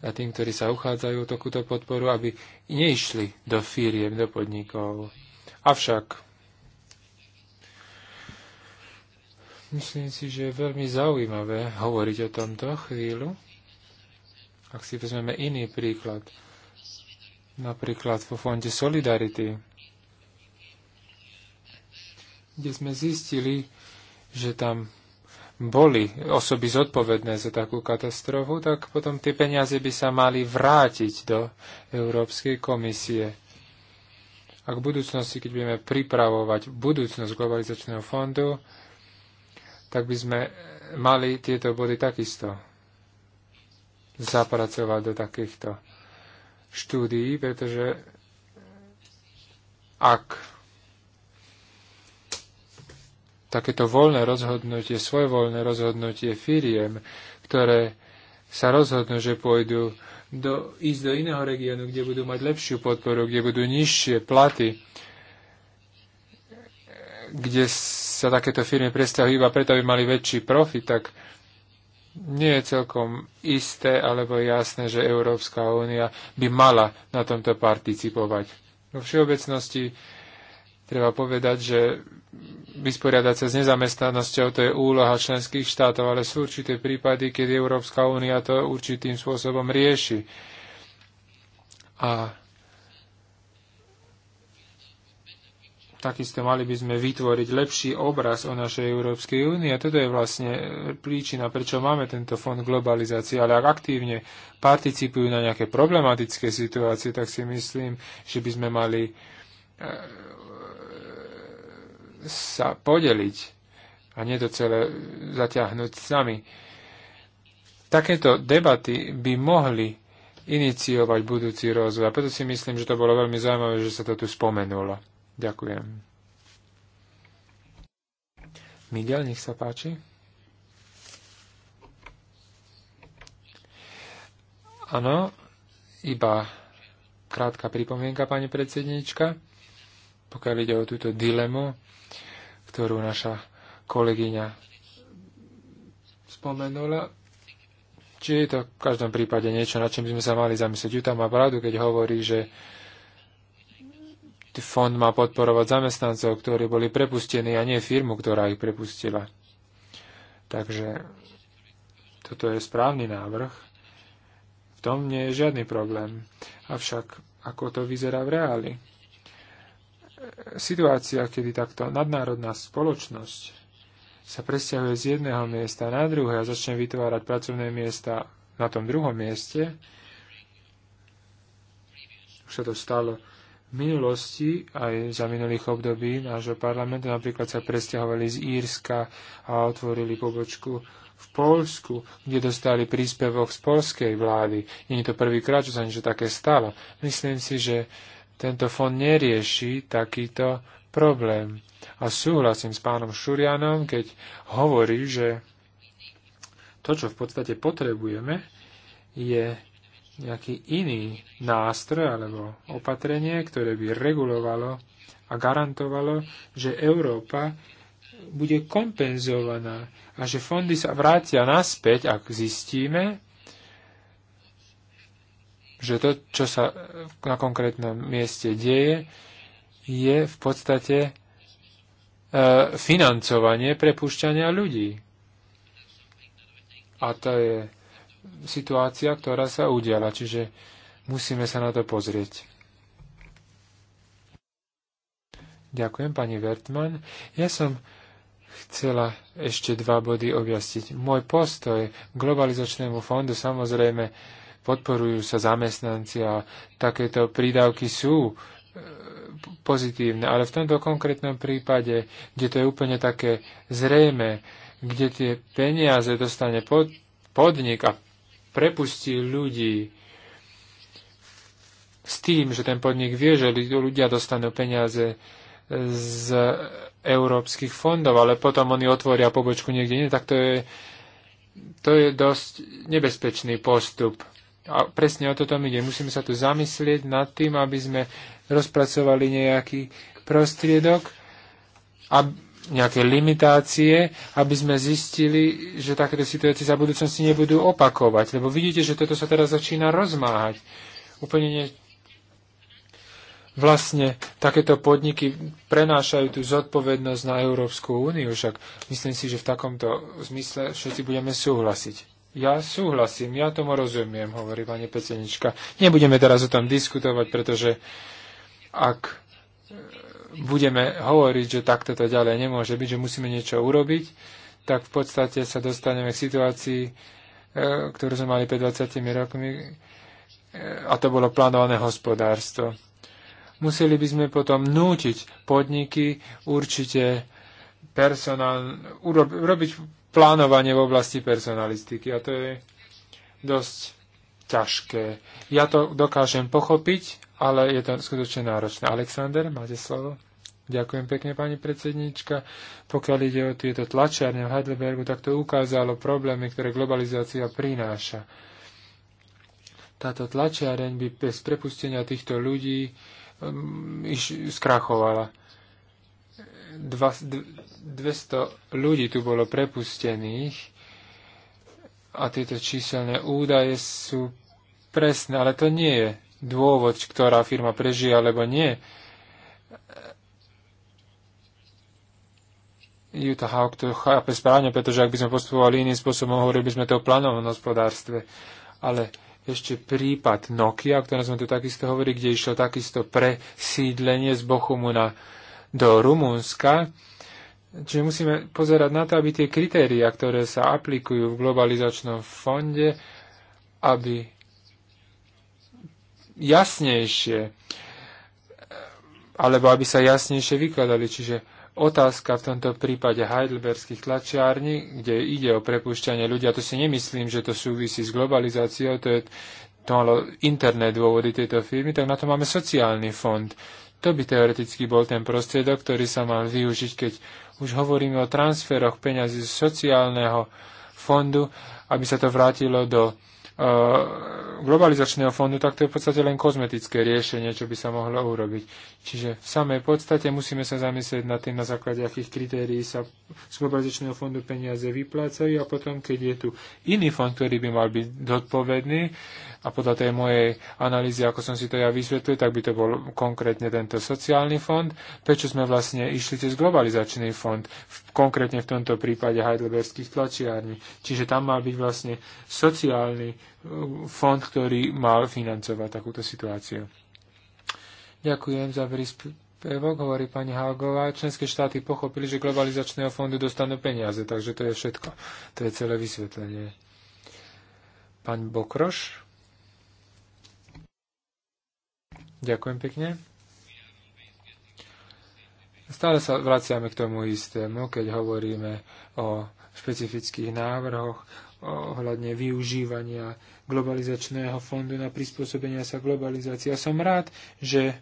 Speaker 4: a tým, ktorí sa uchádzajú o takúto podporu, aby neišli do firiem, do podnikov. Avšak myslím si, že je veľmi zaujímavé hovoriť o tomto chvíľu. Ak si vezmeme iný príklad, napríklad vo fonde Solidarity, kde sme zistili, že tam boli osoby zodpovedné za takú katastrofu, tak potom tie peniaze by sa mali vrátiť do Európskej komisie. A k budúcnosti, keď budeme pripravovať budúcnosť globalizačného fondu, tak by sme mali tieto body takisto zapracovať do takýchto štúdií, pretože ak takéto voľné rozhodnutie, voľné rozhodnutie firiem, ktoré sa rozhodnú, že pôjdu do, ísť do iného regiónu, kde budú mať lepšiu podporu, kde budú nižšie platy, kde sa takéto firmy presťahujú iba preto, aby mali väčší profit, tak nie je celkom isté alebo jasné, že Európska únia by mala na tomto participovať. Vo všeobecnosti Treba povedať, že vysporiadať sa s nezamestnanosťou to je úloha členských štátov, ale sú určité prípady, kedy Európska únia to určitým spôsobom rieši. A takisto mali by sme vytvoriť lepší obraz o našej Európskej únii. A toto je vlastne príčina, prečo máme tento fond globalizácie. Ale ak aktívne participujú na nejaké problematické situácie, tak si myslím, že by sme mali eh, sa podeliť a nie to celé zaťahnuť sami. Takéto debaty by mohli iniciovať budúci rozvoj. A preto si myslím, že to bolo veľmi zaujímavé, že sa to tu spomenulo. Ďakujem. Miguel, nech sa páči. Áno, iba krátka pripomienka, pani predsednička, pokiaľ ide o túto dilemu ktorú naša kolegyňa spomenula. Či je to v každom prípade niečo, na čím by sme sa mali zamyslieť. Juta má pravdu, keď hovorí, že fond má podporovať zamestnancov, ktorí boli prepustení a nie firmu, ktorá ich prepustila. Takže toto je správny návrh. V tom nie je žiadny problém. Avšak ako to vyzerá v reáli? Situácia, kedy takto nadnárodná spoločnosť sa presťahuje z jedného miesta na druhé a začne vytvárať pracovné miesta na tom druhom mieste, už sa to stalo v minulosti, aj za minulých období nášho parlamentu, napríklad sa presťahovali z Írska a otvorili pobočku v Polsku, kde dostali príspevok z polskej vlády. Nie je to prvýkrát, čo sa niečo také stalo. Myslím si, že tento fond nerieši takýto problém. A súhlasím s pánom Šurianom, keď hovorí, že to, čo v podstate potrebujeme, je nejaký iný nástroj alebo opatrenie, ktoré by regulovalo a garantovalo, že Európa bude kompenzovaná a že fondy sa vrátia naspäť, ak zistíme, že to, čo sa na konkrétnom mieste deje, je v podstate e, financovanie prepušťania ľudí. A to je situácia, ktorá sa udiala, čiže musíme sa na to pozrieť. Ďakujem, pani Vertman. Ja som chcela ešte dva body objasniť. Môj postoj k globalizačnému fondu samozrejme podporujú sa zamestnanci a takéto prídavky sú e, pozitívne. Ale v tomto konkrétnom prípade, kde to je úplne také zrejme, kde tie peniaze dostane pod, podnik a prepustí ľudí s tým, že ten podnik vie, že ľudia dostanú peniaze z európskych fondov, ale potom oni otvoria pobočku niekde iné, tak to je, to je dosť nebezpečný postup a presne o toto mi ide. Musíme sa tu zamyslieť nad tým, aby sme rozpracovali nejaký prostriedok a nejaké limitácie, aby sme zistili, že takéto situácie sa v budúcnosti nebudú opakovať. Lebo vidíte, že toto sa teraz začína rozmáhať. Úplne ne... Vlastne takéto podniky prenášajú tú zodpovednosť na Európsku úniu, však myslím si, že v takomto zmysle všetci budeme súhlasiť. Ja súhlasím, ja tomu rozumiem, hovorí pani predsednička. Nebudeme teraz o tom diskutovať, pretože ak e, budeme hovoriť, že takto to ďalej nemôže byť, že musíme niečo urobiť, tak v podstate sa dostaneme k situácii, e, ktorú sme mali pred 20 rokmi, e, a to bolo plánované hospodárstvo. Museli by sme potom nútiť podniky určite personál, urobiť robiť plánovanie v oblasti personalistiky a to je dosť ťažké. Ja to dokážem pochopiť, ale je to skutočne náročné. Alexander, máte slovo? Ďakujem pekne, pani predsednička. Pokiaľ ide o tieto tlačiarne v Heidelbergu, tak to ukázalo problémy, ktoré globalizácia prináša. Táto tlačiareň by bez prepustenia týchto ľudí um, iš, skrachovala. Dva, d, 200 ľudí tu bolo prepustených a tieto číselné údaje sú presné, ale to nie je dôvod, ktorá firma prežije alebo nie. Utah Hawk to chápe správne, pretože ak by sme postupovali iným spôsobom, hovorili by sme to o plánovom hospodárstve. Ale ešte prípad Nokia, o ktorom sme tu takisto hovorili, kde išlo takisto presídlenie z Bochumu na, do Rumunska, Čiže musíme pozerať na to, aby tie kritériá, ktoré sa aplikujú v globalizačnom fonde, aby jasnejšie, alebo aby sa jasnejšie vykladali. Čiže otázka v tomto prípade heidelberských tlačiarní, kde ide o prepušťanie ľudia, to si nemyslím, že to súvisí s globalizáciou, to je to malo interné dôvody tejto firmy, tak na to máme sociálny fond. To by teoreticky bol ten prostriedok, ktorý sa mal využiť, keď už hovoríme o transferoch peňazí z sociálneho fondu, aby sa to vrátilo do globalizačného fondu, tak to je v podstate len kozmetické riešenie, čo by sa mohlo urobiť. Čiže v samej podstate musíme sa zamyslieť nad tým, na základe akých kritérií sa z globalizačného fondu peniaze vyplácajú a potom, keď je tu iný fond, ktorý by mal byť zodpovedný a podľa tej mojej analýzy, ako som si to ja vysvetlil, tak by to bol konkrétne tento sociálny fond. Prečo sme vlastne išli cez globalizačný fond, konkrétne v tomto prípade heidelberských tlačiarní. Čiže tam mal byť vlastne sociálny fond, ktorý mal financovať takúto situáciu. Ďakujem za príspevok, hovorí pani Hágová. Členské štáty pochopili, že globalizačného fondu dostanú peniaze, takže to je všetko. To je celé vysvetlenie. Pán Bokroš. Ďakujem pekne. Stále sa vraciame k tomu istému, keď hovoríme o špecifických návrhoch ohľadne využívania globalizačného fondu na prispôsobenia sa globalizácii. A som rád, že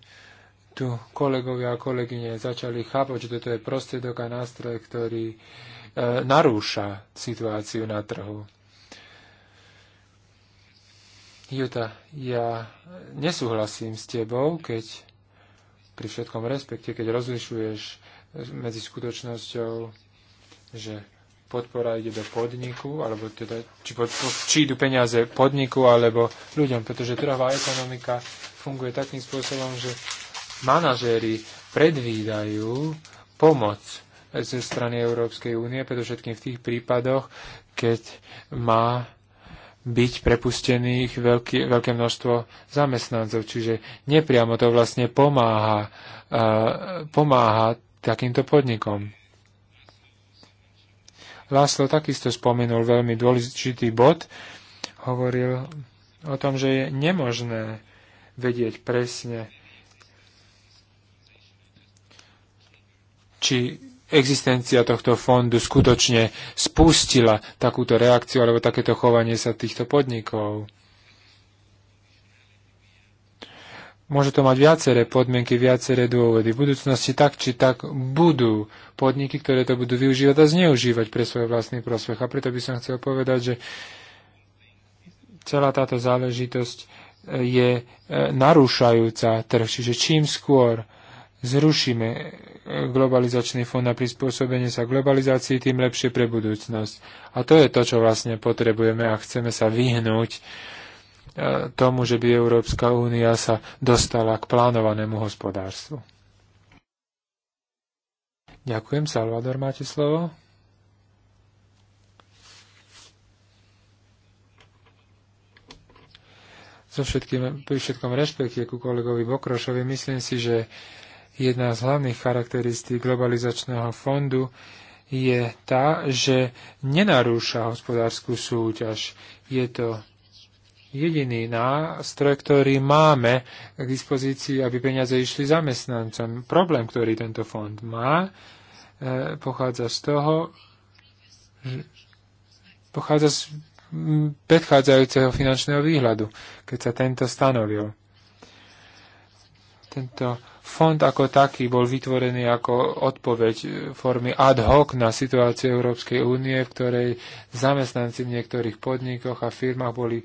Speaker 4: tu kolegovia a kolegyne začali chápať, že toto je prostriedok a nástroj, ktorý e, narúša situáciu na trhu. Juta, ja nesúhlasím s tebou, keď pri všetkom respekte, keď rozlišuješ medzi skutočnosťou, že podpora ide do podniku, alebo teda, či, pod, či idú peniaze podniku alebo ľuďom, pretože trhová ekonomika funguje takým spôsobom, že manažéri predvídajú pomoc ze strany Európskej únie, predovšetkým v tých prípadoch, keď má byť prepustených veľký, veľké množstvo zamestnancov. Čiže nepriamo to vlastne pomáha, uh, pomáha takýmto podnikom. Laslo takisto spomenul veľmi dôležitý bod. Hovoril o tom, že je nemožné vedieť presne, či existencia tohto fondu skutočne spustila takúto reakciu alebo takéto chovanie sa týchto podnikov. môže to mať viaceré podmienky, viaceré dôvody. V budúcnosti tak či tak budú podniky, ktoré to budú využívať a zneužívať pre svoj vlastný prospech. A preto by som chcel povedať, že celá táto záležitosť e, je e, narúšajúca trh. Čiže čím skôr zrušíme e, globalizačný fond na prispôsobenie sa globalizácii, tým lepšie pre budúcnosť. A to je to, čo vlastne potrebujeme a chceme sa vyhnúť tomu, že by Európska únia sa dostala k plánovanému hospodárstvu. Ďakujem. Salvador, máte slovo? So všetkým, pri všetkom rešpekte ku kolegovi Bokrošovi myslím si, že jedna z hlavných charakteristík globalizačného fondu je tá, že nenarúša hospodárskú súťaž. Je to jediný nástroj, ktorý máme k dispozícii, aby peniaze išli zamestnancom. Problém, ktorý tento fond má, e, pochádza z toho, že pochádza z predchádzajúceho finančného výhľadu, keď sa tento stanovil. Tento fond ako taký bol vytvorený ako odpoveď formy ad hoc na situáciu Európskej únie, v ktorej zamestnanci v niektorých podnikoch a firmách boli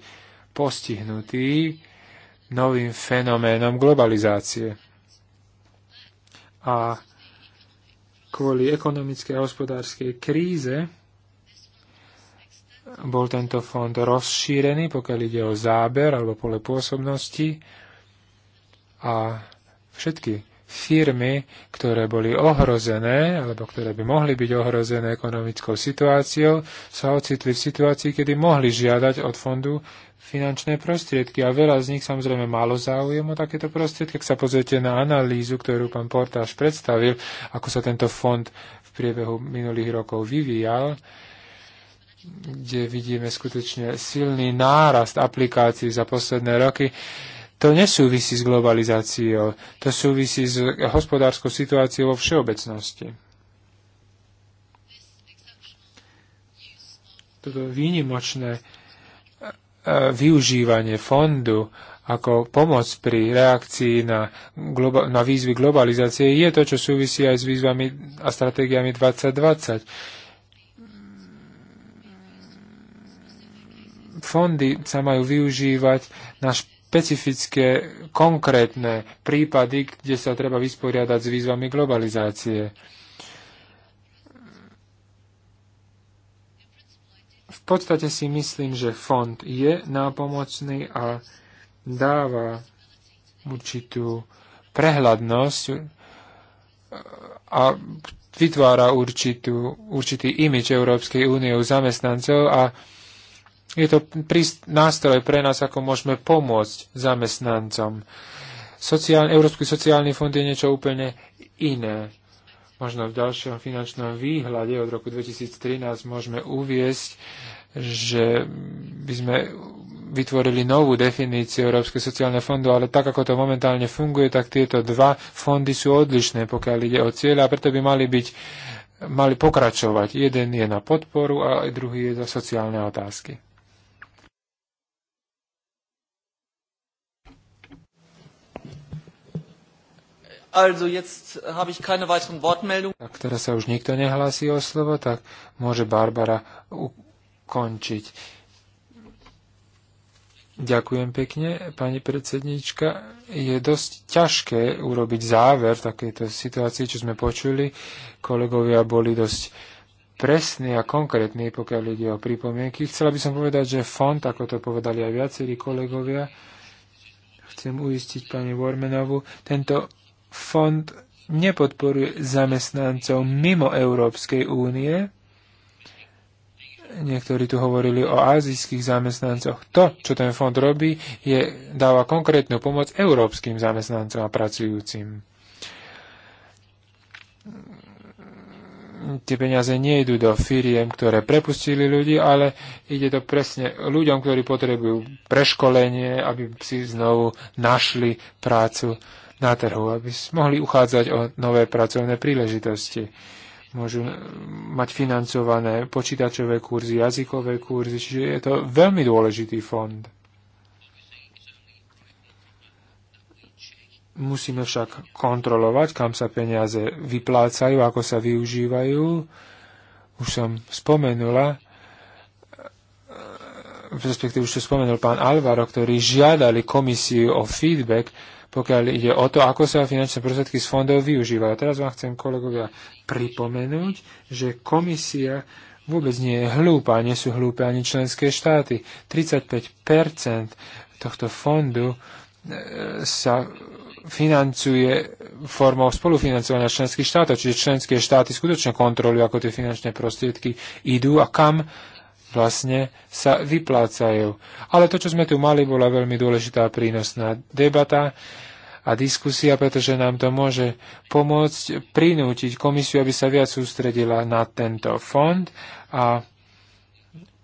Speaker 4: postihnutý novým fenoménom globalizácie. A kvôli ekonomickej a hospodárskej kríze bol tento fond rozšírený, pokiaľ ide o záber alebo pole pôsobnosti a všetky firmy, ktoré boli ohrozené, alebo ktoré by mohli byť ohrozené ekonomickou situáciou, sa ocitli v situácii, kedy mohli žiadať od fondu finančné prostriedky a veľa z nich samozrejme málo záujem o takéto prostriedky. Ak sa pozriete na analýzu, ktorú pán Portáš predstavil, ako sa tento fond v priebehu minulých rokov vyvíjal, kde vidíme skutočne silný nárast aplikácií za posledné roky, to nesúvisí s globalizáciou, to súvisí s hospodárskou situáciou vo všeobecnosti. Toto výnimočné e, e, využívanie fondu ako pomoc pri reakcii na, globa- na výzvy globalizácie je to, čo súvisí aj s výzvami a stratégiami 2020. fondy sa majú využívať na špecifické, konkrétne prípady, kde sa treba vysporiadať s výzvami globalizácie. V podstate si myslím, že fond je nápomocný a dáva určitú prehľadnosť e, a vytvára určitú, určitý imič Európskej únie u zamestnancov a je to nástroj pre nás, ako môžeme pomôcť zamestnancom. Sociál, Európsky sociálny fond je niečo úplne iné. Možno v ďalšom finančnom výhľade od roku 2013 môžeme uviesť, že by sme vytvorili novú definíciu Európskeho sociálneho fondu, ale tak, ako to momentálne funguje, tak tieto dva fondy sú odlišné, pokiaľ ide o cieľa, a preto by mali byť mali pokračovať. Jeden je na podporu a druhý je za sociálne otázky.
Speaker 1: Also jetzt habe ich keine weiteren Wortmeldungen. Tak
Speaker 4: teraz sa už nikto nehlási o slovo, tak môže Barbara ukončiť. Ďakujem pekne, pani predsednička. Je dosť ťažké urobiť záver takejto situácii, čo sme počuli. Kolegovia boli dosť presný a konkrétny, pokiaľ ide o pripomienky. Chcela by som povedať, že fond, ako to povedali aj viacerí kolegovia, chcem uistiť pani Wormenovu, tento fond nepodporuje zamestnancov mimo Európskej únie. Niektorí tu hovorili o azijských zamestnancoch. To, čo ten fond robí, je dáva konkrétnu pomoc európskym zamestnancom a pracujúcim. tie peniaze nejdú do firiem, ktoré prepustili ľudí, ale ide to presne ľuďom, ktorí potrebujú preškolenie, aby si znovu našli prácu na trhu, aby mohli uchádzať o nové pracovné príležitosti. Môžu mať financované počítačové kurzy, jazykové kurzy, čiže je to veľmi dôležitý fond. Musíme však kontrolovať, kam sa peniaze vyplácajú, ako sa využívajú. Už som spomenula, respektíve už to spomenul pán Alvaro, ktorí žiadali komisiu o feedback, pokiaľ ide o to, ako sa finančné prostriedky z fondov využívajú. Teraz vám chcem, kolegovia, pripomenúť, že komisia vôbec nie je hlúpa, nie sú hlúpe ani členské štáty. 35 tohto fondu e, sa financuje formou spolufinancovania členských štátov, čiže členské štáty skutočne kontrolujú, ako tie finančné prostriedky idú a kam vlastne sa vyplácajú. Ale to, čo sme tu mali, bola veľmi dôležitá prínosná debata a diskusia, pretože nám to môže pomôcť prinútiť komisiu, aby sa viac sústredila na tento fond a,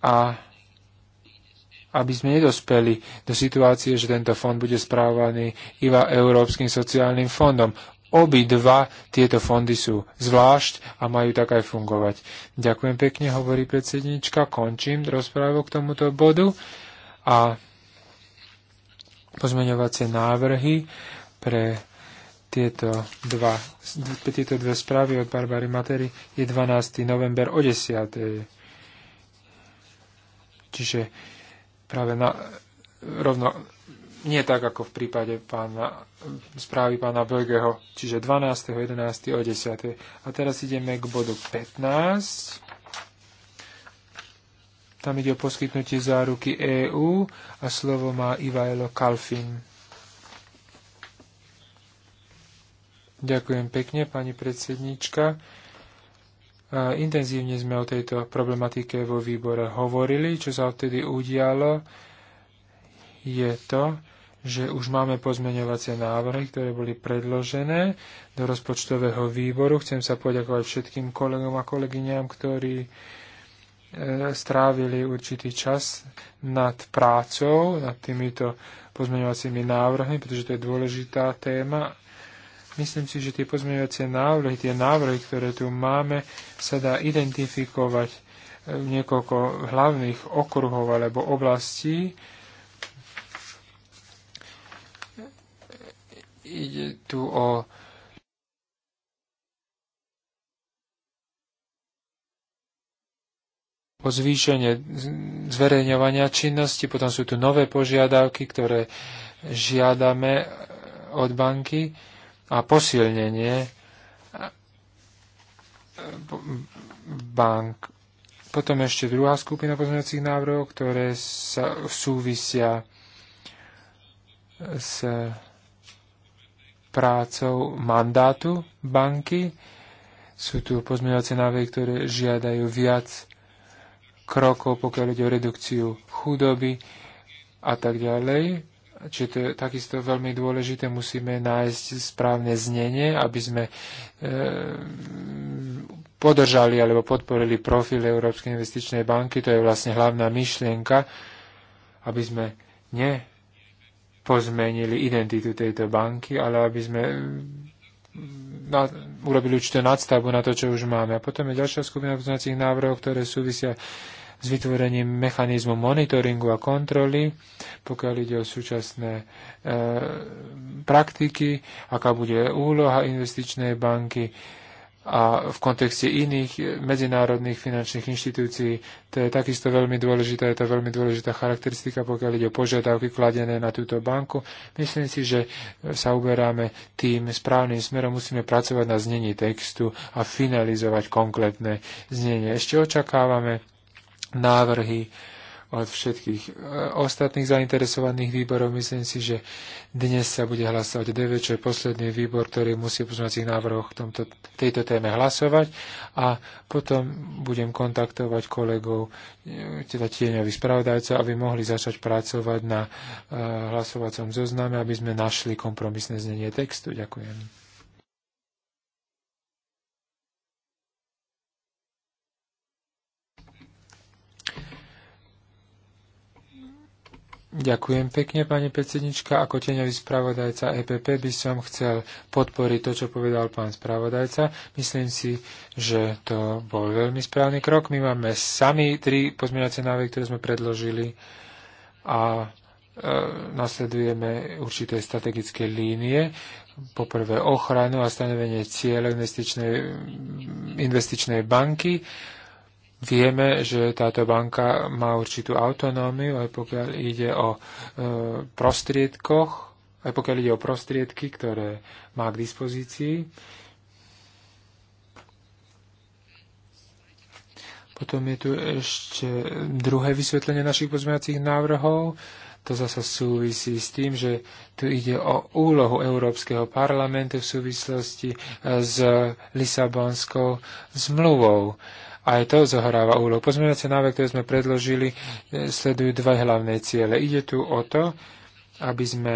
Speaker 4: a aby sme nedospeli do situácie, že tento fond bude správaný iba Európskym sociálnym fondom dva tieto fondy sú zvlášť a majú tak aj fungovať. Ďakujem pekne, hovorí predsednička. Končím rozprávu k tomuto bodu a pozmeňovacie návrhy pre tieto, dva, tieto dve správy od Barbary Matery je 12. november o 10. Čiže práve na, rovno nie tak ako v prípade pána správy pána Bögeho, čiže 12. 11. o 10. A teraz ideme k bodu 15. Tam ide o poskytnutie záruky EÚ a slovo má Ivajlo Kalfin. Ďakujem pekne, pani predsednička. Intenzívne sme o tejto problematike vo výbore hovorili. Čo sa odtedy udialo, je to, že už máme pozmeňovacie návrhy, ktoré boli predložené do rozpočtového výboru. Chcem sa poďakovať všetkým kolegom a kolegyňam, ktorí e, strávili určitý čas nad prácou, nad týmito pozmeňovacími návrhmi, pretože to je dôležitá téma. Myslím si, že tie pozmeňovacie návrhy, tie návrhy, ktoré tu máme, sa dá identifikovať v niekoľko hlavných okruhov alebo oblastí,
Speaker 3: Ide tu o
Speaker 4: o zvýšenie zverejňovania činnosti, potom sú tu nové požiadavky, ktoré žiadame od banky a posilnenie bank. Potom ešte druhá skupina pozmeňovacích návrhov, ktoré sa súvisia s prácou mandátu banky. Sú tu pozmeňovacie návrhy, ktoré žiadajú viac krokov, pokiaľ ide o redukciu chudoby a tak ďalej. Čiže to je takisto veľmi dôležité, musíme nájsť správne znenie, aby sme e, podržali alebo podporili profil Európskej investičnej banky, to je vlastne hlavná myšlienka, aby sme ne pozmenili identitu tejto banky, ale aby sme mm, na, urobili určitú nadstavbu na to, čo už máme. A potom je ďalšia skupina poznacích návrhov, ktoré súvisia s vytvorením mechanizmu monitoringu a kontroly, pokiaľ ide o súčasné e, praktiky, aká bude úloha investičnej banky. E, a v kontexte iných medzinárodných finančných inštitúcií. To je takisto veľmi dôležitá, je to veľmi dôležitá charakteristika, pokiaľ ide o požiadavky kladené na túto banku. Myslím si, že sa uberáme tým správnym smerom, musíme pracovať na znení textu a finalizovať konkrétne znenie. Ešte očakávame návrhy od všetkých e, ostatných zainteresovaných výborov. Myslím si, že dnes sa bude hlasovať DV, čo je posledný výbor, ktorý musí v poznacích návrhoch tomto, tejto téme hlasovať a potom budem kontaktovať kolegov, e, teda tieňových spravodajcov, aby mohli začať pracovať na e, hlasovacom zozname, aby sme našli kompromisné znenie textu. Ďakujem. Ďakujem pekne, pani predsednička. Ako teňový spravodajca EPP by som chcel podporiť to, čo povedal pán spravodajca. Myslím si, že to bol veľmi správny krok. My máme sami tri pozmeňovacie návrhy, ktoré sme predložili a e, nasledujeme určité strategické línie. Poprvé ochranu a stanovenie cieľ investičnej, investičnej banky Vieme, že táto banka má určitú autonómiu, aj pokiaľ ide o e, prostriedkoch, aj pokiaľ ide o prostriedky, ktoré má k dispozícii. Potom je tu ešte druhé vysvetlenie našich pozmeňacích návrhov. To zasa súvisí s tým, že tu ide o úlohu Európskeho parlamentu v súvislosti s Lisabonskou zmluvou. E, aj to zohráva úlohu. Pozmeňovacie návrhy, ktoré sme predložili, e, sledujú dva hlavné ciele. Ide tu o to, aby sme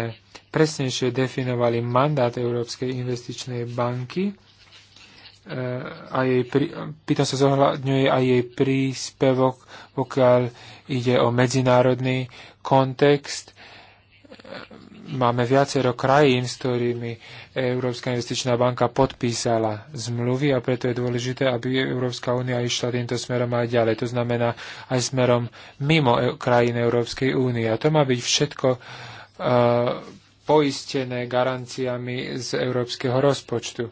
Speaker 4: presnejšie definovali mandát Európskej investičnej banky e, a jej, pýtam sa, zohľadňuje aj jej príspevok, pokiaľ ide o medzinárodný kontext, máme viacero krajín, s ktorými Európska investičná banka podpísala zmluvy a preto je dôležité, aby Európska únia išla týmto smerom aj ďalej. To znamená aj smerom mimo e- krajín Európskej únie. A to má byť všetko uh, poistené garanciami z európskeho rozpočtu.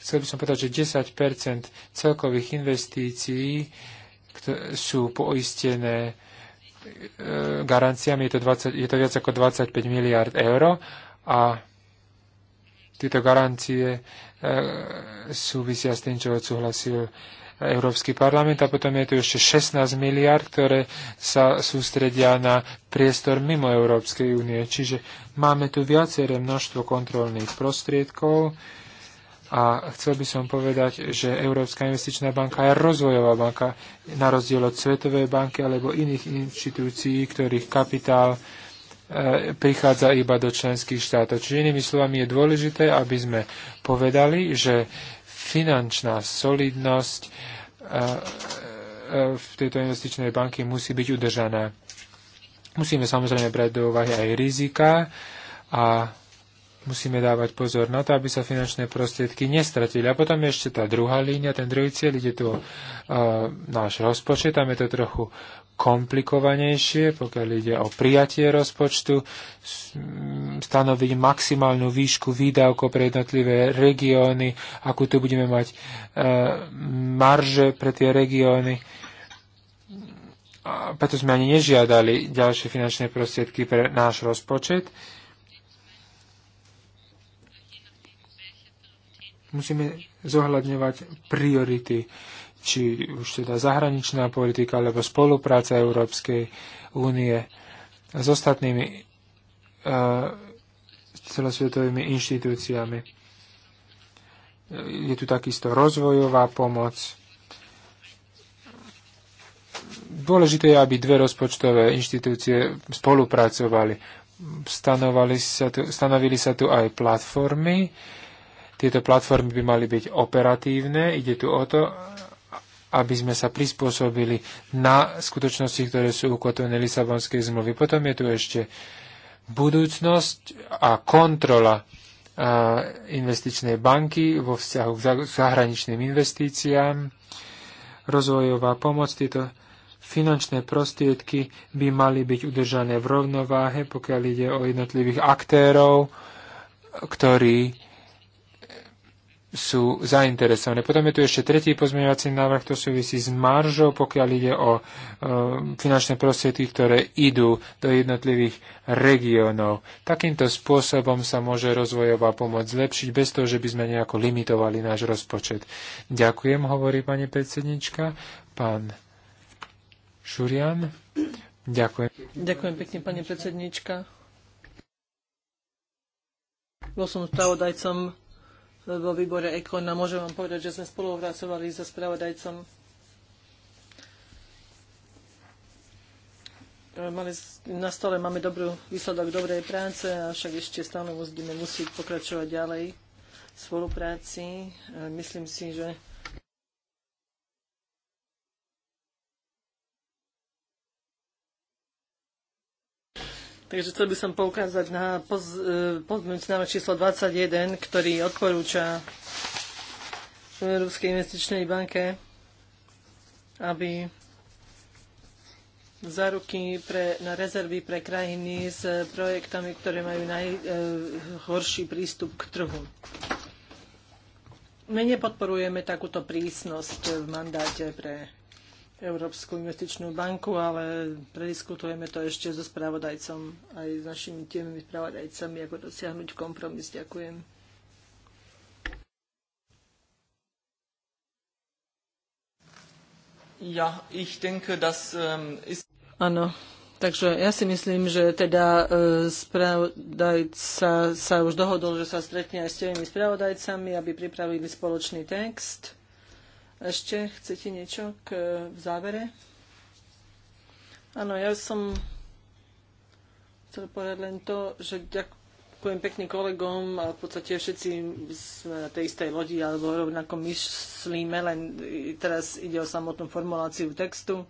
Speaker 4: Chcel by som povedať, že 10 celkových investícií sú poistené E, garanciami je to, 20, je to viac ako 25 miliard eur a tieto garancie e, súvisia s tým, čo odsúhlasil Európsky parlament a potom je tu ešte 16 miliard, ktoré sa sústredia na priestor mimo Európskej únie. Čiže máme tu viaceré množstvo kontrolných prostriedkov, a chcel by som povedať, že Európska investičná banka je rozvojová banka, na rozdiel od Svetovej banky alebo iných inštitúcií, ktorých kapitál e, prichádza iba do členských štátov. Čiže inými slovami je dôležité, aby sme povedali, že finančná solidnosť e, e, v tejto investičnej banky musí byť udržaná. Musíme samozrejme brať do úvahy aj rizika a musíme dávať pozor na to, aby sa finančné prostriedky nestratili. A potom ešte tá druhá línia, ten druhý cieľ, ide tu o náš rozpočet, tam je to trochu komplikovanejšie, pokiaľ ide o prijatie rozpočtu, stanoviť maximálnu výšku výdavkov pre jednotlivé regióny, akú tu budeme mať e, marže pre tie regióny. A preto sme ani nežiadali ďalšie finančné prostriedky pre náš rozpočet. E, Musíme zohľadňovať priority, či už teda zahraničná politika alebo spolupráca Európskej únie s ostatnými uh, celosvetovými inštitúciami. Je tu takisto rozvojová pomoc. Dôležité je, aby dve rozpočtové inštitúcie spolupracovali. Stanovali sa tu, stanovili sa tu aj platformy, tieto platformy by mali byť operatívne. Ide tu o to, aby sme sa prispôsobili na skutočnosti, ktoré sú ukotvené Lisabonskej zmluvy. Potom je tu ešte budúcnosť a kontrola investičnej banky vo vzťahu k zahraničným investíciám, rozvojová pomoc, tieto finančné prostriedky by mali byť udržané v rovnováhe, pokiaľ ide o jednotlivých aktérov, ktorí sú zainteresované. Potom je tu ešte tretí pozmeňovací návrh, to súvisí s maržou, pokiaľ ide o e, finančné prostriedky, ktoré idú do jednotlivých regiónov. Takýmto spôsobom sa môže rozvojová pomoc zlepšiť bez toho, že by sme nejako limitovali náš rozpočet. Ďakujem, hovorí pani predsednička. Pán Šurian. Ďakujem. Ďakujem pekne,
Speaker 3: pani predsednička. Bol som spravodajcom vo výbore Ekon a môžem vám povedať, že sme spolupracovali so spravodajcom. Mali, na stole máme dobrú výsledok dobrej práce, avšak ešte stále musíme musieť pokračovať ďalej v spolupráci. Myslím si, že Takže chcel by som poukázať na poz, e, pozmeňujúci návrh číslo 21, ktorý odporúča Európskej investičnej banke, aby záruky pre, na rezervy pre krajiny s projektami, ktoré majú najhorší prístup k trhu. My nepodporujeme takúto prísnosť v mandáte pre Európsku investičnú banku, ale prediskutujeme to ešte so spravodajcom aj s našimi tiemnými spravodajcami, ako dosiahnuť kompromis. Ďakujem.
Speaker 1: Ja, ich denke,
Speaker 3: das um, ähm, ist... Áno, takže ja si myslím, že teda uh, spravodajca sa už dohodol, že sa stretne aj s tými spravodajcami, aby pripravili spoločný text. Ešte chcete niečo k, v závere? Áno, ja som chcel povedať len to, že ďakujem pekným kolegom a v podstate všetci sme na tej istej lodi alebo rovnako myslíme, len teraz ide o samotnú formuláciu textu.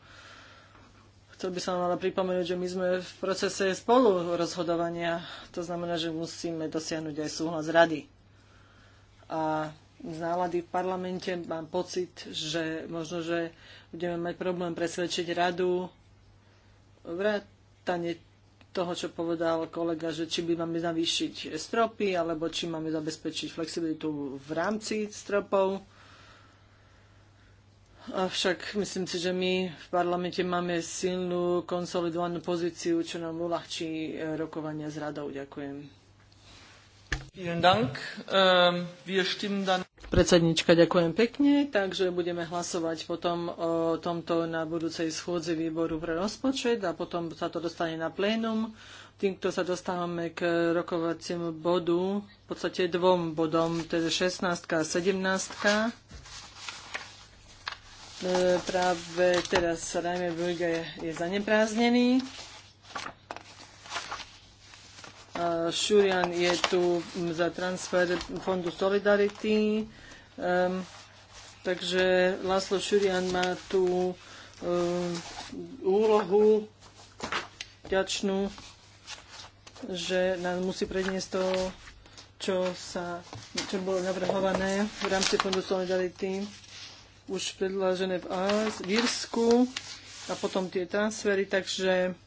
Speaker 3: Chcel by som ale pripomenúť, že my sme v procese spolu rozhodovania. To znamená, že musíme dosiahnuť aj súhlas rady. A nálady v parlamente. Mám pocit, že možno, že budeme mať problém presvedčiť radu vrátane toho, čo povedal kolega, že či by máme navýšiť stropy, alebo či máme zabezpečiť flexibilitu v rámci stropov. Avšak myslím si, že my v parlamente máme silnú konsolidovanú pozíciu, čo nám uľahčí rokovania s radou. Ďakujem. Ähm, Predsednička, ďakujem pekne. Takže budeme hlasovať potom o tomto na budúcej schôdzi výboru pre rozpočet a potom sa to dostane na plénum. Týmto sa dostávame k rokovaciemu bodu, v podstate dvom bodom, teda 16 a 17. E, práve teraz sa dajme, je zanepráznený. Šurian je tu mm, za transfer Fondu Solidarity. Um, takže Laslo Šurian má tu um, úlohu ťačnú, že nám musí predniesť to, čo, sa, čo bolo navrhované v rámci Fondu Solidarity už predlážené v, v Írsku a potom tie transfery, takže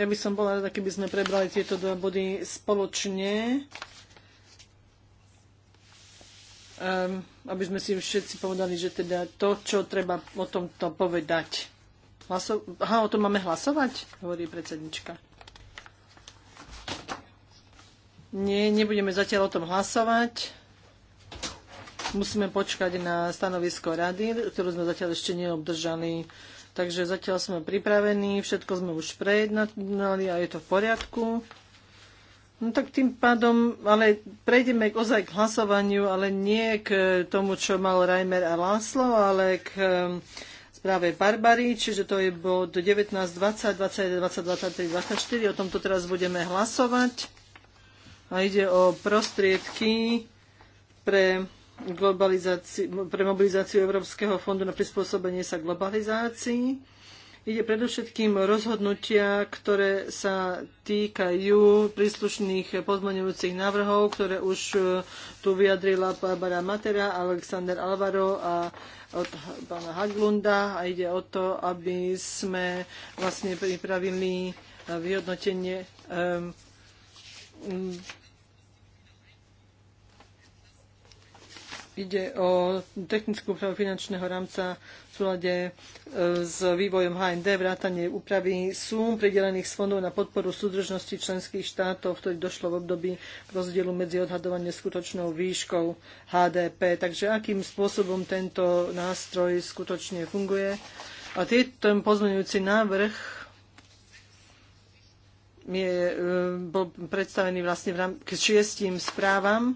Speaker 3: ja by som bola rada, keby sme prebrali tieto dva body spoločne, um, aby sme si všetci povedali, že teda to, čo treba o tomto povedať. Hlaso- Aha, o tom máme hlasovať, hovorí predsednička. Nie, nebudeme zatiaľ o tom hlasovať. Musíme počkať na stanovisko rady, ktorú sme zatiaľ ešte neobdržali. Takže zatiaľ sme pripravení, všetko sme už prejednali a je to v poriadku. No tak tým pádom, ale prejdeme k ozaj k hlasovaniu, ale nie k tomu, čo mal Reimer a Láslo, ale k ehm, správe Barbary, čiže to je bod 19, 20, 21, 20, 23, 24. O tomto teraz budeme hlasovať. A ide o prostriedky pre pre mobilizáciu Európskeho fondu na prispôsobenie sa globalizácii. Ide predovšetkým rozhodnutia, ktoré sa týkajú príslušných pozmaňujúcich návrhov, ktoré už e, tu vyjadrila Barbara Matera, Alexander Alvaro a od pána Haglunda a ide o to, aby sme vlastne pripravili e, vyhodnotenie um, Ide o technickú úpravu finančného rámca v súlade e, s vývojom HND, vrátanie úpravy súm pridelených z fondov na podporu súdržnosti členských štátov, ktorý došlo v období rozdielu medzi odhadovanie skutočnou výškou HDP. Takže akým spôsobom tento nástroj skutočne funguje? A tieto pozmeňujúci návrh je, e, bol predstavený vlastne v rám- k šiestim správam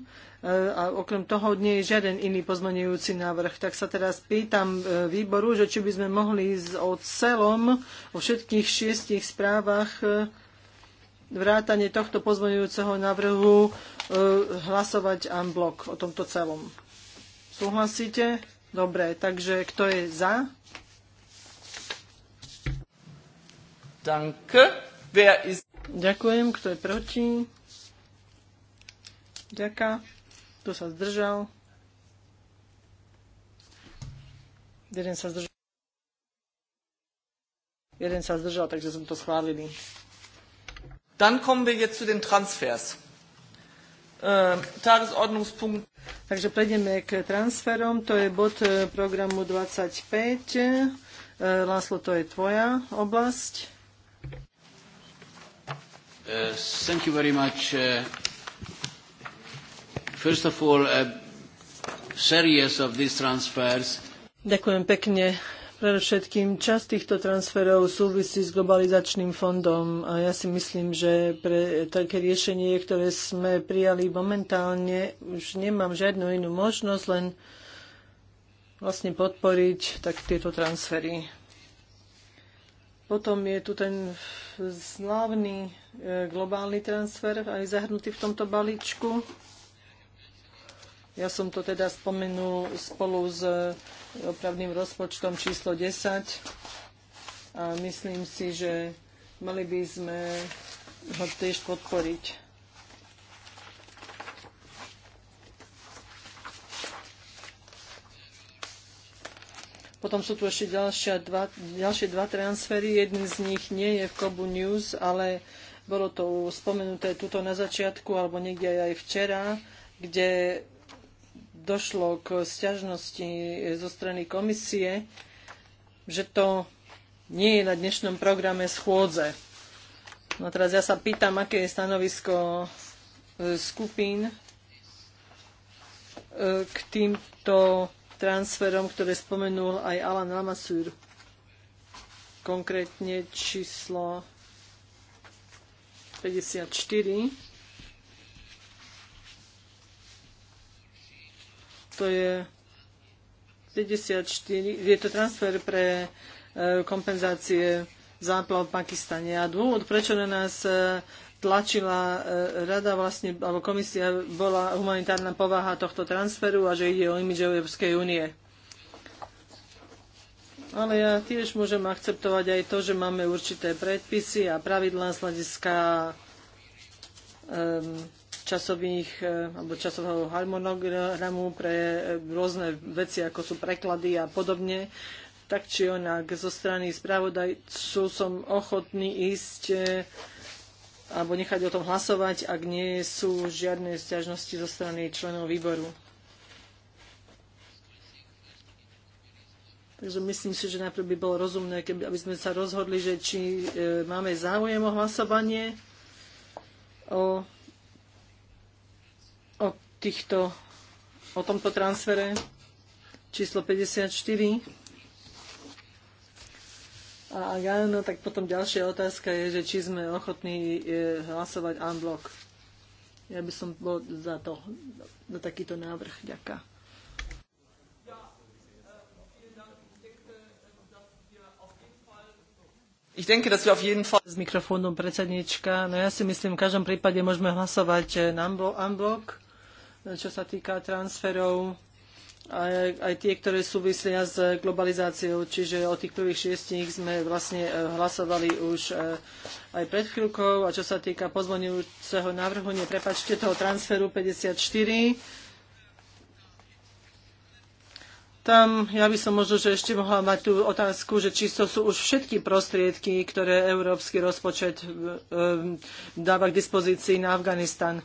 Speaker 3: a okrem toho nie je žiaden iný pozmenujúci návrh. Tak sa teraz pýtam e, výboru, že či by sme mohli o celom, o všetkých šiestich správach e, vrátanie tohto pozmenujúceho návrhu e, hlasovať en blok o tomto celom. Súhlasíte? Dobre, takže kto je za? Ďakujem, kto je proti? Ďakujem. Kto sa zdržal? Jeden sa zdržal.
Speaker 1: Jeden sa zdržal, takže sme to schválili. Dann kommen wir jetzt zu den
Speaker 3: Transfers. Äh, Tagesordnungspunkt. Takže prejdeme k transferom. To je bod e, programu 25. Äh, Láslo, to je tvoja oblasť. Uh, thank you very much, uh... First of all, series of these transfers. Ďakujem pekne. Predovšetkým časť týchto transferov súvisí s globalizačným fondom a ja si myslím, že pre také riešenie, ktoré sme prijali momentálne, už nemám žiadnu inú možnosť, len vlastne podporiť tak tieto transfery. Potom je tu ten slávny e, globálny transfer aj zahrnutý v tomto balíčku. Ja som to teda spomenul spolu s e, opravným rozpočtom číslo 10 a myslím si, že mali by sme ho tiež podporiť. Potom sú tu ešte ďalšia dva, ďalšie dva transfery. Jedný z nich nie je v Kobu News, ale bolo to spomenuté tuto na začiatku alebo niekde aj včera, kde došlo k sťažnosti zo strany komisie, že to nie je na dnešnom programe schôdze. No teraz ja sa pýtam, aké je stanovisko e, skupín e, k týmto transferom, ktoré spomenul aj Alan Lamassur. Konkrétne číslo 54 to je 54, je to transfer pre e, kompenzácie záplav v Pakistane. A dôvod, prečo na nás e, tlačila e, rada vlastne, alebo komisia bola humanitárna povaha tohto transferu a že ide o imidž Európskej únie. Ale ja tiež môžem akceptovať aj to, že máme určité predpisy a pravidlá z hľadiska um, časových eh, alebo časového harmonogramu pre eh, rôzne veci, ako sú preklady a podobne, tak či onak zo strany správodajcu som ochotný ísť eh, alebo nechať o tom hlasovať, ak nie sú žiadne stiažnosti zo strany členov výboru. Takže myslím si, že najprv by bolo rozumné, keby, aby sme sa rozhodli, že či e, máme záujem o hlasovanie o týchto, o tomto transfere číslo 54. A ak áno, tak potom ďalšia otázka je, že či sme ochotní e, hlasovať unblock. Ja by som bol za to, za takýto návrh. Ďaká. Ich denke, dass wir auf jeden Fall... S mikrofónom predsednička. No ja si myslím, v každom prípade môžeme hlasovať unblock. E, čo sa týka transferov, aj, aj tie, ktoré súvisia s globalizáciou. Čiže o tých prvých šiestich sme vlastne e, hlasovali už e, aj pred chvíľkou. A čo sa týka pozvonujúceho návrhu, neprepačte toho transferu 54, tam ja by som možno, že ešte mohla mať tú otázku, že či to sú už všetky prostriedky, ktoré európsky rozpočet e, dáva k dispozícii na Afganistan.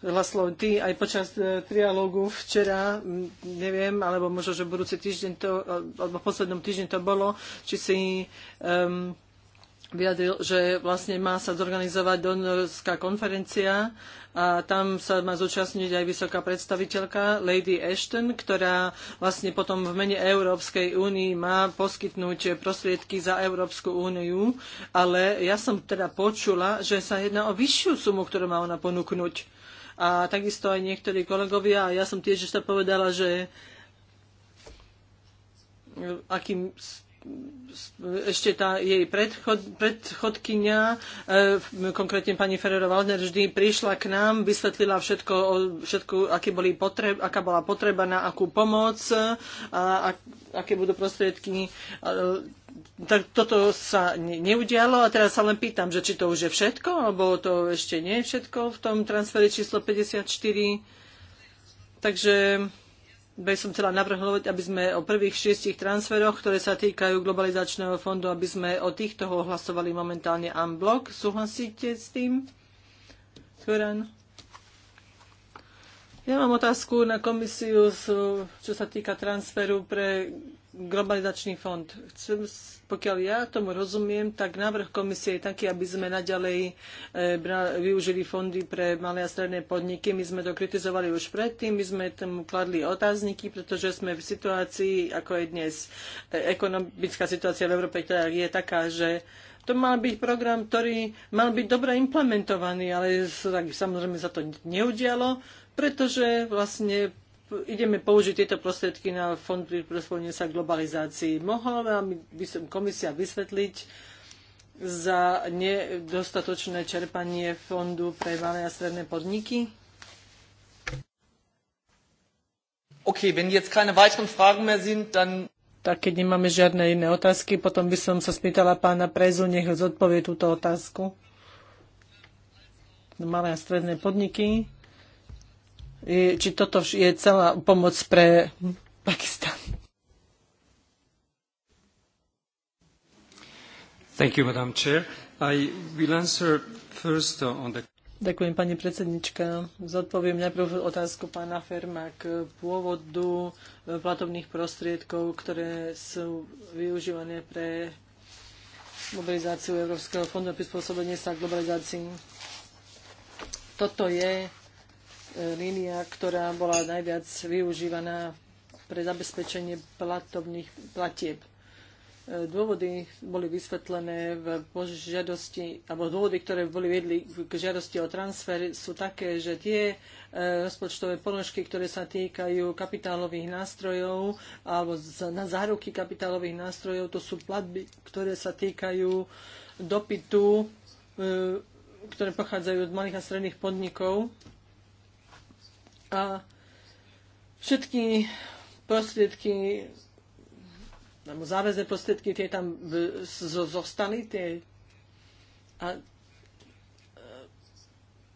Speaker 3: veľa ty aj počas e, trialógu včera, m, neviem, alebo možno, že budúci týždeň to, e, alebo v poslednom týždni to bolo, či si um, vyjadril, že vlastne má sa zorganizovať donorská konferencia a tam sa má zúčastniť aj vysoká predstaviteľka Lady Ashton, ktorá vlastne potom v mene Európskej únii má poskytnúť prostriedky za Európsku úniu, ale ja som teda počula, že sa jedná o vyššiu sumu, ktorú má ona ponúknuť a takisto aj niektorí kolegovia. A ja som tiež ešte povedala, že akým ešte tá jej predchod, predchodkynia, e, konkrétne pani Ferrero Waldner, vždy prišla k nám, vysvetlila všetko, o, všetko aký boli potreb, aká bola potreba na akú pomoc a, a aké budú prostriedky. A, e, tak toto sa neudialo a teraz sa len pýtam, že či to už je všetko, alebo to ešte nie je všetko v tom transfere číslo 54. Takže by som chcela navrhnúť, aby sme o prvých šiestich transferoch, ktoré sa týkajú globalizačného fondu, aby sme o týchto hlasovali momentálne en bloc. Súhlasíte s tým? Zoran? Ja mám otázku na komisiu, čo sa týka transferu pre globalizačný fond. Chcem, pokiaľ ja tomu rozumiem, tak návrh komisie je taký, aby sme naďalej e, využili fondy pre malé a stredné podniky. My sme to kritizovali už predtým, my sme tomu kladli otázniky, pretože sme v situácii, ako je dnes e, ekonomická situácia v Európe, ktorá teda je taká, že to mal byť program, ktorý mal byť dobre implementovaný, ale tak, samozrejme sa to neudialo, pretože vlastne ideme použiť tieto prostriedky na fond prispôsobenia sa globalizácii. Mohla by som komisia vysvetliť za nedostatočné čerpanie fondu pre malé a stredné podniky? OK, wenn jetzt keine weiteren Fragen mehr sind, dann tak keď nemáme žiadne iné otázky, potom by som sa spýtala pána Prezu, nech zodpovie túto otázku. Malé a stredné podniky či toto je celá pomoc pre Pakistan.
Speaker 4: Thank you, Madam Chair. I will answer first uh, on the
Speaker 3: Ďakujem, pani predsednička. Zodpoviem najprv otázku pána Ferma k pôvodu e, platobných prostriedkov, ktoré sú využívané pre mobilizáciu Európskeho fondu a prispôsobenie sa globalizácii. Toto je línia, ktorá bola najviac využívaná pre zabezpečenie platovných platieb. E, dôvody boli vysvetlené v žiadosti, alebo dôvody, ktoré boli vedli k žiadosti o transfer, sú také, že tie e, rozpočtové položky, ktoré sa týkajú kapitálových nástrojov alebo na záruky kapitálových nástrojov, to sú platby, ktoré sa týkajú dopytu, e, ktoré pochádzajú od malých a stredných podnikov a všetky prostriedky alebo záväzné prostriedky tie tam zostali tie a e,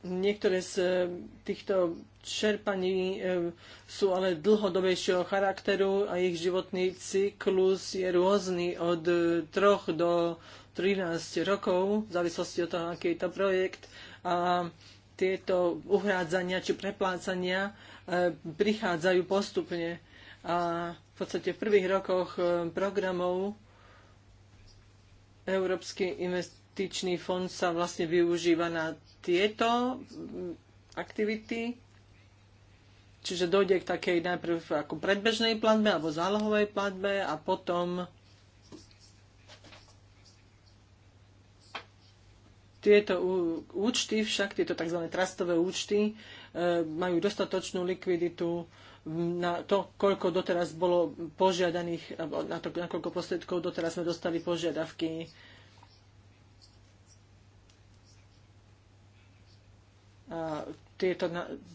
Speaker 3: niektoré z e, týchto čerpaní e, sú ale dlhodobejšieho charakteru a ich životný cyklus je rôzny od 3 do 13 rokov v závislosti od toho, aký je to projekt a tieto uhrádzania či preplácania e, prichádzajú postupne. A v podstate v prvých rokoch e, programov Európsky investičný fond sa vlastne využíva na tieto aktivity, čiže dojde k takej najprv ako predbežnej platbe alebo zálohovej platbe a potom Tieto účty však, tieto tzv. trastové účty, e, majú dostatočnú likviditu na to, koľko doteraz bolo požiadaných, na to, na koľko prostriedkov doteraz sme dostali požiadavky. A tieto,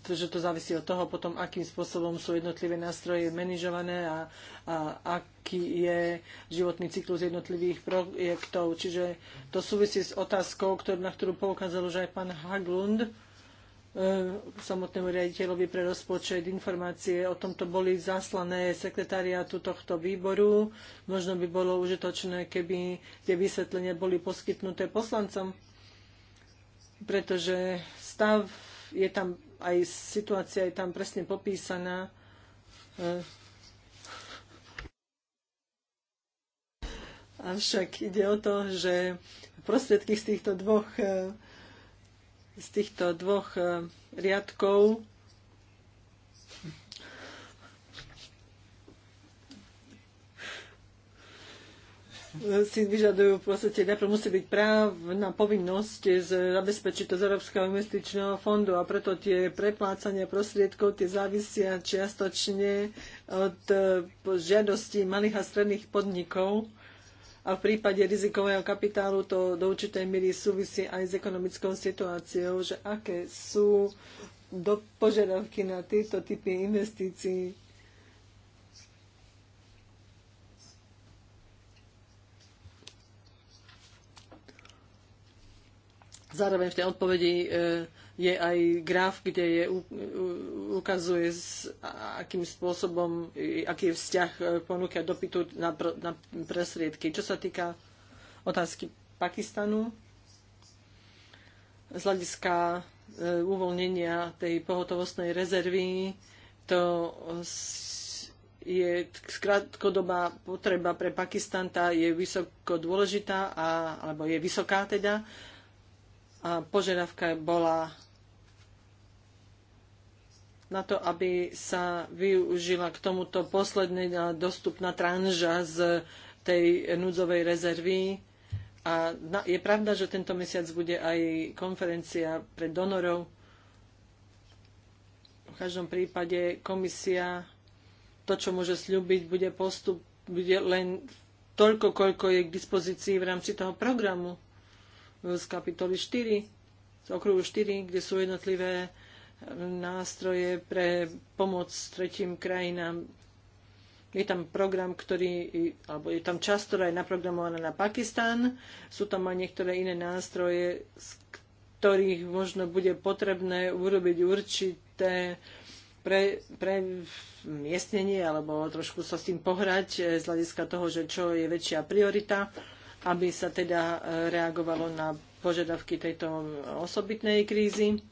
Speaker 3: že to závisí od toho potom, akým spôsobom sú jednotlivé nástroje manažované a, a aký je životný cyklus jednotlivých projektov. Čiže to súvisí s otázkou, ktorú, na ktorú poukázal už aj pán Haglund, e, samotnému riaditeľovi pre rozpočet. Informácie o tomto boli zaslané sekretariátu tohto výboru. Možno by bolo užitočné, keby tie vysvetlenia boli poskytnuté poslancom, pretože stav je tam aj situácia je tam presne popísaná. Avšak ide o to, že prostriedky z týchto dvoch, z týchto dvoch eh, riadkov si vyžadujú v podstate, najprv musí byť právna povinnosť zabezpečiť to z Európskeho investičného fondu a preto tie preplácania prostriedkov tie závisia čiastočne od eh, žiadostí malých a stredných podnikov a v prípade rizikového kapitálu to do určitej miery súvisí aj s ekonomickou situáciou, že aké sú do požiadavky na tieto typy investícií zároveň v tej odpovedi e, je aj graf, kde je, ukazuje, s akým spôsobom, aký je vzťah e, ponuky a dopytu na, na presriedky. Čo sa týka otázky Pakistanu, z hľadiska e, uvoľnenia tej pohotovostnej rezervy, to je krátkodobá potreba pre Pakistan, tá je vysoko dôležitá, a, alebo je vysoká teda a požiadavka bola na to, aby sa využila k tomuto posledná dostupná tranža z tej núdzovej rezervy. A je pravda, že tento mesiac bude aj konferencia pre donorov. V každom prípade komisia to, čo môže sľúbiť, bude postup, bude len toľko, koľko je k dispozícii v rámci toho programu z kapitoly 4, z okruhu 4, kde sú jednotlivé eh, nástroje pre pomoc tretím krajinám. Je tam program, ktorý, alebo je tam časť, ktorá je naprogramovaná na Pakistan. Sú tam aj niektoré iné nástroje, z ktorých možno bude potrebné urobiť určité pre, pre miestnenie, alebo trošku sa s tým pohrať eh, z hľadiska toho, že čo je väčšia priorita aby sa teda e, reagovalo na požiadavky tejto osobitnej krízy.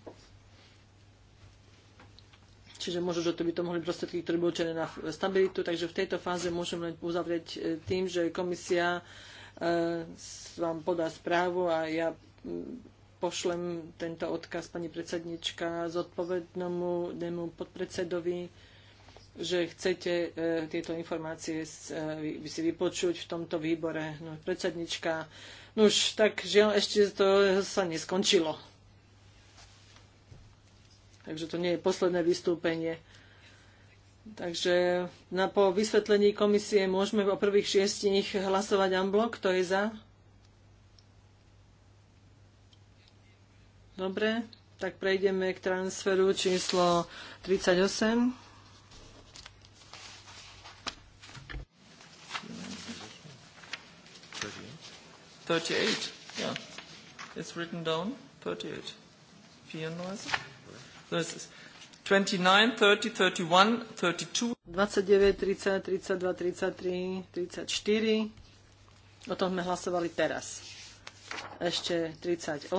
Speaker 3: Čiže možno, že to by to mohli prostriedky, ktoré boli určené na stabilitu. Takže v tejto fáze môžem len uzavrieť e, tým, že komisia e, vám podá správu a ja pošlem tento odkaz pani predsednička demu podpredsedovi že chcete e, tieto informácie e, si vypočuť v tomto výbore. No, predsednička, no už tak žiaľ, ešte to sa neskončilo. Takže to nie je posledné vystúpenie. Takže na po vysvetlení komisie môžeme o prvých šiestich hlasovať amblok. Kto je za? Dobre, tak prejdeme k transferu číslo 38.
Speaker 1: 38. Yeah. It's written down. 38. 94. So this is 29, 30, 31, 32.
Speaker 3: 29, 30, 32, 33, 34. O tom sme hlasovali teraz. Ešte 38. 34.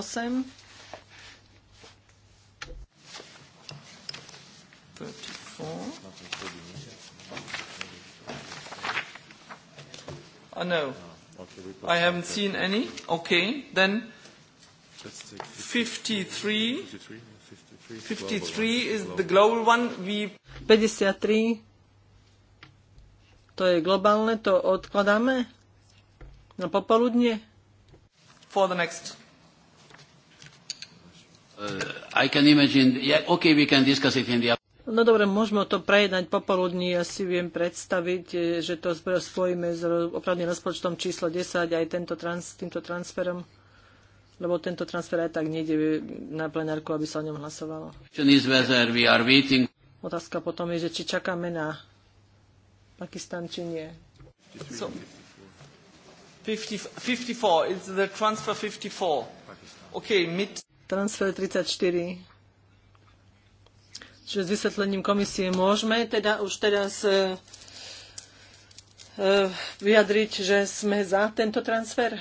Speaker 3: Oh no. I haven't seen any.
Speaker 1: Okay, then 53. 53 is the
Speaker 3: global one. We 53. To je globálne, to odkladáme na popoludne. For the next.
Speaker 4: Uh, I can imagine. Yeah, okay, we can discuss it in the
Speaker 3: No dobre, môžeme to prejednať popoludní. Ja si viem predstaviť, e, že to spojíme s opravným rozpočtom číslo 10 aj tento trans, týmto transferom lebo tento transfer aj tak nejde na plenárku, aby sa o ňom hlasovalo. Otázka potom je, že či čakáme na Pakistan, či nie.
Speaker 1: So, 50, 54, it's the transfer 54.
Speaker 3: Okay, mid... Transfer 34 že s vysvetlením komisie môžeme teda už teraz e, e, vyjadriť, že sme za tento transfer?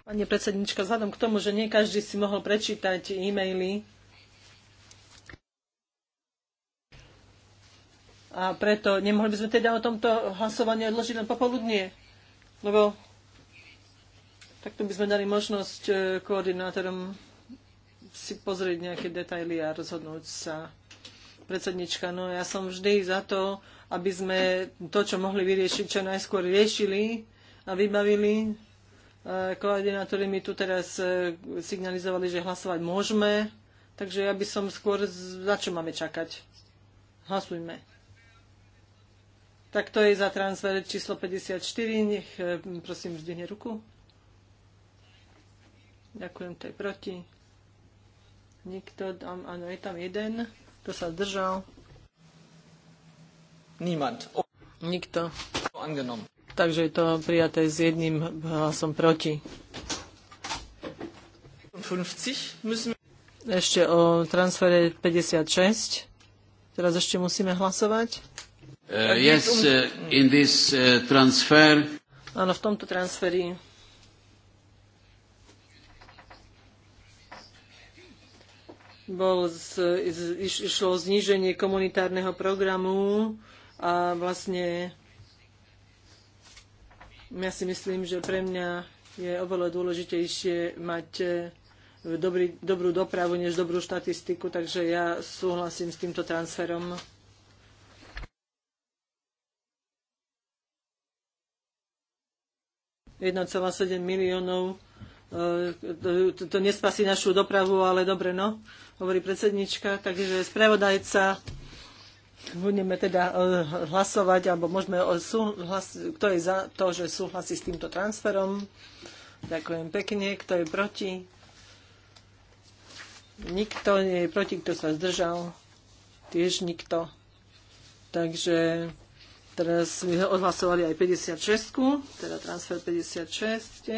Speaker 3: Pani predsednička, vzhľadom k tomu, že nie každý si mohol prečítať e-maily, a preto nemohli by sme teda o tomto hlasovaní odložiť len popoludnie, lebo Takto by sme dali možnosť e, koordinátorom si pozrieť nejaké detaily a rozhodnúť sa. Predsednička, no ja som vždy za to, aby sme to, čo mohli vyriešiť, čo najskôr riešili a vybavili. E, koordinátori mi tu teraz e, signalizovali, že hlasovať môžeme, takže ja by som skôr, za čo máme čakať. Hlasujme. Tak to je za transfer číslo 54. Nech prosím zdvihne ruku. Ďakujem, to je proti. Nikto, tam, áno, je tam jeden. Kto sa zdržal? Niemand. Nikto. Angenom. Takže je to prijaté s jedným hlasom proti. 50 ešte o transfere 56. Teraz ešte musíme hlasovať. Uh, yes, uh, in this uh, transfer... Áno, v tomto transferi bol z, iš, išlo zníženie komunitárneho programu a vlastne ja si myslím, že pre mňa je oveľa dôležitejšie mať eh, dobrý, dobrú dopravu než dobrú štatistiku, takže ja súhlasím s týmto transferom. sedem miliónov. Eh, to, to, to nespasí našu dopravu, ale dobre, no hovorí predsednička, takže spravodajca budeme teda eh, hlasovať, alebo môžeme eh, súhlas, kto je za to, že súhlasí s týmto transferom. Ďakujem pekne. Kto je proti? Nikto nie je proti, kto sa zdržal. Tiež nikto. Takže teraz sme odhlasovali aj 56, teda transfer 56.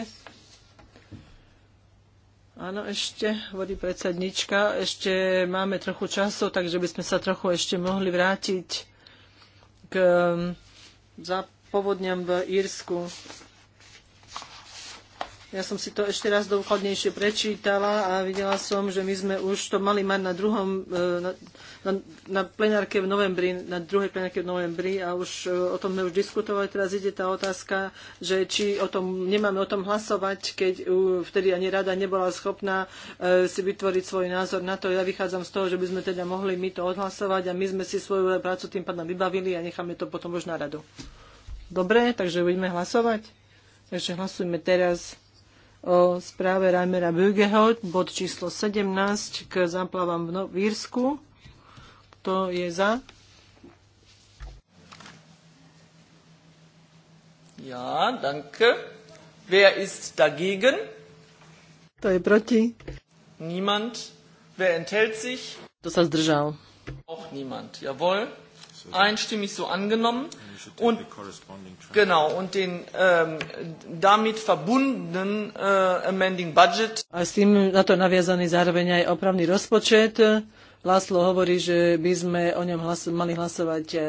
Speaker 3: Áno, ešte, hovorí predsednička, ešte máme trochu času, takže by sme sa trochu ešte mohli vrátiť k mm, za povodňam v Írsku. Ja som si to ešte raz dôkladnejšie prečítala a videla som, že my sme už to mali mať na druhom, e, na, na, na plenárke v novembri, na druhej plenárke v novembri a už e, o tom sme už diskutovali. Teraz ide tá otázka, že či o tom, nemáme o tom hlasovať, keď vtedy ani rada nebola schopná e, si vytvoriť svoj názor na to. Ja vychádzam z toho, že by sme teda mohli my to odhlasovať a my sme si svoju prácu tým pádom vybavili a necháme to potom už na radu. Dobre, takže budeme hlasovať. Takže hlasujme teraz o správe Reimera Bögeho, bod číslo 17 k záplavám v Vírsku. Kto je za?
Speaker 1: Ja, danke. Wer ist dagegen?
Speaker 3: Kto je proti?
Speaker 1: Niemand. Wer enthält sich?
Speaker 3: Kto sa zdržal?
Speaker 1: Auch niemand. Jawohl einstimmig so angenommen. Und, genau, und den ähm, damit
Speaker 3: verbundenen äh, amending budget. A s tým na to naviazaný zároveň aj opravný rozpočet. Laslo hovorí, že by sme o ňom hlasu, mali hlasovať e,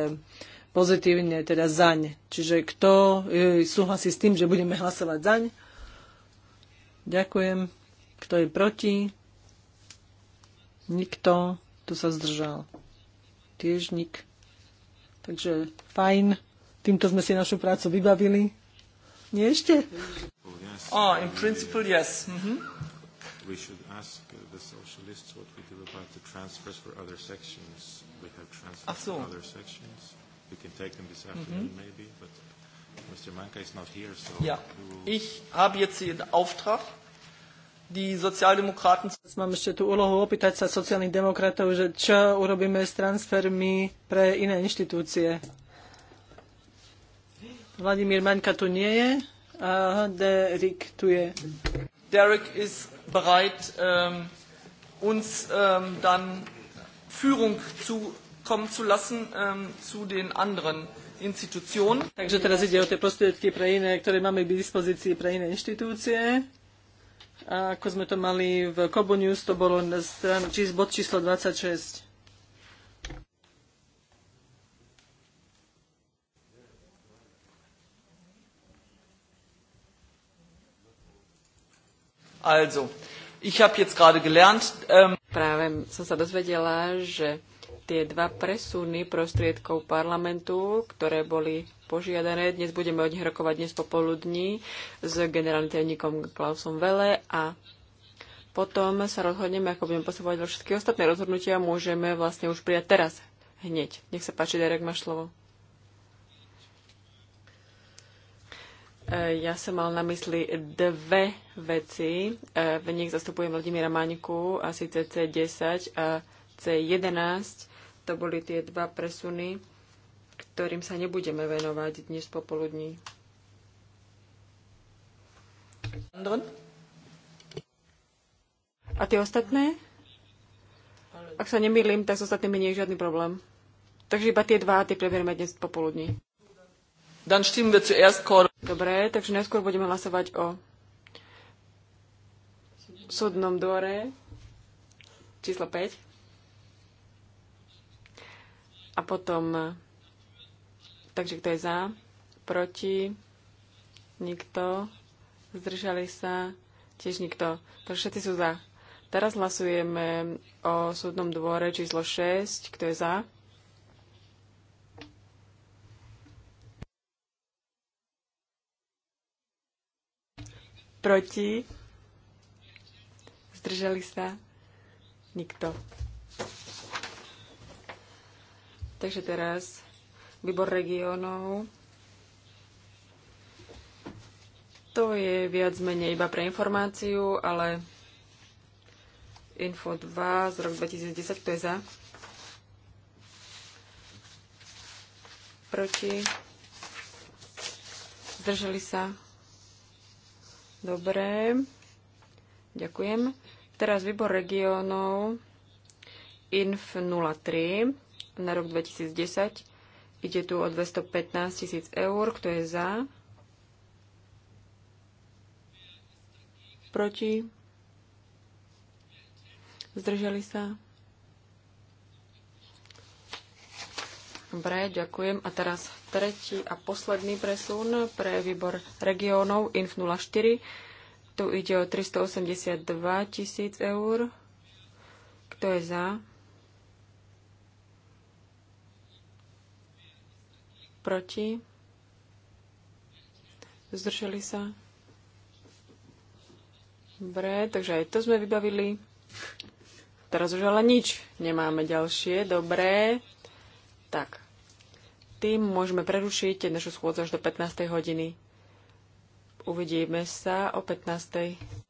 Speaker 3: pozitívne, teda zaň. Čiže kto e, súhlasí s tým, že budeme hlasovať zaň? Ďakujem. Kto je proti? Nikto. Tu sa zdržal. Tiež nikto. Takže fajn, týmto sme si našu prácu vybavili. Nie ešte?
Speaker 2: Oh, in principle, yes. Mm-hmm. We should ask uh, the socialists
Speaker 4: what we do about the transfers for other sections. We have transfers so. for other sections. We can take them this mhm. afternoon mm-hmm. maybe, but Mr. Manka is not here, so... Ja,
Speaker 1: ich habe jetzt den Auftrag, Mám
Speaker 3: ešte tú úlohu opýtať sa sociálnych demokratov, že čo urobíme s transfermi pre iné inštitúcie. Vladimír Manka tu nie je. A Derek tu je.
Speaker 1: Derek ist bereit, um, uns um, dann Führung zu kommen zu lassen um, zu den anderen Institutionen. Takže teraz ide
Speaker 3: o tie prostriedky pre iné, ktoré máme k dispozícii pre iné inštitúcie. A ako sme to mali v Kobo News, to bolo na stran, či, bod číslo 26.
Speaker 1: Also, ich habe jetzt gerade gelernt,
Speaker 2: ähm Práve som sa dozvedela, že tie dva presuny prostriedkov parlamentu, ktoré boli požiadané. Dnes budeme o nich rokovať dnes popoludní s generálnym tajomníkom Klausom Vele a potom sa rozhodneme, ako budeme postupovať vo všetky ostatné rozhodnutia, môžeme vlastne už prijať teraz, hneď. Nech sa páči, Derek, máš slovo. E, ja som mal na mysli dve veci. E, v nich zastupujem Vladimíra Maňku a síce C10 a C11 to boli tie dva presuny, ktorým sa nebudeme venovať dnes popoludní. A tie ostatné? Ak sa nemýlim, tak s ostatnými nie je žiadny problém. Takže iba tie dva, tie preberieme dnes popoludní. Dann stimmen wir zuerst Dobre, takže najskôr budeme hlasovať o súdnom dvore číslo 5. A potom, takže kto je za, proti, nikto, zdržali sa, tiež nikto. Takže všetci sú za. Teraz hlasujeme o súdnom dvore číslo 6. Kto je za? Proti? Zdržali sa? Nikto. Takže teraz výbor regionov. To je viac menej iba pre informáciu, ale Info 2 z rok 2010, kto je za? Proti? Zdržali sa? Dobre. Ďakujem. Teraz výbor regionov. Inf 03 na rok 2010. Ide tu o 215 tisíc eur. Kto je za? Proti? Zdržali sa? Dobre, ďakujem. A teraz tretí a posledný presun pre výbor regiónov INF 04. Tu ide o 382 tisíc eur. Kto je za? proti, zdržali sa. Dobre, takže aj to sme vybavili. Teraz už ale nič. Nemáme ďalšie. Dobre. Tak. Tým môžeme prerušiť našu schôdzu až do 15. hodiny. Uvidíme sa o 15.